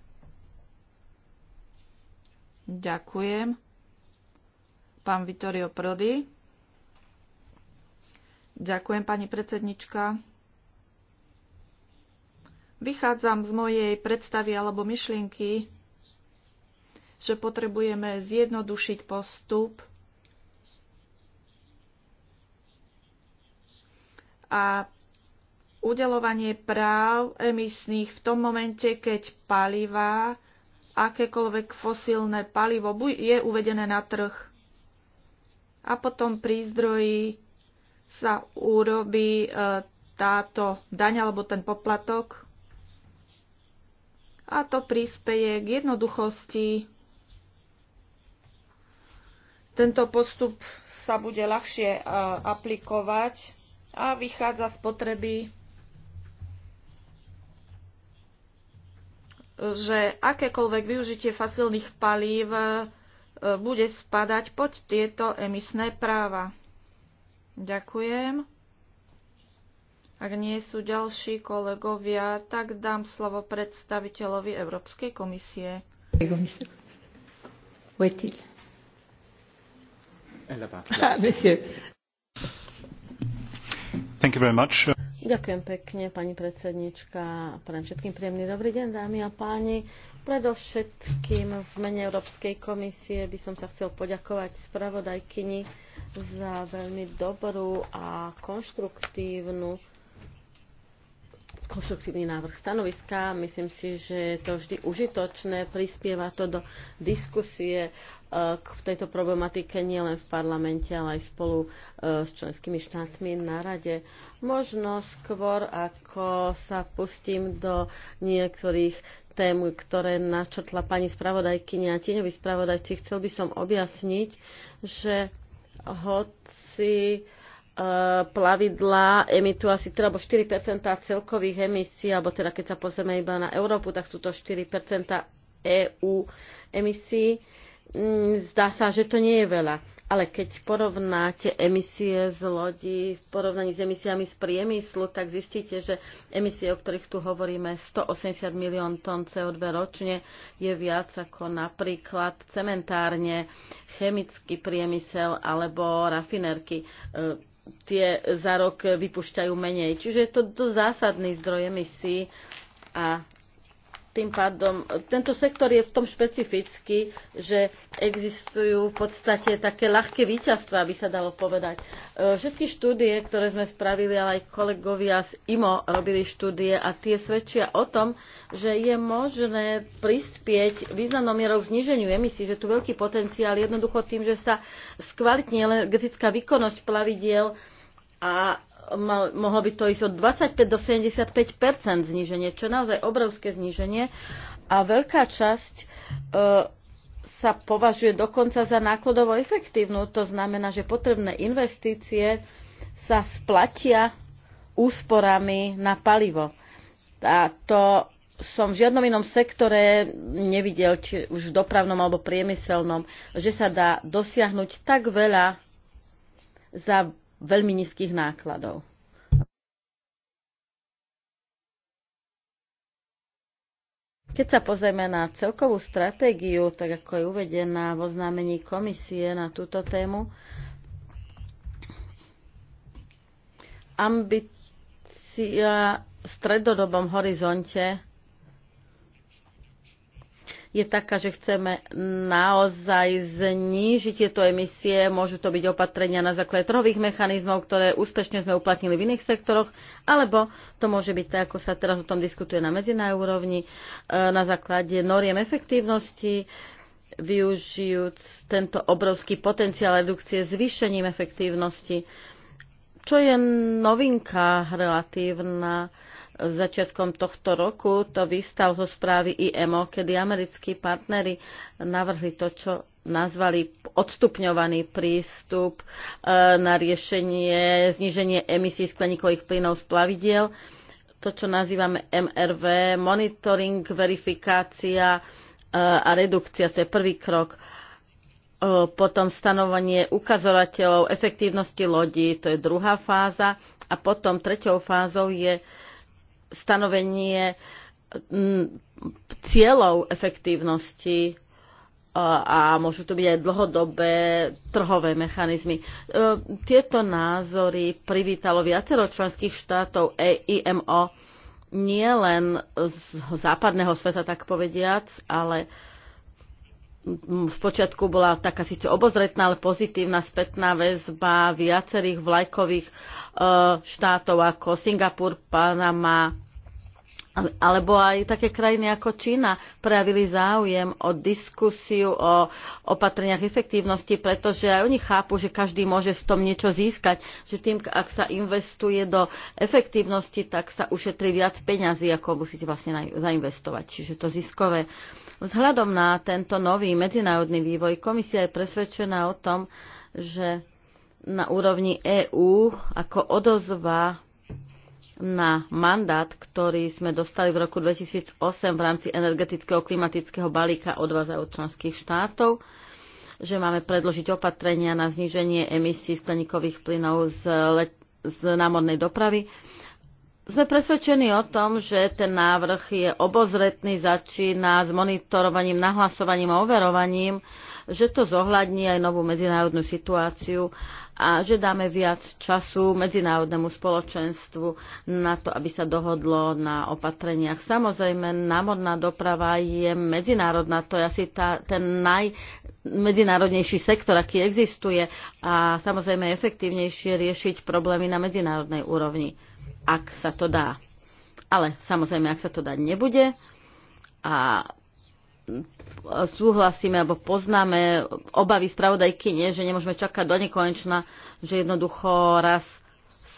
Ďakujem. Pán Vittorio Prodi. Ďakujem, pani predsednička. Vychádzam z mojej predstavy alebo myšlienky, že potrebujeme zjednodušiť postup a udelovanie práv emisných v tom momente, keď palivá, akékoľvek fosílne palivo je uvedené na trh a potom pri zdroji sa urobí e, táto daň alebo ten poplatok a to prispieje k jednoduchosti. Tento postup sa bude ľahšie e, aplikovať a vychádza z potreby, že akékoľvek využitie fasilných palív E, bude spadať pod tieto emisné práva. Ďakujem. Ak nie sú ďalší kolegovia, tak dám slovo predstaviteľovi Európskej komisie. Thank you very much. Ďakujem pekne, pani predsednička. Prajem všetkým príjemný dobrý deň, dámy a páni. Predovšetkým v mene Európskej komisie by som sa chcel poďakovať spravodajkyni za veľmi dobrú a konštruktívnu konstruktívny návrh stanoviska. Myslím si, že je to vždy užitočné, prispieva to do diskusie e, k tejto problematike nielen v parlamente, ale aj spolu e, s členskými štátmi na rade. Možno skôr, ako sa pustím do niektorých tém, ktoré načrtla pani spravodajkynia a tieňoví spravodajci, chcel by som objasniť, že hoci E, plavidlá emitujú asi 3 alebo 4 celkových emisí, alebo teda keď sa pozrieme iba na Európu, tak sú to 4 EU emisí. Mm, zdá sa, že to nie je veľa. Ale keď porovnáte emisie z lodí v porovnaní s emisiami z priemyslu, tak zistíte, že emisie, o ktorých tu hovoríme, 180 milión tón CO2 ročne, je viac ako napríklad cementárne, chemický priemysel alebo rafinerky. E, tie za rok vypušťajú menej. Čiže je to dosť zásadný zdroj emisí a tým pádom tento sektor je v tom špecifický, že existujú v podstate také ľahké víťazstva, by sa dalo povedať. E, všetky štúdie, ktoré sme spravili, ale aj kolegovia z IMO robili štúdie a tie svedčia o tom, že je možné prispieť významnou mierou k zniženiu emisí, že tu veľký potenciál jednoducho tým, že sa skvalitní energetická výkonnosť plavidiel, a mohlo by to ísť od 25 do 75 zníženie, čo je naozaj obrovské zníženie a veľká časť e, sa považuje dokonca za nákladovo efektívnu. To znamená, že potrebné investície sa splatia úsporami na palivo. A to som v žiadnom inom sektore nevidel, či už v dopravnom alebo priemyselnom, že sa dá dosiahnuť tak veľa za veľmi nízkych nákladov. Keď sa pozrieme na celkovú stratégiu, tak ako je uvedená v oznámení komisie na túto tému, ambícia v stredodobom horizonte je taká, že chceme naozaj znížiť tieto emisie. Môžu to byť opatrenia na základe trhových mechanizmov, ktoré úspešne sme uplatnili v iných sektoroch, alebo to môže byť tak, ako sa teraz o tom diskutuje na medzinárodnej úrovni, na základe noriem efektívnosti, využijúc tento obrovský potenciál redukcie zvýšením efektívnosti, čo je novinka relatívna začiatkom tohto roku to vyvstal zo správy IMO, kedy americkí partnery navrhli to, čo nazvali odstupňovaný prístup e, na riešenie zniženie emisí skleníkových plynov z plavidiel, to, čo nazývame MRV, monitoring, verifikácia e, a redukcia, to je prvý krok. E, potom stanovanie ukazovateľov efektívnosti lodí, to je druhá fáza. A potom treťou fázou je uh, stanovenie cieľov efektívnosti e, a môžu to byť aj dlhodobé trhové mechanizmy. E, tieto názory privítalo viacero členských štátov EIMO, nie len z západného sveta, tak povediac, ale Spočiatku mm, bola taká síce obozretná, ale pozitívna spätná väzba viacerých vlajkových eh, štátov ako Singapur, Panama, alebo aj také krajiny ako Čína prejavili záujem o diskusiu o opatreniach efektívnosti, pretože aj oni chápu, že každý môže z tom niečo získať, že tým, ak sa investuje do efektívnosti, tak sa ušetrí viac peňazí, ako musíte vlastne zainvestovať. Čiže to ziskové. Vzhľadom na tento nový medzinárodný vývoj komisia je presvedčená o tom, že na úrovni EÚ ako odozva na mandát, ktorý sme dostali v roku 2008 v rámci energetického klimatického balíka od vás od členských štátov, že máme predložiť opatrenia na zníženie emisí skleníkových plynov z, let- z námornej dopravy. Sme presvedčení o tom, že ten návrh je obozretný, začína s monitorovaním, nahlasovaním a overovaním, že to zohľadní aj novú medzinárodnú situáciu a že dáme viac času medzinárodnému spoločenstvu na to, aby sa dohodlo na opatreniach. Samozrejme, námorná doprava je medzinárodná, to je asi tá, ten naj medzinárodnejší sektor, aký existuje a samozrejme efektívnejšie riešiť problémy na medzinárodnej úrovni, ak sa to dá. Ale samozrejme, ak sa to dať nebude a súhlasíme alebo poznáme obavy spravodajky, nie, že nemôžeme čakať do nekonečna, že jednoducho raz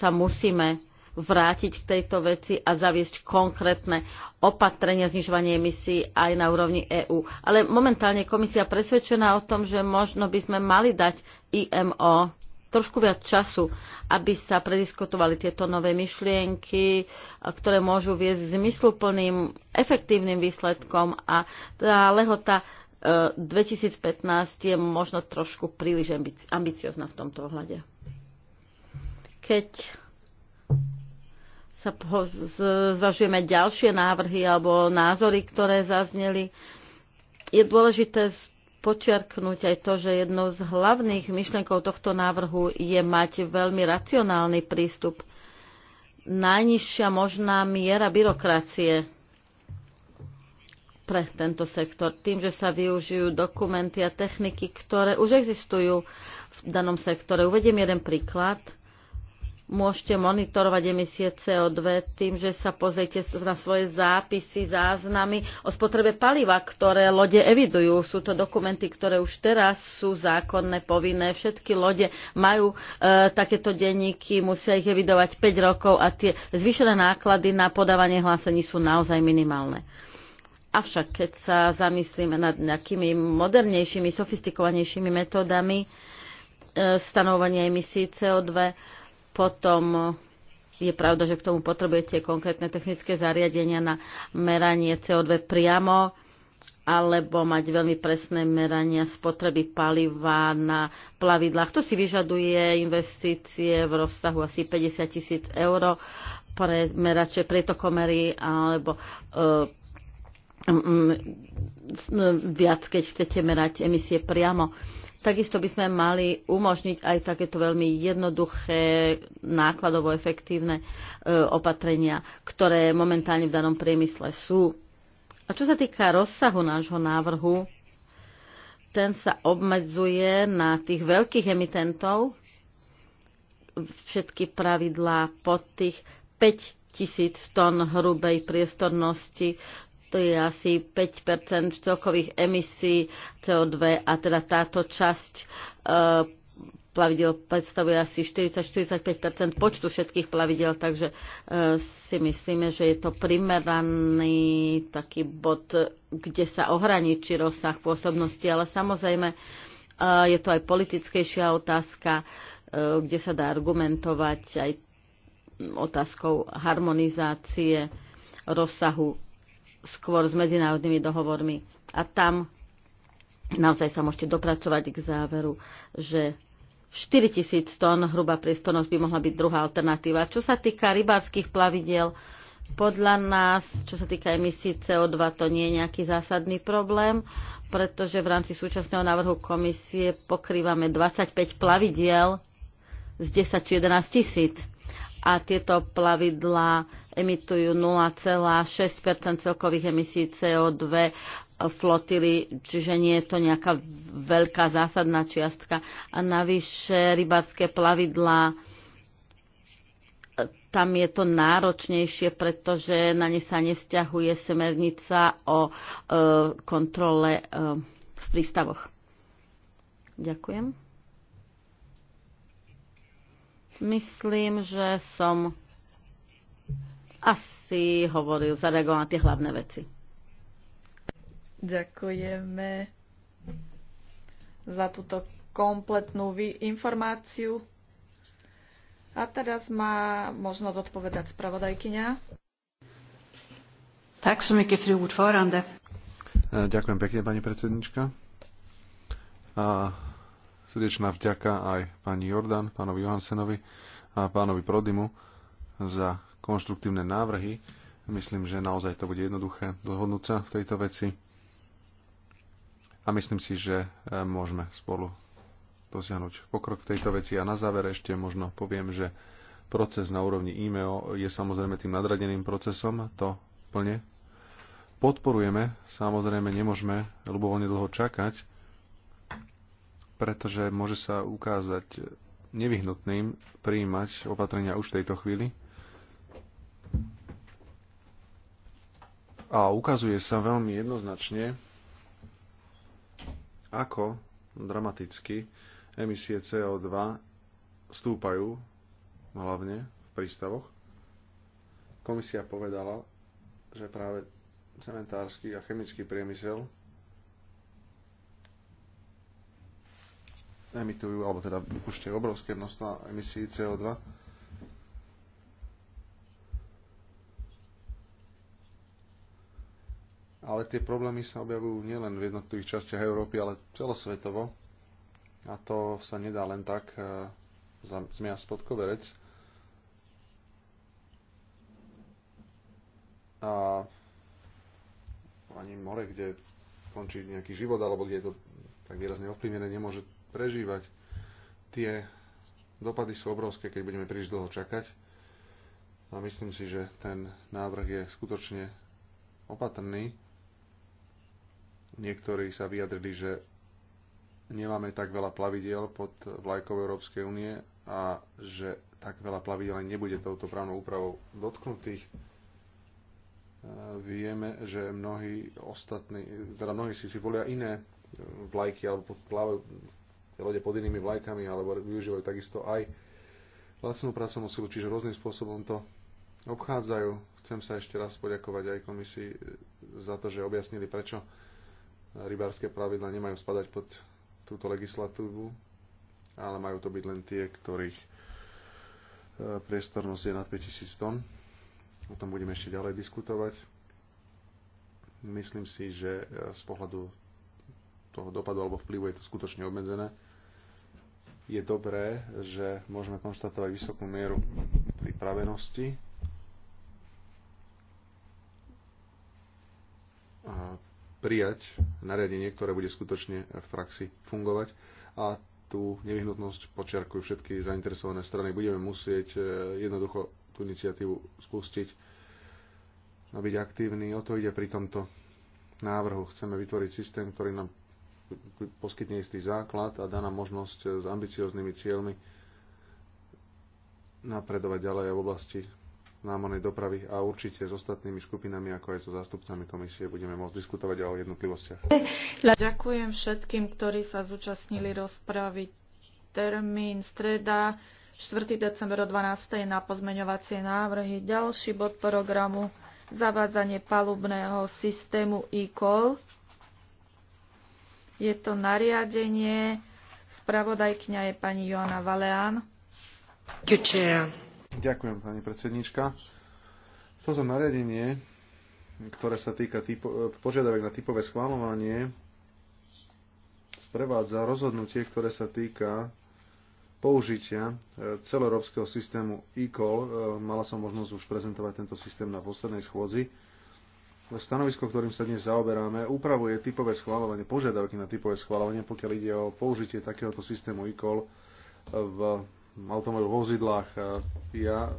sa musíme vrátiť k tejto veci a zaviesť konkrétne opatrenia znižovanie emisí aj na úrovni EÚ. Ale momentálne komisia presvedčená o tom, že možno by sme mali dať IMO trošku viac času, aby sa prediskutovali tieto nové myšlienky, ktoré môžu viesť zmysluplným, efektívnym výsledkom a tá lehota 2015 e, je možno trošku príliš ambiciozna v tomto ohľade. Keď sa zvažujeme ďalšie návrhy alebo názory, ktoré zazneli, je dôležité počiarknúť aj to, že jednou z hlavných myšlenkov tohto návrhu je mať veľmi racionálny prístup. Najnižšia možná miera byrokracie pre tento sektor, tým, že sa využijú dokumenty a techniky, ktoré už existujú v danom sektore. Uvediem jeden príklad môžete monitorovať emisie CO2 tým, že sa pozrite na svoje zápisy, záznamy o spotrebe paliva, ktoré lode evidujú. Sú to dokumenty, ktoré už teraz sú zákonné, povinné. Všetky lode majú e, takéto denníky, musia ich evidovať 5 rokov a tie zvýšené náklady na podávanie hlásení sú naozaj minimálne. Avšak keď sa zamyslíme nad nejakými modernejšími, sofistikovanejšími metódami e, stanovania emisí CO2, potom je pravda, že k tomu potrebujete konkrétne technické zariadenia na meranie CO2 priamo alebo mať veľmi presné merania spotreby paliva na plavidlách. To si vyžaduje investície v rozsahu asi 50 tisíc eur pre merače pretokomery alebo e, viac, keď chcete merať emisie priamo. Uh, Takisto by sme mali umožniť aj takéto veľmi jednoduché, nákladovo efektívne e, opatrenia, ktoré momentálne v danom priemysle sú. A čo sa týka rozsahu nášho návrhu, ten sa obmedzuje na tých veľkých emitentov, všetky pravidlá pod tých 5 tisíc tón hrubej priestornosti to je asi 5 celkových emisí CO2 a teda táto časť e, plavidel predstavuje asi 40-45 počtu všetkých plavidel, takže e, si myslíme, že je to primeraný taký bod, kde sa ohraničí rozsah pôsobnosti, ale samozrejme e, je to aj politickejšia otázka, kde sa dá argumentovať aj otázkou harmonizácie rozsahu skôr s medzinárodnými dohovormi. A tam naozaj sa môžete dopracovať k záveru, že 4 tisíc tón hrubá priestornosť by mohla byť druhá alternatíva. Čo sa týka rybárskych plavidiel, podľa nás, čo sa týka emisí CO2, to nie je nejaký zásadný problém, pretože v rámci súčasného návrhu komisie pokrývame 25 plavidiel z 10 či 11 tisíc a tieto plavidlá emitujú 0,6 celkových emisí CO2 flotily, čiže nie je to nejaká veľká zásadná čiastka. A navyše rybárske plavidlá tam je to náročnejšie, pretože na ne sa nevzťahuje smernica o e, kontrole e, v prístavoch. Ďakujem. Myslím, že som asi hovoril, zareagoval na tie hlavné veci. Ďakujeme za túto kompletnú informáciu. A teraz má možnosť odpovedať spravodajkyňa. Tak som fru Ďakujem pekne, pani predsednička. A Srdečná vďaka aj pani Jordan, pánovi Johansenovi a pánovi Prodimu za konštruktívne návrhy. Myslím, že naozaj to bude jednoduché dohodnúť sa v tejto veci. A myslím si, že e, môžeme spolu dosiahnuť pokrok v tejto veci. A na záver ešte možno poviem, že proces na úrovni IMEO je samozrejme tým nadradeným procesom, to plne podporujeme, samozrejme nemôžeme ľubovoľne dlho čakať, pretože môže sa ukázať nevyhnutným prijímať opatrenia už v tejto chvíli. A ukazuje sa veľmi jednoznačne, ako dramaticky emisie CO2 stúpajú, hlavne v prístavoch. Komisia povedala, že práve cementársky a chemický priemysel emitujú, alebo teda vypúšťajú obrovské množstva emisí CO2. Ale tie problémy sa objavujú nielen v jednotlivých častiach Európy, ale celosvetovo. A to sa nedá len tak e, zmiasť pod koverec. A ani more, kde končí nejaký život, alebo kde je to tak výrazne ovplyvnené, nemôže prežívať. Tie dopady sú obrovské, keď budeme príliš dlho čakať. A myslím si, že ten návrh je skutočne opatrný. Niektorí sa vyjadrili, že nemáme tak veľa plavidiel pod vlajkou Európskej únie a že tak veľa plavidel nebude touto právnou úpravou dotknutých. E, vieme, že mnohí ostatní, teda mnohí si si volia iné vlajky alebo plávajú lode pod inými vlajkami, alebo využívajú takisto aj vlastnú pracovnú silu, čiže rôznym spôsobom to obchádzajú. Chcem sa ešte raz poďakovať aj komisii e, za to, že objasnili, prečo rybárske pravidla nemajú spadať pod túto legislatívu, ale majú to byť len tie, ktorých e, priestornosť je nad 5000 tón. O tom budeme ešte ďalej diskutovať. Myslím si, že e, z pohľadu toho dopadu alebo vplyvu je to skutočne obmedzené je dobré, že môžeme konštatovať vysokú mieru pripravenosti a prijať nariadenie, ktoré bude skutočne v praxi fungovať. A tú nevyhnutnosť počiarkujú všetky zainteresované strany. Budeme musieť e, jednoducho tú iniciatívu spustiť a byť aktívni. O to ide pri tomto návrhu. Chceme vytvoriť systém, ktorý nám poskytne istý základ a dá nám možnosť s ambicioznými cieľmi napredovať ďalej v oblasti námornej dopravy a určite s ostatnými skupinami, ako aj so zástupcami komisie, budeme môcť diskutovať o jednotlivostiach. Ďakujem všetkým, ktorí sa zúčastnili rozpravy. Termín streda 4. december o 12. na pozmeňovacie návrhy. Ďalší bod programu zavádzanie palubného systému e-call. Je to nariadenie. Spravodajkňa je pani Joana Valeán. Ďakujem, pani predsednička. Toto nariadenie, ktoré sa týka typo, požiadavek na typové schválovanie, sprevádza rozhodnutie, ktoré sa týka použitia e, celoeurópskeho systému e-call. E, mala som možnosť už prezentovať tento systém na poslednej schôdzi Stanovisko, ktorým sa dnes zaoberáme, upravuje typové schváľovanie, požiadavky na typové schváľovanie, pokiaľ ide o použitie takéhoto systému e-call v automobilových vozidlách. Ja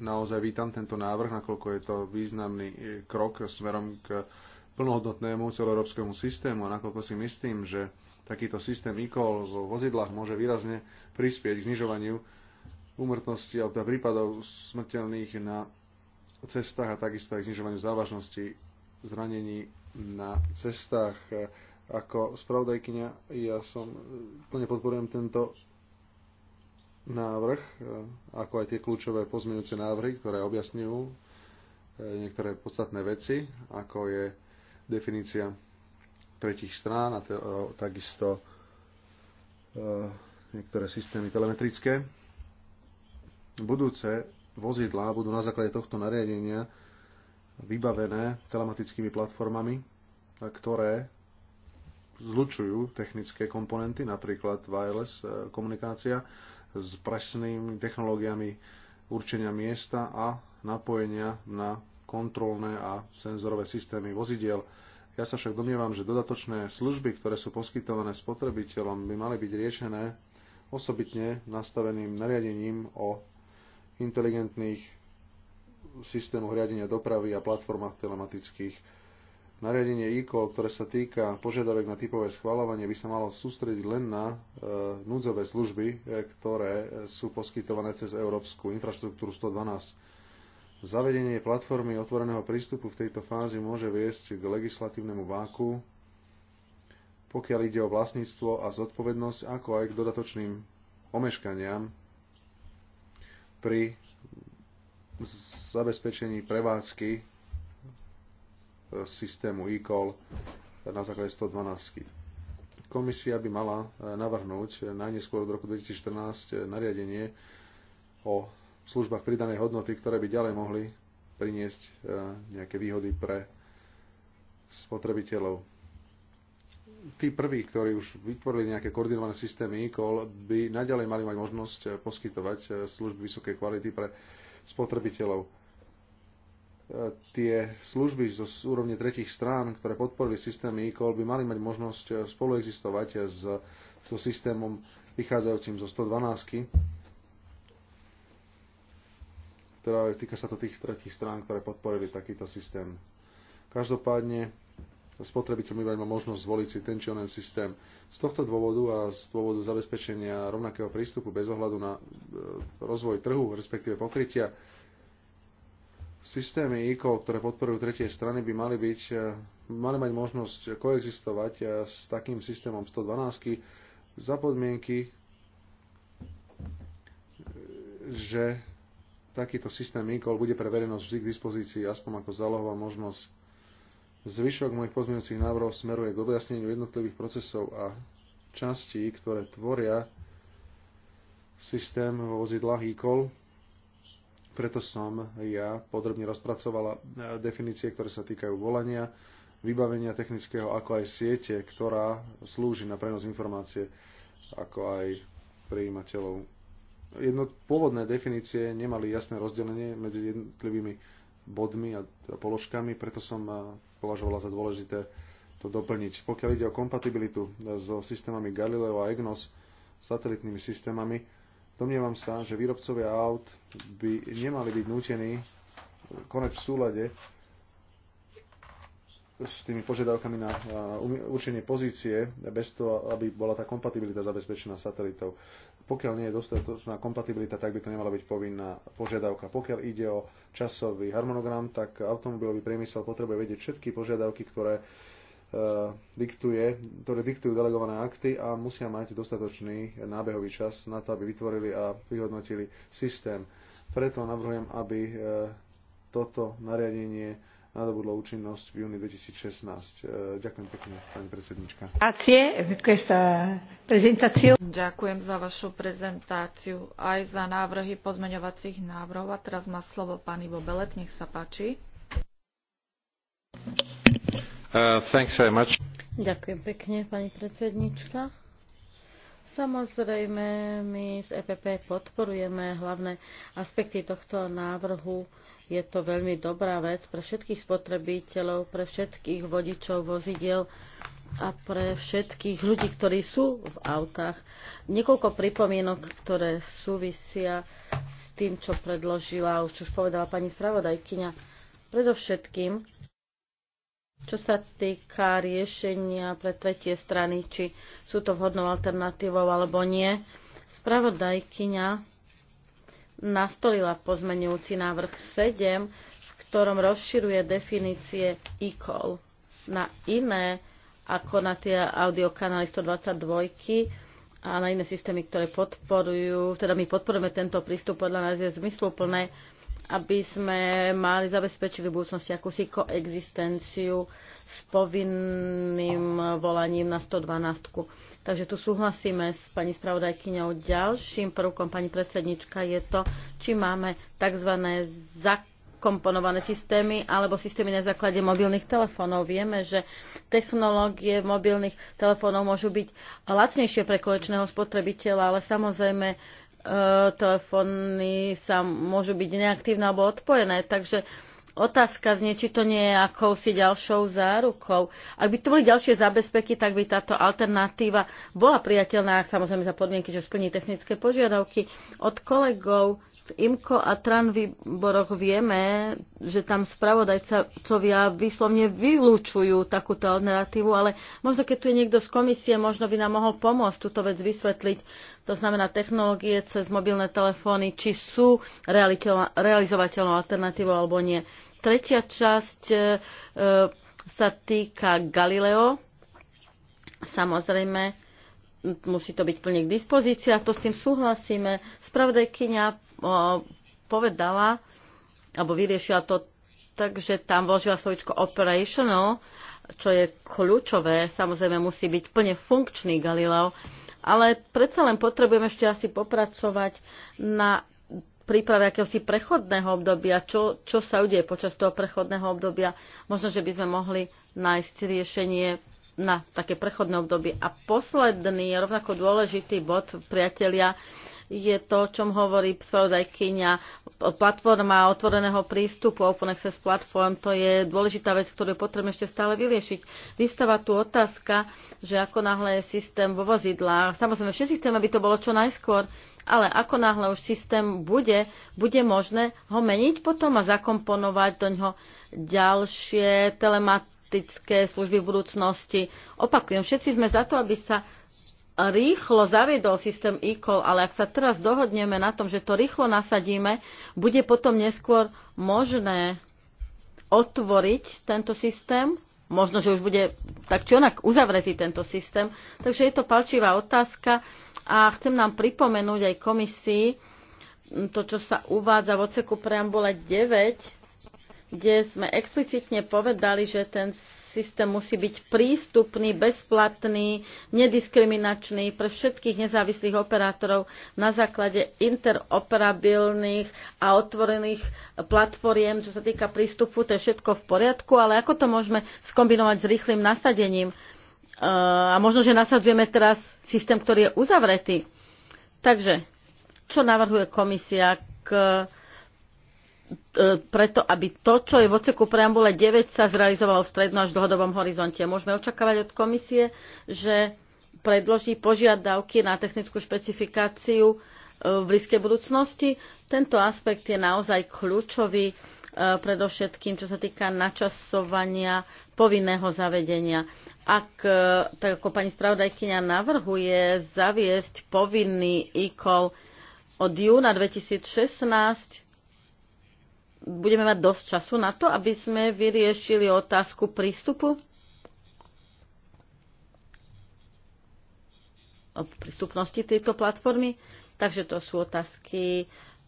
naozaj vítam tento návrh, nakoľko je to významný e, krok smerom k plnohodnotnému celoeurópskemu systému a nakoľko si myslím, že takýto systém e-call vo vozidlách môže výrazne prispieť k znižovaniu úmrtnosti alebo teda prípadov smrteľných na cestách a takisto aj znižovaniu závažnosti zranení na cestách. Ako spravodajkynia ja som plne podporujem tento návrh, ako aj tie kľúčové pozmeňujúce návrhy, ktoré objasňujú eh, niektoré podstatné veci, ako je definícia tretich strán a eh, takisto eh, niektoré systémy telemetrické. Budúce vozidlá budú na základe tohto nariadenia vybavené telematickými platformami, ktoré zlučujú technické komponenty, napríklad wireless e, komunikácia s presnými technológiami určenia miesta a napojenia na kontrolné a senzorové systémy vozidiel. Ja sa však domnievam, že dodatočné služby, ktoré sú poskytované spotrebiteľom, by mali byť riešené osobitne nastaveným nariadením o inteligentných systémov riadenia dopravy a platformách telematických. Nariadenie ICO, ktoré sa týka požiadavek na typové schvalovanie, by sa malo sústrediť len na e, núdzové služby, e, ktoré sú poskytované cez Európsku infraštruktúru 112. Zavedenie platformy otvoreného prístupu v tejto fázi môže viesť k legislatívnemu váku, pokiaľ ide o vlastníctvo a zodpovednosť, ako aj k dodatočným omeškaniam pri zabezpečení prevádzky e, systému e-call na základe 112. Komisia by mala e, navrhnúť najneskôr od roku 2014 e, nariadenie o službách pridanej hodnoty, ktoré by ďalej mohli priniesť nejaké výhody pre spotrebiteľov tí prví, ktorí už vytvorili nejaké koordinované systémy e-call, by naďalej mali mať možnosť eh, poskytovať eh, služby vysokej kvality pre spotrebiteľov. Eh, tie služby zo úrovne tretich strán, ktoré podporili systémy e-call, by mali mať možnosť spoluexistovať s, so systémom vychádzajúcim zo 112 teda týka sa to tých tretich strán, ktoré podporili takýto systém. Každopádne spotrebiteľ iba má možnosť zvoliť si ten či onen systém. Z tohto dôvodu a z dôvodu zabezpečenia rovnakého prístupu bez ohľadu na e, rozvoj trhu, respektíve pokrytia, systémy e-call, ktoré podporujú tretie strany, by mali, byť, e, mali mať možnosť koexistovať e, s takým systémom 112 za podmienky, že takýto systém e-call bude pre verejnosť vždy k dispozícii aspoň ako zálohová možnosť Zvyšok mojich pozmeňujúcich návrhov smeruje k objasneniu jednotlivých procesov a častí, ktoré tvoria systém vo vozidlách e-call. Preto som ja podrobne rozpracovala e, definície, ktoré sa týkajú volania, vybavenia technického, ako aj siete, ktorá slúži na prenos informácie, ako aj prijímateľov. Jedno, pôvodné definície nemali jasné rozdelenie medzi jednotlivými bodmi a teda položkami, preto som považovala za dôležité to doplniť. Pokiaľ ide o kompatibilitu e, so systémami Galileo a EGNOS, satelitnými systémami, domnievam sa, že výrobcovia aut by nemali byť nútení konať v súlade s tými požiadavkami na určenie pozície, bez toho, aby bola tá kompatibilita zabezpečená satelitov. Pokiaľ nie je dostatočná kompatibilita, tak by to nemala byť povinná požiadavka. Pokiaľ ide o časový harmonogram, tak automobilový priemysel potrebuje vedieť všetky požiadavky, ktoré e, diktuje, ktoré diktujú delegované akty a musia mať dostatočný nábehový čas na to, aby vytvorili a vyhodnotili systém. Preto navrhujem, aby e, toto nariadenie nadobudlo účinnosť v júni 2016. E, ďakujem pekne, pani predsednička. Ďakujem za vašu prezentáciu aj za návrhy pozmeňovacích návrhov. A teraz má slovo pán Ivo Belet, nech sa páči. Uh, Ďakujem pekne, pani predsednička. Samozrejme, my z EPP podporujeme hlavné aspekty tohto návrhu. Je to veľmi dobrá vec pre všetkých spotrebiteľov, pre všetkých vodičov vozidiel a pre všetkých ľudí, ktorí sú v autách. Niekoľko pripomienok, ktoré súvisia s tým, čo predložila, už, už povedala pani spravodajkyňa. Predovšetkým čo sa týka riešenia pre tretie strany, či sú to vhodnou alternatívou alebo nie, spravodajkyňa nastolila pozmenujúci návrh 7, v ktorom rozširuje definície e-call na iné ako na tie audiokanály 122 a na iné systémy, ktoré podporujú, teda my podporujeme tento prístup, podľa nás je zmysluplné aby sme mali zabezpečili v budúcnosti akúsi koexistenciu s povinným volaním na 112. Takže tu súhlasíme s pani spravodajkyňou. Ďalším prvkom pani predsednička je to, či máme tzv. zakomponované komponované systémy alebo systémy na základe mobilných telefónov. Vieme, že technológie mobilných telefónov môžu byť lacnejšie pre konečného spotrebiteľa, ale samozrejme E, telefóny sa môžu byť neaktívne alebo odpojené. Takže otázka znie, či to nie je akousi ďalšou zárukou. Ak by to boli ďalšie zabezpeky, tak by táto alternatíva bola priateľná, samozrejme za podmienky, že splní technické požiadavky. Od kolegov v IMKO a TRAN výboroch vieme, že tam spravodajcovia vyslovne vylúčujú takúto alternatívu, ale možno keď tu je niekto z komisie, možno by nám mohol pomôcť túto vec vysvetliť. To znamená technológie cez mobilné telefóny, či sú realizovateľnou alternatívou alebo nie. Tretia časť e, e, sa týka Galileo. Samozrejme, musí to byť plne k dispozícii a to s tým súhlasíme. Spravodajkyňa povedala, alebo vyriešila to tak, že tam vložila slovičko operational, čo je kľúčové. Samozrejme musí byť plne funkčný Galileo, ale predsa len potrebujeme ešte asi popracovať na príprave akéhosi prechodného obdobia, čo, čo sa udeje počas toho prechodného obdobia. Možno, že by sme mohli nájsť riešenie na také prechodné obdobie. A posledný, rovnako dôležitý bod, priatelia, je to, o čom hovorí spravodajkyňa platforma otvoreného prístupu Open Access Platform. To je dôležitá vec, ktorú je potrebné ešte stále vyriešiť. Vystáva tu otázka, že ako náhle je systém vo vozidlách. Samozrejme, všetci systém, aby to bolo čo najskôr, ale ako náhle už systém bude, bude možné ho meniť potom a zakomponovať do ňoho ďalšie telematické služby v budúcnosti. Opakujem, všetci sme za to, aby sa rýchlo zaviedol systém e-call, ale ak sa teraz dohodneme na tom, že to rýchlo nasadíme, bude potom neskôr možné otvoriť tento systém. Možno, že už bude tak či onak uzavretý tento systém. Takže je to palčivá otázka a chcem nám pripomenúť aj komisii to, čo sa uvádza v oceku preambule 9, kde sme explicitne povedali, že ten systém musí byť prístupný, bezplatný, nediskriminačný pre všetkých nezávislých operátorov na základe interoperabilných a otvorených platformiem, čo sa týka prístupu, to je všetko v poriadku, ale ako to môžeme skombinovať s rýchlým nasadením? Eh, a možno, že nasadzujeme teraz systém, ktorý je uzavretý. Takže, čo navrhuje komisia k E, preto, aby to, čo je v oceku preambule 9, sa zrealizovalo v strednom až dlhodobom horizonte. Môžeme očakávať od komisie, že predloží požiadavky na technickú špecifikáciu e, v blízkej budúcnosti. Tento aspekt je naozaj kľúčový e, predovšetkým, čo sa týka načasovania povinného zavedenia. Ak, tak ako pani spravodajkyňa navrhuje, zaviesť povinný e-call od júna 2016, budeme mať dosť času na to, aby sme vyriešili otázku prístupu? O prístupnosti tejto platformy. Takže to sú otázky e,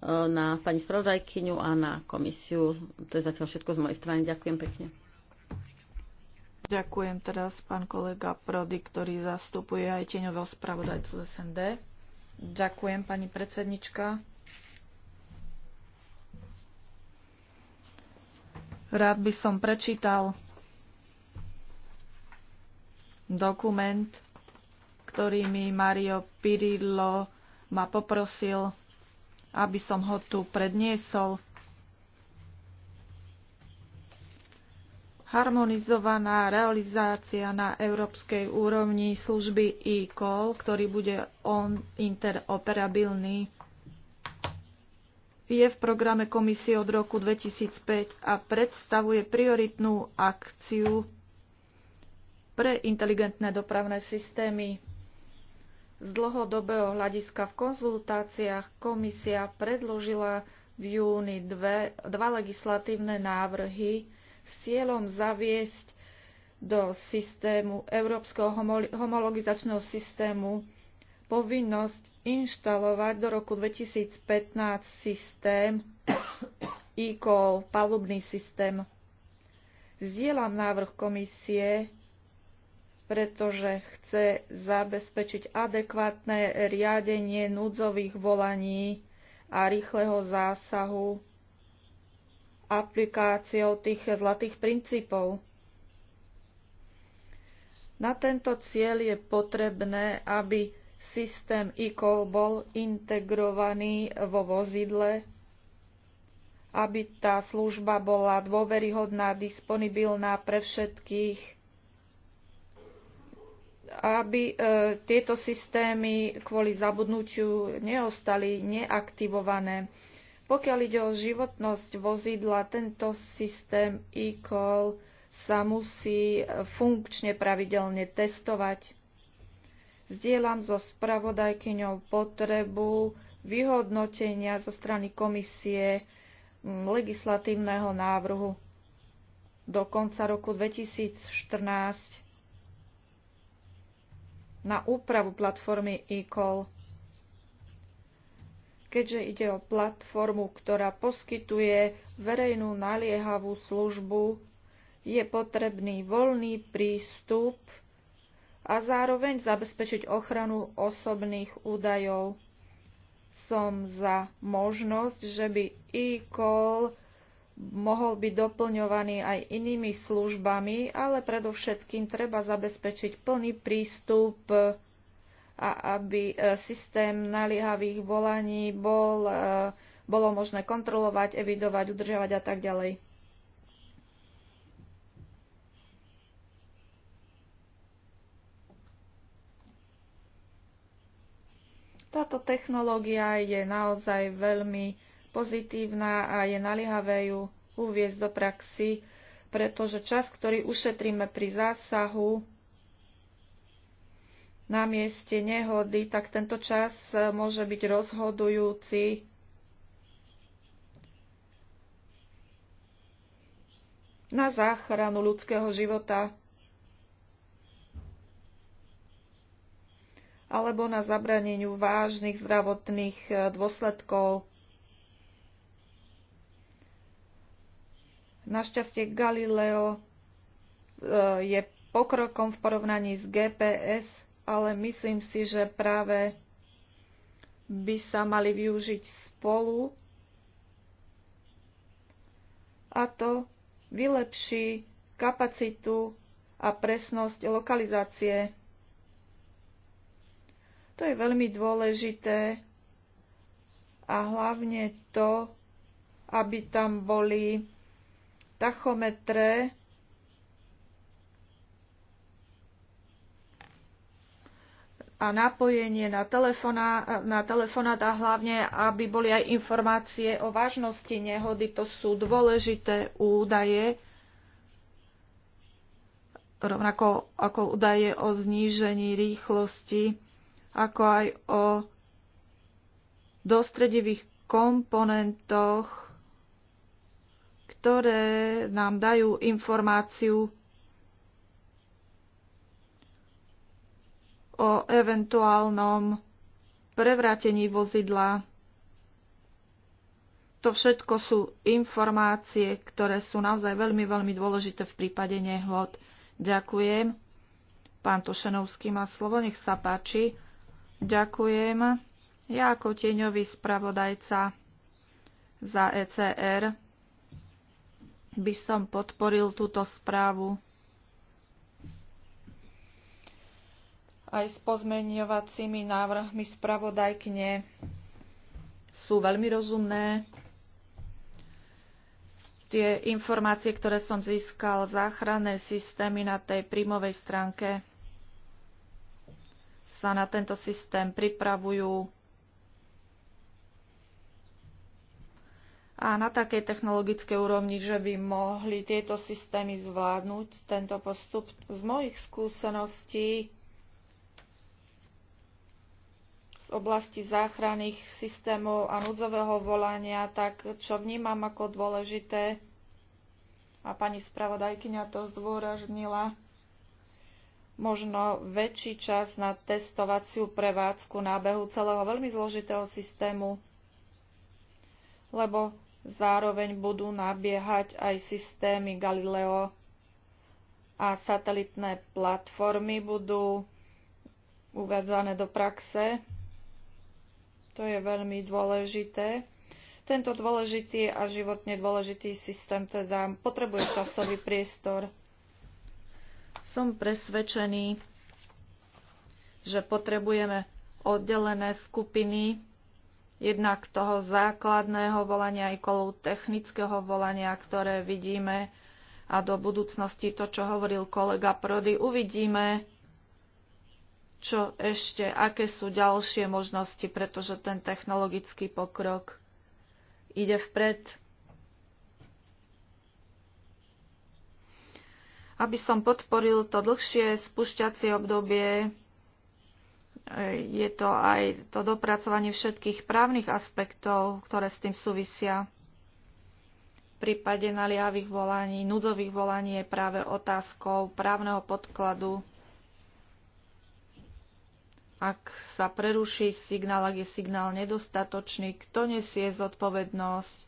na pani spravodajkyňu a na komisiu. To je zatiaľ všetko z mojej strany. Ďakujem pekne. Ďakujem teraz pán kolega Prody, ktorý zastupuje aj tieňového spravodajcu SND. Ďakujem pani predsednička. Rád by som prečítal dokument, ktorý mi Mario Pirillo ma poprosil, aby som ho tu predniesol. Harmonizovaná realizácia na európskej úrovni služby e-call, ktorý bude on interoperabilný je v programe komisie od roku 2005 a predstavuje prioritnú akciu pre inteligentné dopravné systémy. Z dlhodobého hľadiska v konzultáciách komisia predložila v júni dve, dva legislatívne návrhy s cieľom zaviesť do systému Európskeho homologizačného systému povinnosť inštalovať do roku 2015 systém e-call, palubný systém. Zdieľam návrh komisie, pretože chce zabezpečiť adekvátne riadenie núdzových volaní a rýchleho zásahu aplikáciou tých zlatých princípov. Na tento cieľ je potrebné, aby systém e-call bol integrovaný vo vozidle, aby tá služba bola dôveryhodná, disponibilná pre všetkých, aby e, tieto systémy kvôli zabudnutiu neostali neaktivované. Pokiaľ ide o životnosť vozidla, tento systém e-call sa musí funkčne pravidelne testovať. Zdieľam so spravodajkyňou potrebu vyhodnotenia zo strany komisie mm, legislatívneho návrhu do konca roku 2014 na úpravu platformy eCall. Keďže ide o platformu, ktorá poskytuje verejnú naliehavú službu, je potrebný voľný prístup a zároveň zabezpečiť ochranu osobných údajov. Som za možnosť, že by e-call mohol byť doplňovaný aj inými službami, ale predovšetkým treba zabezpečiť plný prístup a aby e, systém naliehavých volaní bol, e, bolo možné kontrolovať, evidovať, udržiavať a tak ďalej. Táto technológia je naozaj veľmi pozitívna a je naliehavé ju uviezť do praxi, pretože čas, ktorý ušetríme pri zásahu na mieste nehody, tak tento čas môže byť rozhodujúci na záchranu ľudského života. alebo na zabraneniu vážnych zdravotných e, dôsledkov. Našťastie Galileo e, je pokrokom v porovnaní s GPS, ale myslím si, že práve by sa mali využiť spolu a to vylepší kapacitu a presnosť lokalizácie to je veľmi dôležité a hlavne to, aby tam boli tachometre, a napojenie na, telefona, na telefonát a hlavne, aby boli aj informácie o vážnosti nehody. To sú dôležité údaje, rovnako ako údaje o znížení rýchlosti ako aj o dostredivých komponentoch, ktoré nám dajú informáciu o eventuálnom prevrátení vozidla. To všetko sú informácie, ktoré sú naozaj veľmi, veľmi dôležité v prípade nehod. Ďakujem. Pán Tošenovský má slovo, nech sa páči. Ďakujem. Ja ako tieňový spravodajca za ECR by som podporil túto správu aj s pozmeňovacími návrhmi spravodajkne. Sú veľmi rozumné. Tie informácie, ktoré som získal, záchranné systémy na tej príjmovej stránke sa na tento systém pripravujú a na takej technologickej úrovni, že by mohli tieto systémy zvládnuť tento postup. Z mojich skúseností z oblasti záchranných systémov a núdzového volania, tak čo vnímam ako dôležité, a pani spravodajkyňa to zdôraznila, možno väčší čas na testovaciu prevádzku nábehu celého veľmi zložitého systému, lebo zároveň budú nabiehať aj systémy Galileo a satelitné platformy budú uvedzané do praxe. To je veľmi dôležité. Tento dôležitý a životne dôležitý systém teda potrebuje časový priestor. Som presvedčený, že potrebujeme oddelené skupiny jednak toho základného volania aj kolou technického volania, ktoré vidíme a do budúcnosti to, čo hovoril kolega Prody, uvidíme, čo ešte, aké sú ďalšie možnosti, pretože ten technologický pokrok ide vpred. aby som podporil to dlhšie spúšťacie obdobie. Je to aj to dopracovanie všetkých právnych aspektov, ktoré s tým súvisia. V prípade naliavých volaní, núdzových volaní je práve otázkou právneho podkladu. Ak sa preruší signál, ak je signál nedostatočný, kto nesie zodpovednosť?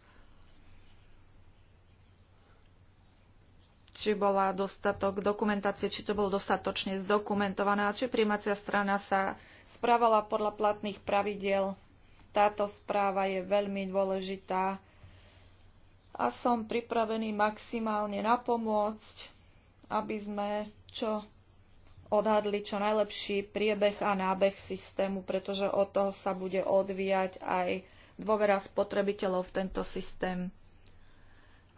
či bola dostatok dokumentácie, či to bolo dostatočne zdokumentované a či príjmacia strana sa správala podľa platných pravidiel. Táto správa je veľmi dôležitá a som pripravený maximálne napomôcť, aby sme čo odhadli čo najlepší priebeh a nábeh systému, pretože od toho sa bude odvíjať aj dôvera spotrebiteľov v tento systém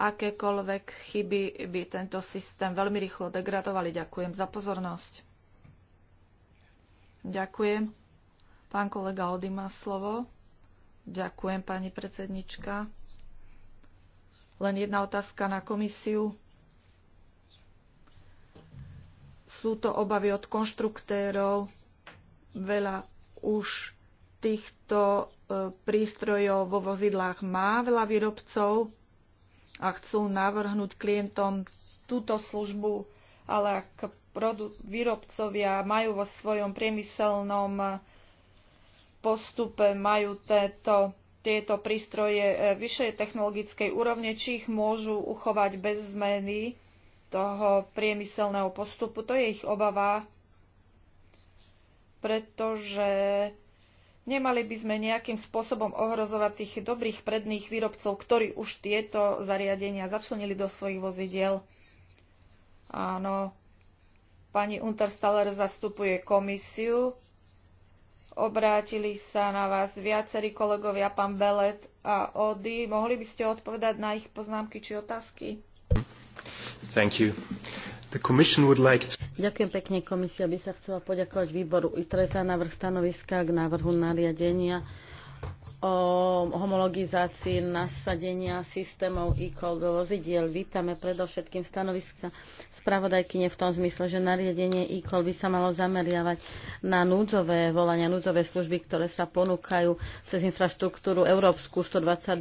akékoľvek chyby by tento systém veľmi rýchlo degradovali. Ďakujem za pozornosť. Ďakujem. Pán kolega Ody má slovo. Ďakujem, pani predsednička. Len jedna otázka na komisiu. Sú to obavy od konštruktérov. Veľa už týchto e, prístrojov vo vozidlách má veľa výrobcov a chcú navrhnúť klientom túto službu, ale ak výrobcovia majú vo svojom priemyselnom postupe, majú tieto, tieto prístroje e, vyššej technologickej úrovne, či ich môžu uchovať bez zmeny toho priemyselného postupu. To je ich obava, pretože Nemali by sme nejakým spôsobom ohrozovať tých dobrých predných výrobcov, ktorí už tieto zariadenia začlenili do svojich vozidiel. Áno, pani Unterstaller zastupuje komisiu. Obrátili sa na vás viacerí kolegovia, pán Belet a Ody. Mohli by ste odpovedať na ich poznámky či otázky? Thank you. Ďakujem pekne. Komisia by sa chcela poďakovať výboru ITRE za návrh stanoviska k návrhu nariadenia o homologizácii nasadenia systémov e-call do vozidiel. Vítame predovšetkým stanoviska spravodajkyne v tom zmysle, že nariadenie e-call by sa malo zameriavať na núdzové volania, núdzové služby, ktoré sa ponúkajú cez infraštruktúru Európsku 122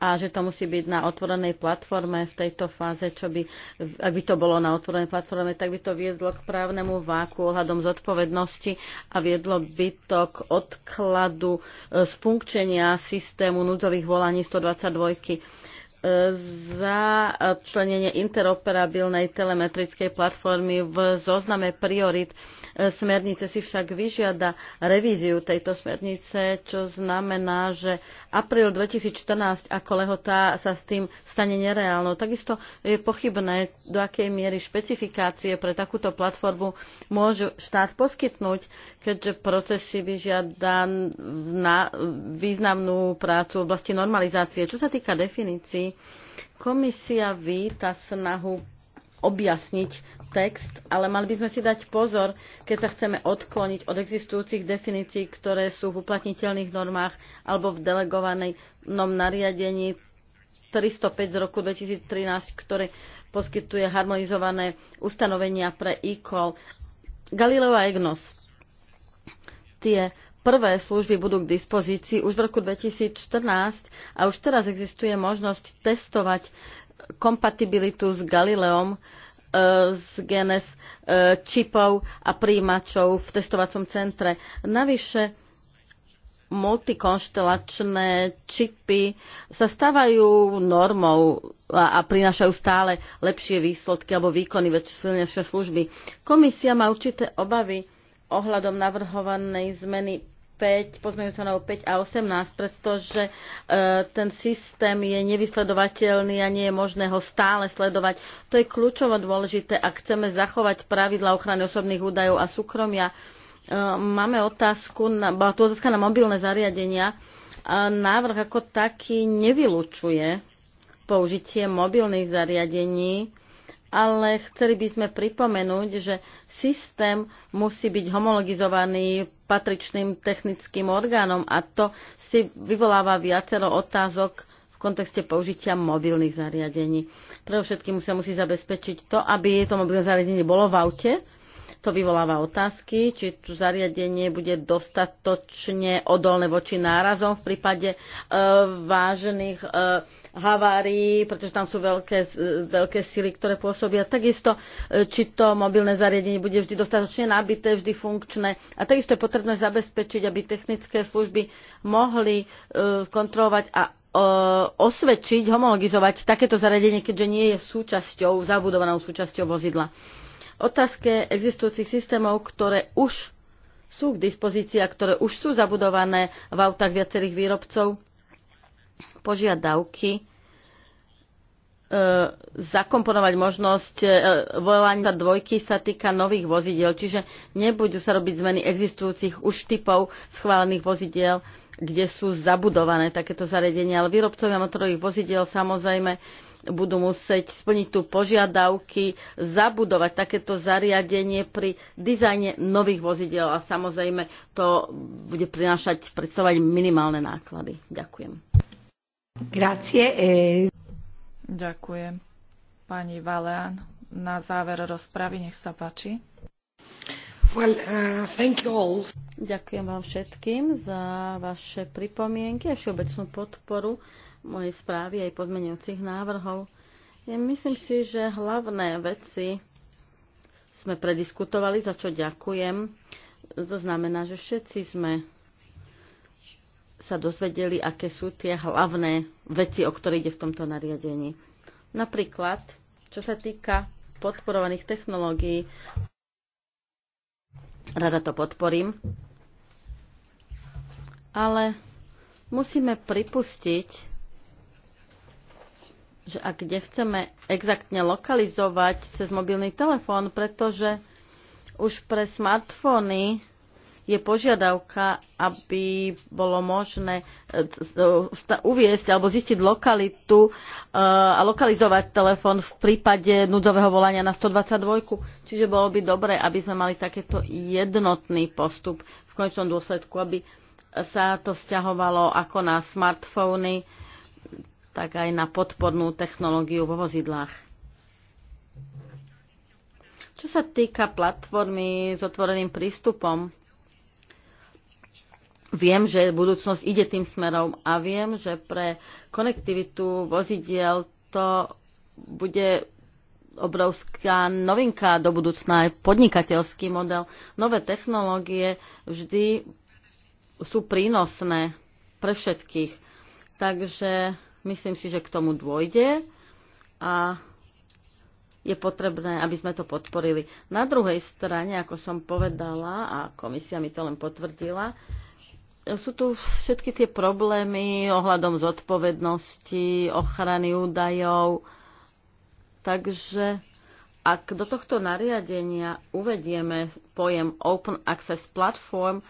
a že to musí byť na otvorenej platforme v tejto fáze, čo by, ak by to bolo na otvorenej platforme, tak by to viedlo k právnemu váku ohľadom zodpovednosti a viedlo by to k odkladu z e, funkčenia systému núdzových volaní 122 e, za členenie interoperabilnej telemetrickej platformy v zozname priorit Smernice si však vyžiada revíziu tejto smernice, čo znamená, že apríl 2014 ako lehotá sa s tým stane nereálnou. Takisto je pochybné, do akej miery špecifikácie pre takúto platformu môžu štát poskytnúť, keďže proces si vyžiada na významnú prácu v oblasti normalizácie. Čo sa týka definícií, komisia víta snahu objasniť text, ale mali by sme si dať pozor, keď sa chceme odkloniť od existujúcich definícií, ktoré sú v uplatniteľných normách alebo v delegovanom nariadení 305 z roku 2013, ktoré poskytuje harmonizované ustanovenia pre e-call. Galileo a EGNOS. Tie prvé služby budú k dispozícii už v roku 2014 a už teraz existuje možnosť testovať kompatibilitu s Galileom, z e, GNS e, čipov a príjimačov v testovacom centre. Navyše multikonštelačné čipy sa stávajú normou a, a prinášajú stále lepšie výsledky alebo výkony, väčšie služby. Komisia má určité obavy ohľadom navrhovanej zmeny 5, pozmeňujúce na 5 a 18, pretože e, ten systém je nevysledovateľný a nie je možné ho stále sledovať. To je kľúčovo dôležité, ak chceme zachovať pravidla ochrany osobných údajov a súkromia. E, máme otázku, na, bola tu otázka na mobilné zariadenia. E, návrh ako taký nevylučuje použitie mobilných zariadení ale chceli by sme pripomenúť, že systém musí byť homologizovaný patričným technickým orgánom a to si vyvoláva viacero otázok v kontexte použitia mobilných zariadení. Pre všetkým sa musí zabezpečiť to, aby to mobilné zariadenie bolo v aute. To vyvoláva otázky, či tu zariadenie bude dostatočne odolné voči nárazom v prípade e, vážnych e, havárií, pretože tam sú veľké, veľké sily, ktoré pôsobia. Takisto, e, či to mobilné zariadenie bude vždy dostatočne nabité, vždy funkčné. A takisto je potrebné zabezpečiť, aby technické služby mohli e, kontrolovať a e, osvedčiť, homologizovať takéto zariadenie, keďže nie je súčasťou, zabudovanou súčasťou vozidla. Otázke existujúcich systémov, ktoré už sú k dispozícii a ktoré už sú zabudované v autách viacerých výrobcov požiadavky e, zakomponovať možnosť e, volania dvojky sa týka nových vozidiel, čiže nebudú sa robiť zmeny existujúcich už typov schválených vozidiel, kde sú zabudované takéto zariadenia, ale výrobcovia motorových vozidiel samozrejme budú musieť splniť tu požiadavky, zabudovať takéto zariadenie pri dizajne nových vozidiel a samozrejme to bude prinášať predstavovať minimálne náklady. Ďakujem. Grazie. E- ďakujem. Pani Valean, na záver rozpravy, nech sa páči. Well, uh, thank you all. Ďakujem vám všetkým za vaše pripomienky a všeobecnú podporu mojej správy aj pozmeňujúcich návrhov. Ja myslím si, že hlavné veci sme prediskutovali, za čo ďakujem. To znamená, že všetci sme sa dozvedeli, aké sú tie hlavné veci, o ktoré ide v tomto nariadení. Napríklad, čo sa týka podporovaných technológií, rada to podporím, ale musíme pripustiť, že ak nechceme exaktne lokalizovať cez mobilný telefón, pretože už pre smartfóny je požiadavka, aby bolo možné e, e, uviesť alebo zistiť lokalitu e, a lokalizovať telefón v prípade núdzového volania na 122. Čiže bolo by dobre, aby sme mali takéto jednotný postup v konečnom dôsledku, aby sa to vzťahovalo ako na smartfóny, tak aj na podpornú technológiu vo vozidlách. Čo sa týka platformy s otvoreným prístupom, Viem, že budúcnosť ide tým smerom a viem, že pre konektivitu vozidiel to bude obrovská novinka do budúcna, aj podnikateľský model. Nové technológie vždy sú prínosné pre všetkých. Takže myslím si, že k tomu dôjde a je potrebné, aby sme to podporili. Na druhej strane, ako som povedala, a komisia mi to len potvrdila, sú tu všetky tie problémy ohľadom zodpovednosti, ochrany údajov. Takže ak do tohto nariadenia uvedieme pojem Open Access Platform,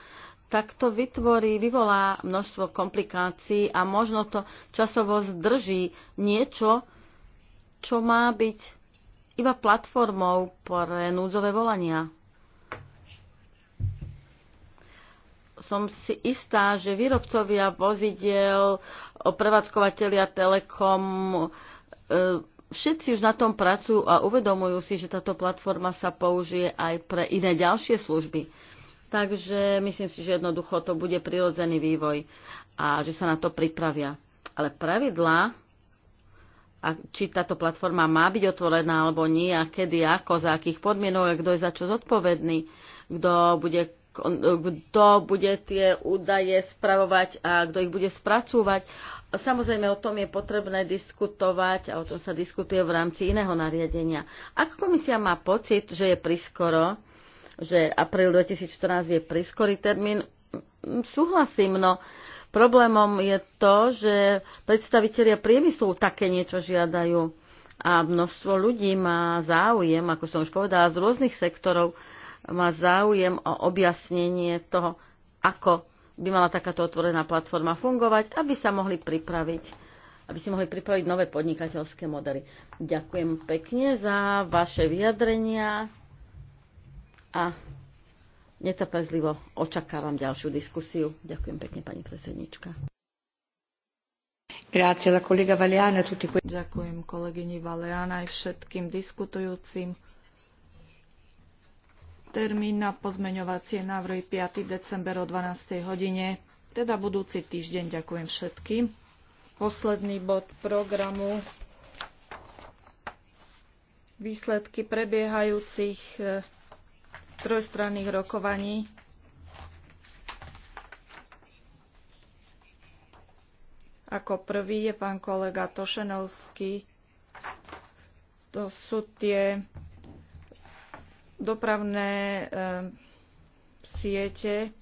tak to vytvorí, vyvolá množstvo komplikácií a možno to časovo zdrží niečo, čo má byť iba platformou pre núdzové volania. som si istá, že výrobcovia vozidiel, prevádzkovateľia Telekom, e, všetci už na tom pracujú a uvedomujú si, že táto platforma sa použije aj pre iné ďalšie služby. Takže myslím si, že jednoducho to bude prirodzený vývoj a že sa na to pripravia. Ale pravidlá, a či táto platforma má byť otvorená alebo nie, a kedy, ako, za akých podmienok, kto je za čo zodpovedný, kto bude kto bude tie údaje spravovať a kto ich bude spracúvať. Samozrejme, o tom je potrebné diskutovať a o tom sa diskutuje v rámci iného nariadenia. Ak komisia má pocit, že je priskoro, že apríl 2014 je priskorý termín, súhlasím, no problémom je to, že predstavitelia priemyslu také niečo žiadajú a množstvo ľudí má záujem, ako som už povedala, z rôznych sektorov má záujem o objasnenie toho, ako by mala takáto otvorená platforma fungovať, aby sa mohli pripraviť aby si mohli pripraviť nové podnikateľské modely. Ďakujem pekne za vaše vyjadrenia a netrpezlivo očakávam ďalšiu diskusiu. Ďakujem pekne, pani predsednička. Ďakujem kolegyni Valiana aj všetkým diskutujúcim. Termín na pozmeňovacie návrhy 5. december o 12. hodine, teda budúci týždeň. Ďakujem všetkým. Posledný bod programu. Výsledky prebiehajúcich e, trojstranných rokovaní Ako prvý je pán kolega Tošenovský. To sú tie dopravné eh, siete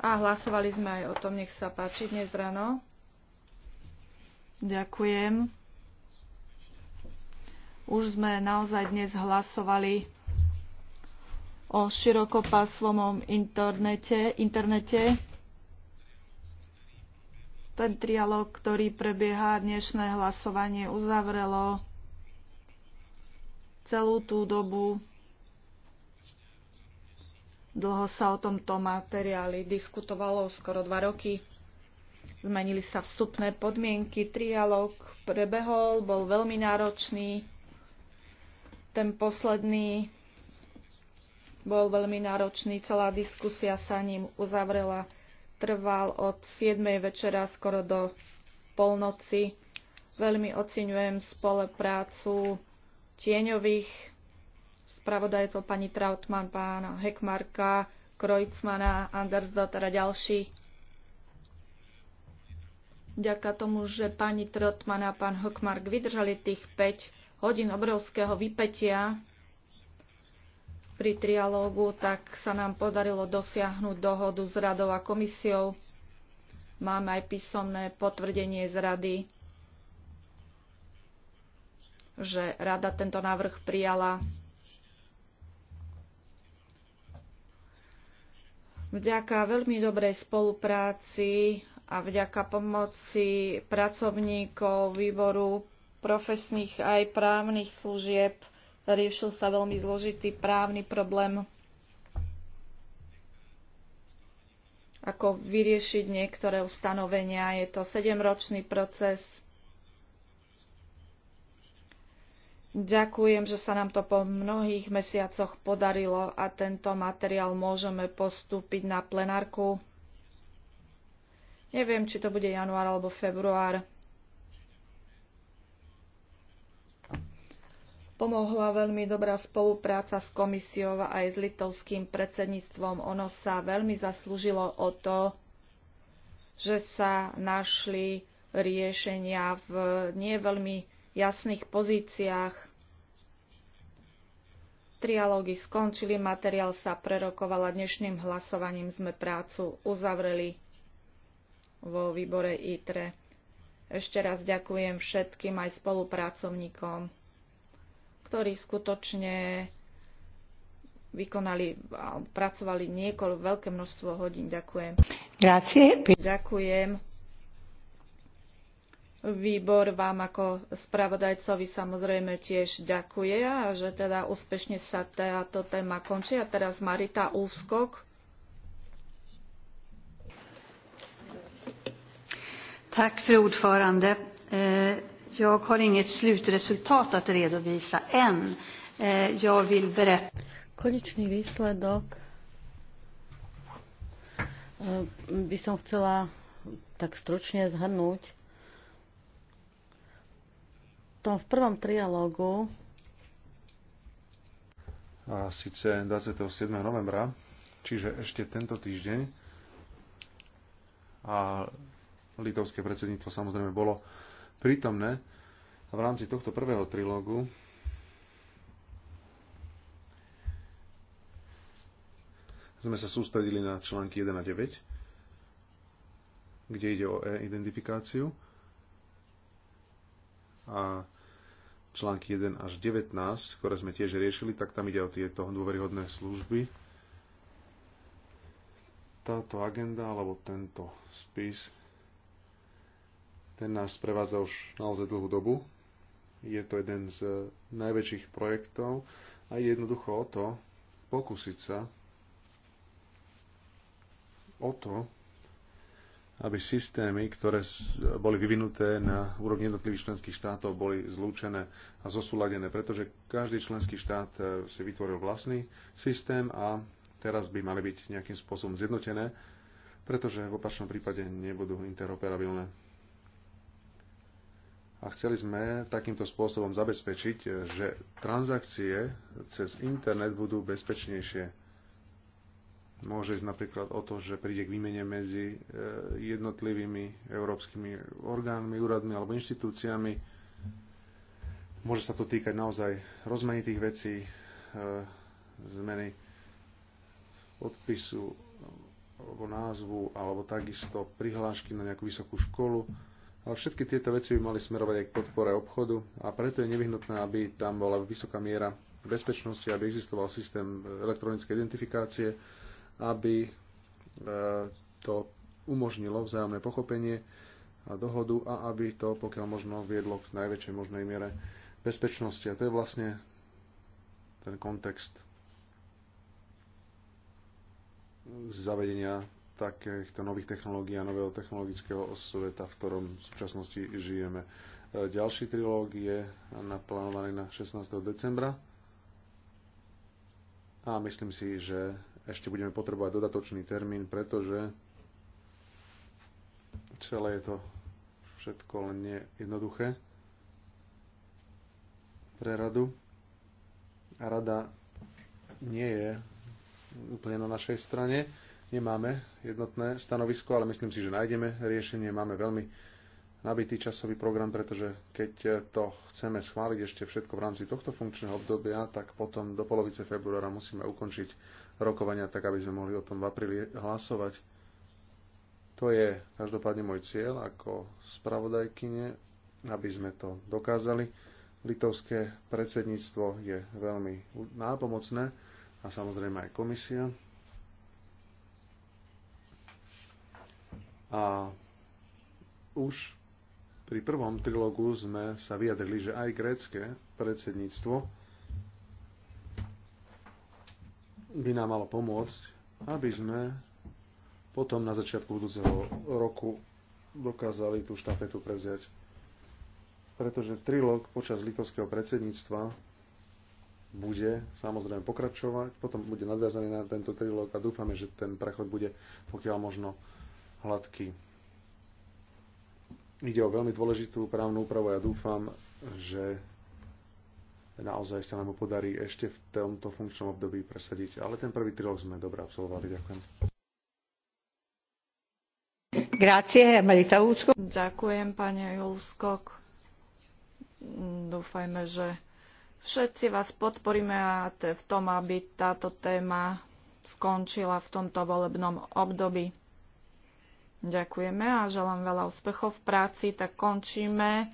a hlasovali sme aj o tom, nech sa páči dnes ráno. Ďakujem. Už sme naozaj dnes hlasovali o širokopásvomom internete. internete. Ten trialog, ktorý prebieha dnešné hlasovanie, uzavrelo Celú tú dobu dlho sa o tomto materiáli diskutovalo, skoro dva roky. Zmenili sa vstupné podmienky, trialog prebehol, bol veľmi náročný. Ten posledný bol veľmi náročný, celá diskusia sa ním uzavrela. Trval od 7. večera skoro do polnoci. Veľmi oceňujem spoluprácu tieňových spravodajcov pani Trautmann, pána Hekmarka, Krojcmana, Andersda, teda ďalší. Ďaká tomu, že pani Trautmann a pán Hekmark vydržali tých 5 hodín obrovského vypetia pri trialógu, tak sa nám podarilo dosiahnuť dohodu s radou a komisiou. Máme aj písomné potvrdenie z rady že rada tento návrh prijala. Vďaka veľmi dobrej spolupráci a vďaka pomoci pracovníkov výboru profesných aj právnych služieb riešil sa veľmi zložitý právny problém, ako vyriešiť niektoré ustanovenia. Je to sedemročný proces Ďakujem, že sa nám to po mnohých mesiacoch podarilo a tento materiál môžeme postúpiť na plenárku. Neviem, či to bude január alebo február. Pomohla veľmi dobrá spolupráca s komisiou a aj s litovským predsedníctvom. Ono sa veľmi zaslúžilo o to, že sa našli riešenia v nie veľmi jasných pozíciách. Trialógy skončili, materiál sa prerokoval a dnešným hlasovaním sme prácu uzavreli vo výbore ITRE. Ešte raz ďakujem všetkým aj spolupracovníkom, ktorí skutočne vykonali a pracovali niekoľko veľké množstvo hodín. Ďakujem. Grazie. Ďakujem. Výbor vám ako spravodajcovi samozrejme tiež ďakuje a že teda úspešne sa táto téma končí. A teraz Marita Úvskok. Tak, fru ordförande. Eh, jag har inget slutresultat att redovisa än. Eh, jag vill berätta... Konečný výsledok eh, by som chcela tak stručne zhrnúť tom v prvom trialógu a síce 27. novembra, čiže ešte tento týždeň. A litovské predsedníctvo samozrejme bolo prítomné. A v rámci tohto prvého trilógu sme sa sústredili na články 1 a 9, kde ide o e-identifikáciu a články 1 až 19, ktoré sme tiež riešili, tak tam ide o tieto dôveryhodné služby. Táto agenda alebo tento spis, ten nás sprevádza už naozaj dlhú dobu. Je to jeden z najväčších projektov a je jednoducho o to pokúsiť sa o to, aby systémy, ktoré boli vyvinuté na úrovni jednotlivých členských štátov, boli zlúčené a zosúladené, pretože každý členský štát eh, si vytvoril vlastný systém a teraz by mali byť nejakým spôsobom zjednotené, pretože v opačnom prípade nebudú interoperabilné. A chceli sme takýmto spôsobom zabezpečiť, eh, že transakcie cez internet budú bezpečnejšie Môže ísť napríklad o to, že príde k výmene medzi e, jednotlivými európskymi orgánmi, úradmi alebo inštitúciami. Môže sa to týkať naozaj rozmanitých vecí, e, zmeny odpisu alebo názvu, alebo takisto prihlášky na nejakú vysokú školu. Ale všetky tieto veci by mali smerovať aj k podpore obchodu a preto je nevyhnutné, aby tam bola vysoká miera bezpečnosti, aby existoval systém elektronickej identifikácie, aby e, to umožnilo vzájomné pochopenie a dohodu a aby to pokiaľ možno viedlo k najväčšej možnej miere bezpečnosti. A to je vlastne ten kontext zavedenia takýchto nových technológií a nového technologického sveta, v ktorom v súčasnosti žijeme. E, ďalší trilóg je naplánovaný na 16. decembra a myslím si, že ešte budeme potrebovať dodatočný termín, pretože celé je to všetko len nie jednoduché pre radu. A rada nie je úplne na našej strane. Nemáme jednotné stanovisko, ale myslím si, že nájdeme riešenie. Máme veľmi nabitý časový program, pretože keď eh, to chceme schváliť ešte všetko v rámci tohto funkčného obdobia, tak potom do polovice februára musíme ukončiť rokovania, tak aby sme mohli o tom v apríli hlasovať. To je každopádne môj cieľ ako spravodajkyne, aby sme to dokázali. Litovské predsedníctvo je veľmi nápomocné a samozrejme aj komisia. A už pri prvom trilógu sme sa vyjadrili, že aj grécké predsedníctvo by nám malo pomôcť, aby sme potom na začiatku budúceho roku dokázali tú štafetu prevziať. Pretože trilóg počas litovského predsedníctva bude samozrejme pokračovať, potom bude nadviazaný na tento trilóg a dúfame, že ten prechod bude pokiaľ možno hladký. Ide o veľmi dôležitú právnu úpravu a ja dúfam, že naozaj sa nám podarí ešte v tomto funkčnom období presadiť. Ale ten prvý trilog sme dobre absolvovali. Ďakujem. Grazie, Melita Účko. Ďakujem, pani Julskok. Dúfajme, že všetci vás podporíme v tom, aby táto téma skončila v tomto volebnom období. Ďakujeme a želám veľa úspechov v práci, tak končíme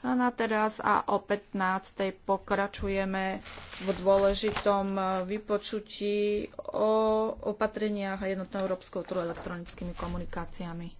na teraz a o 15. pokračujeme v dôležitom vypočutí o opatreniach jednotného európskou trhu elektronickými komunikáciami.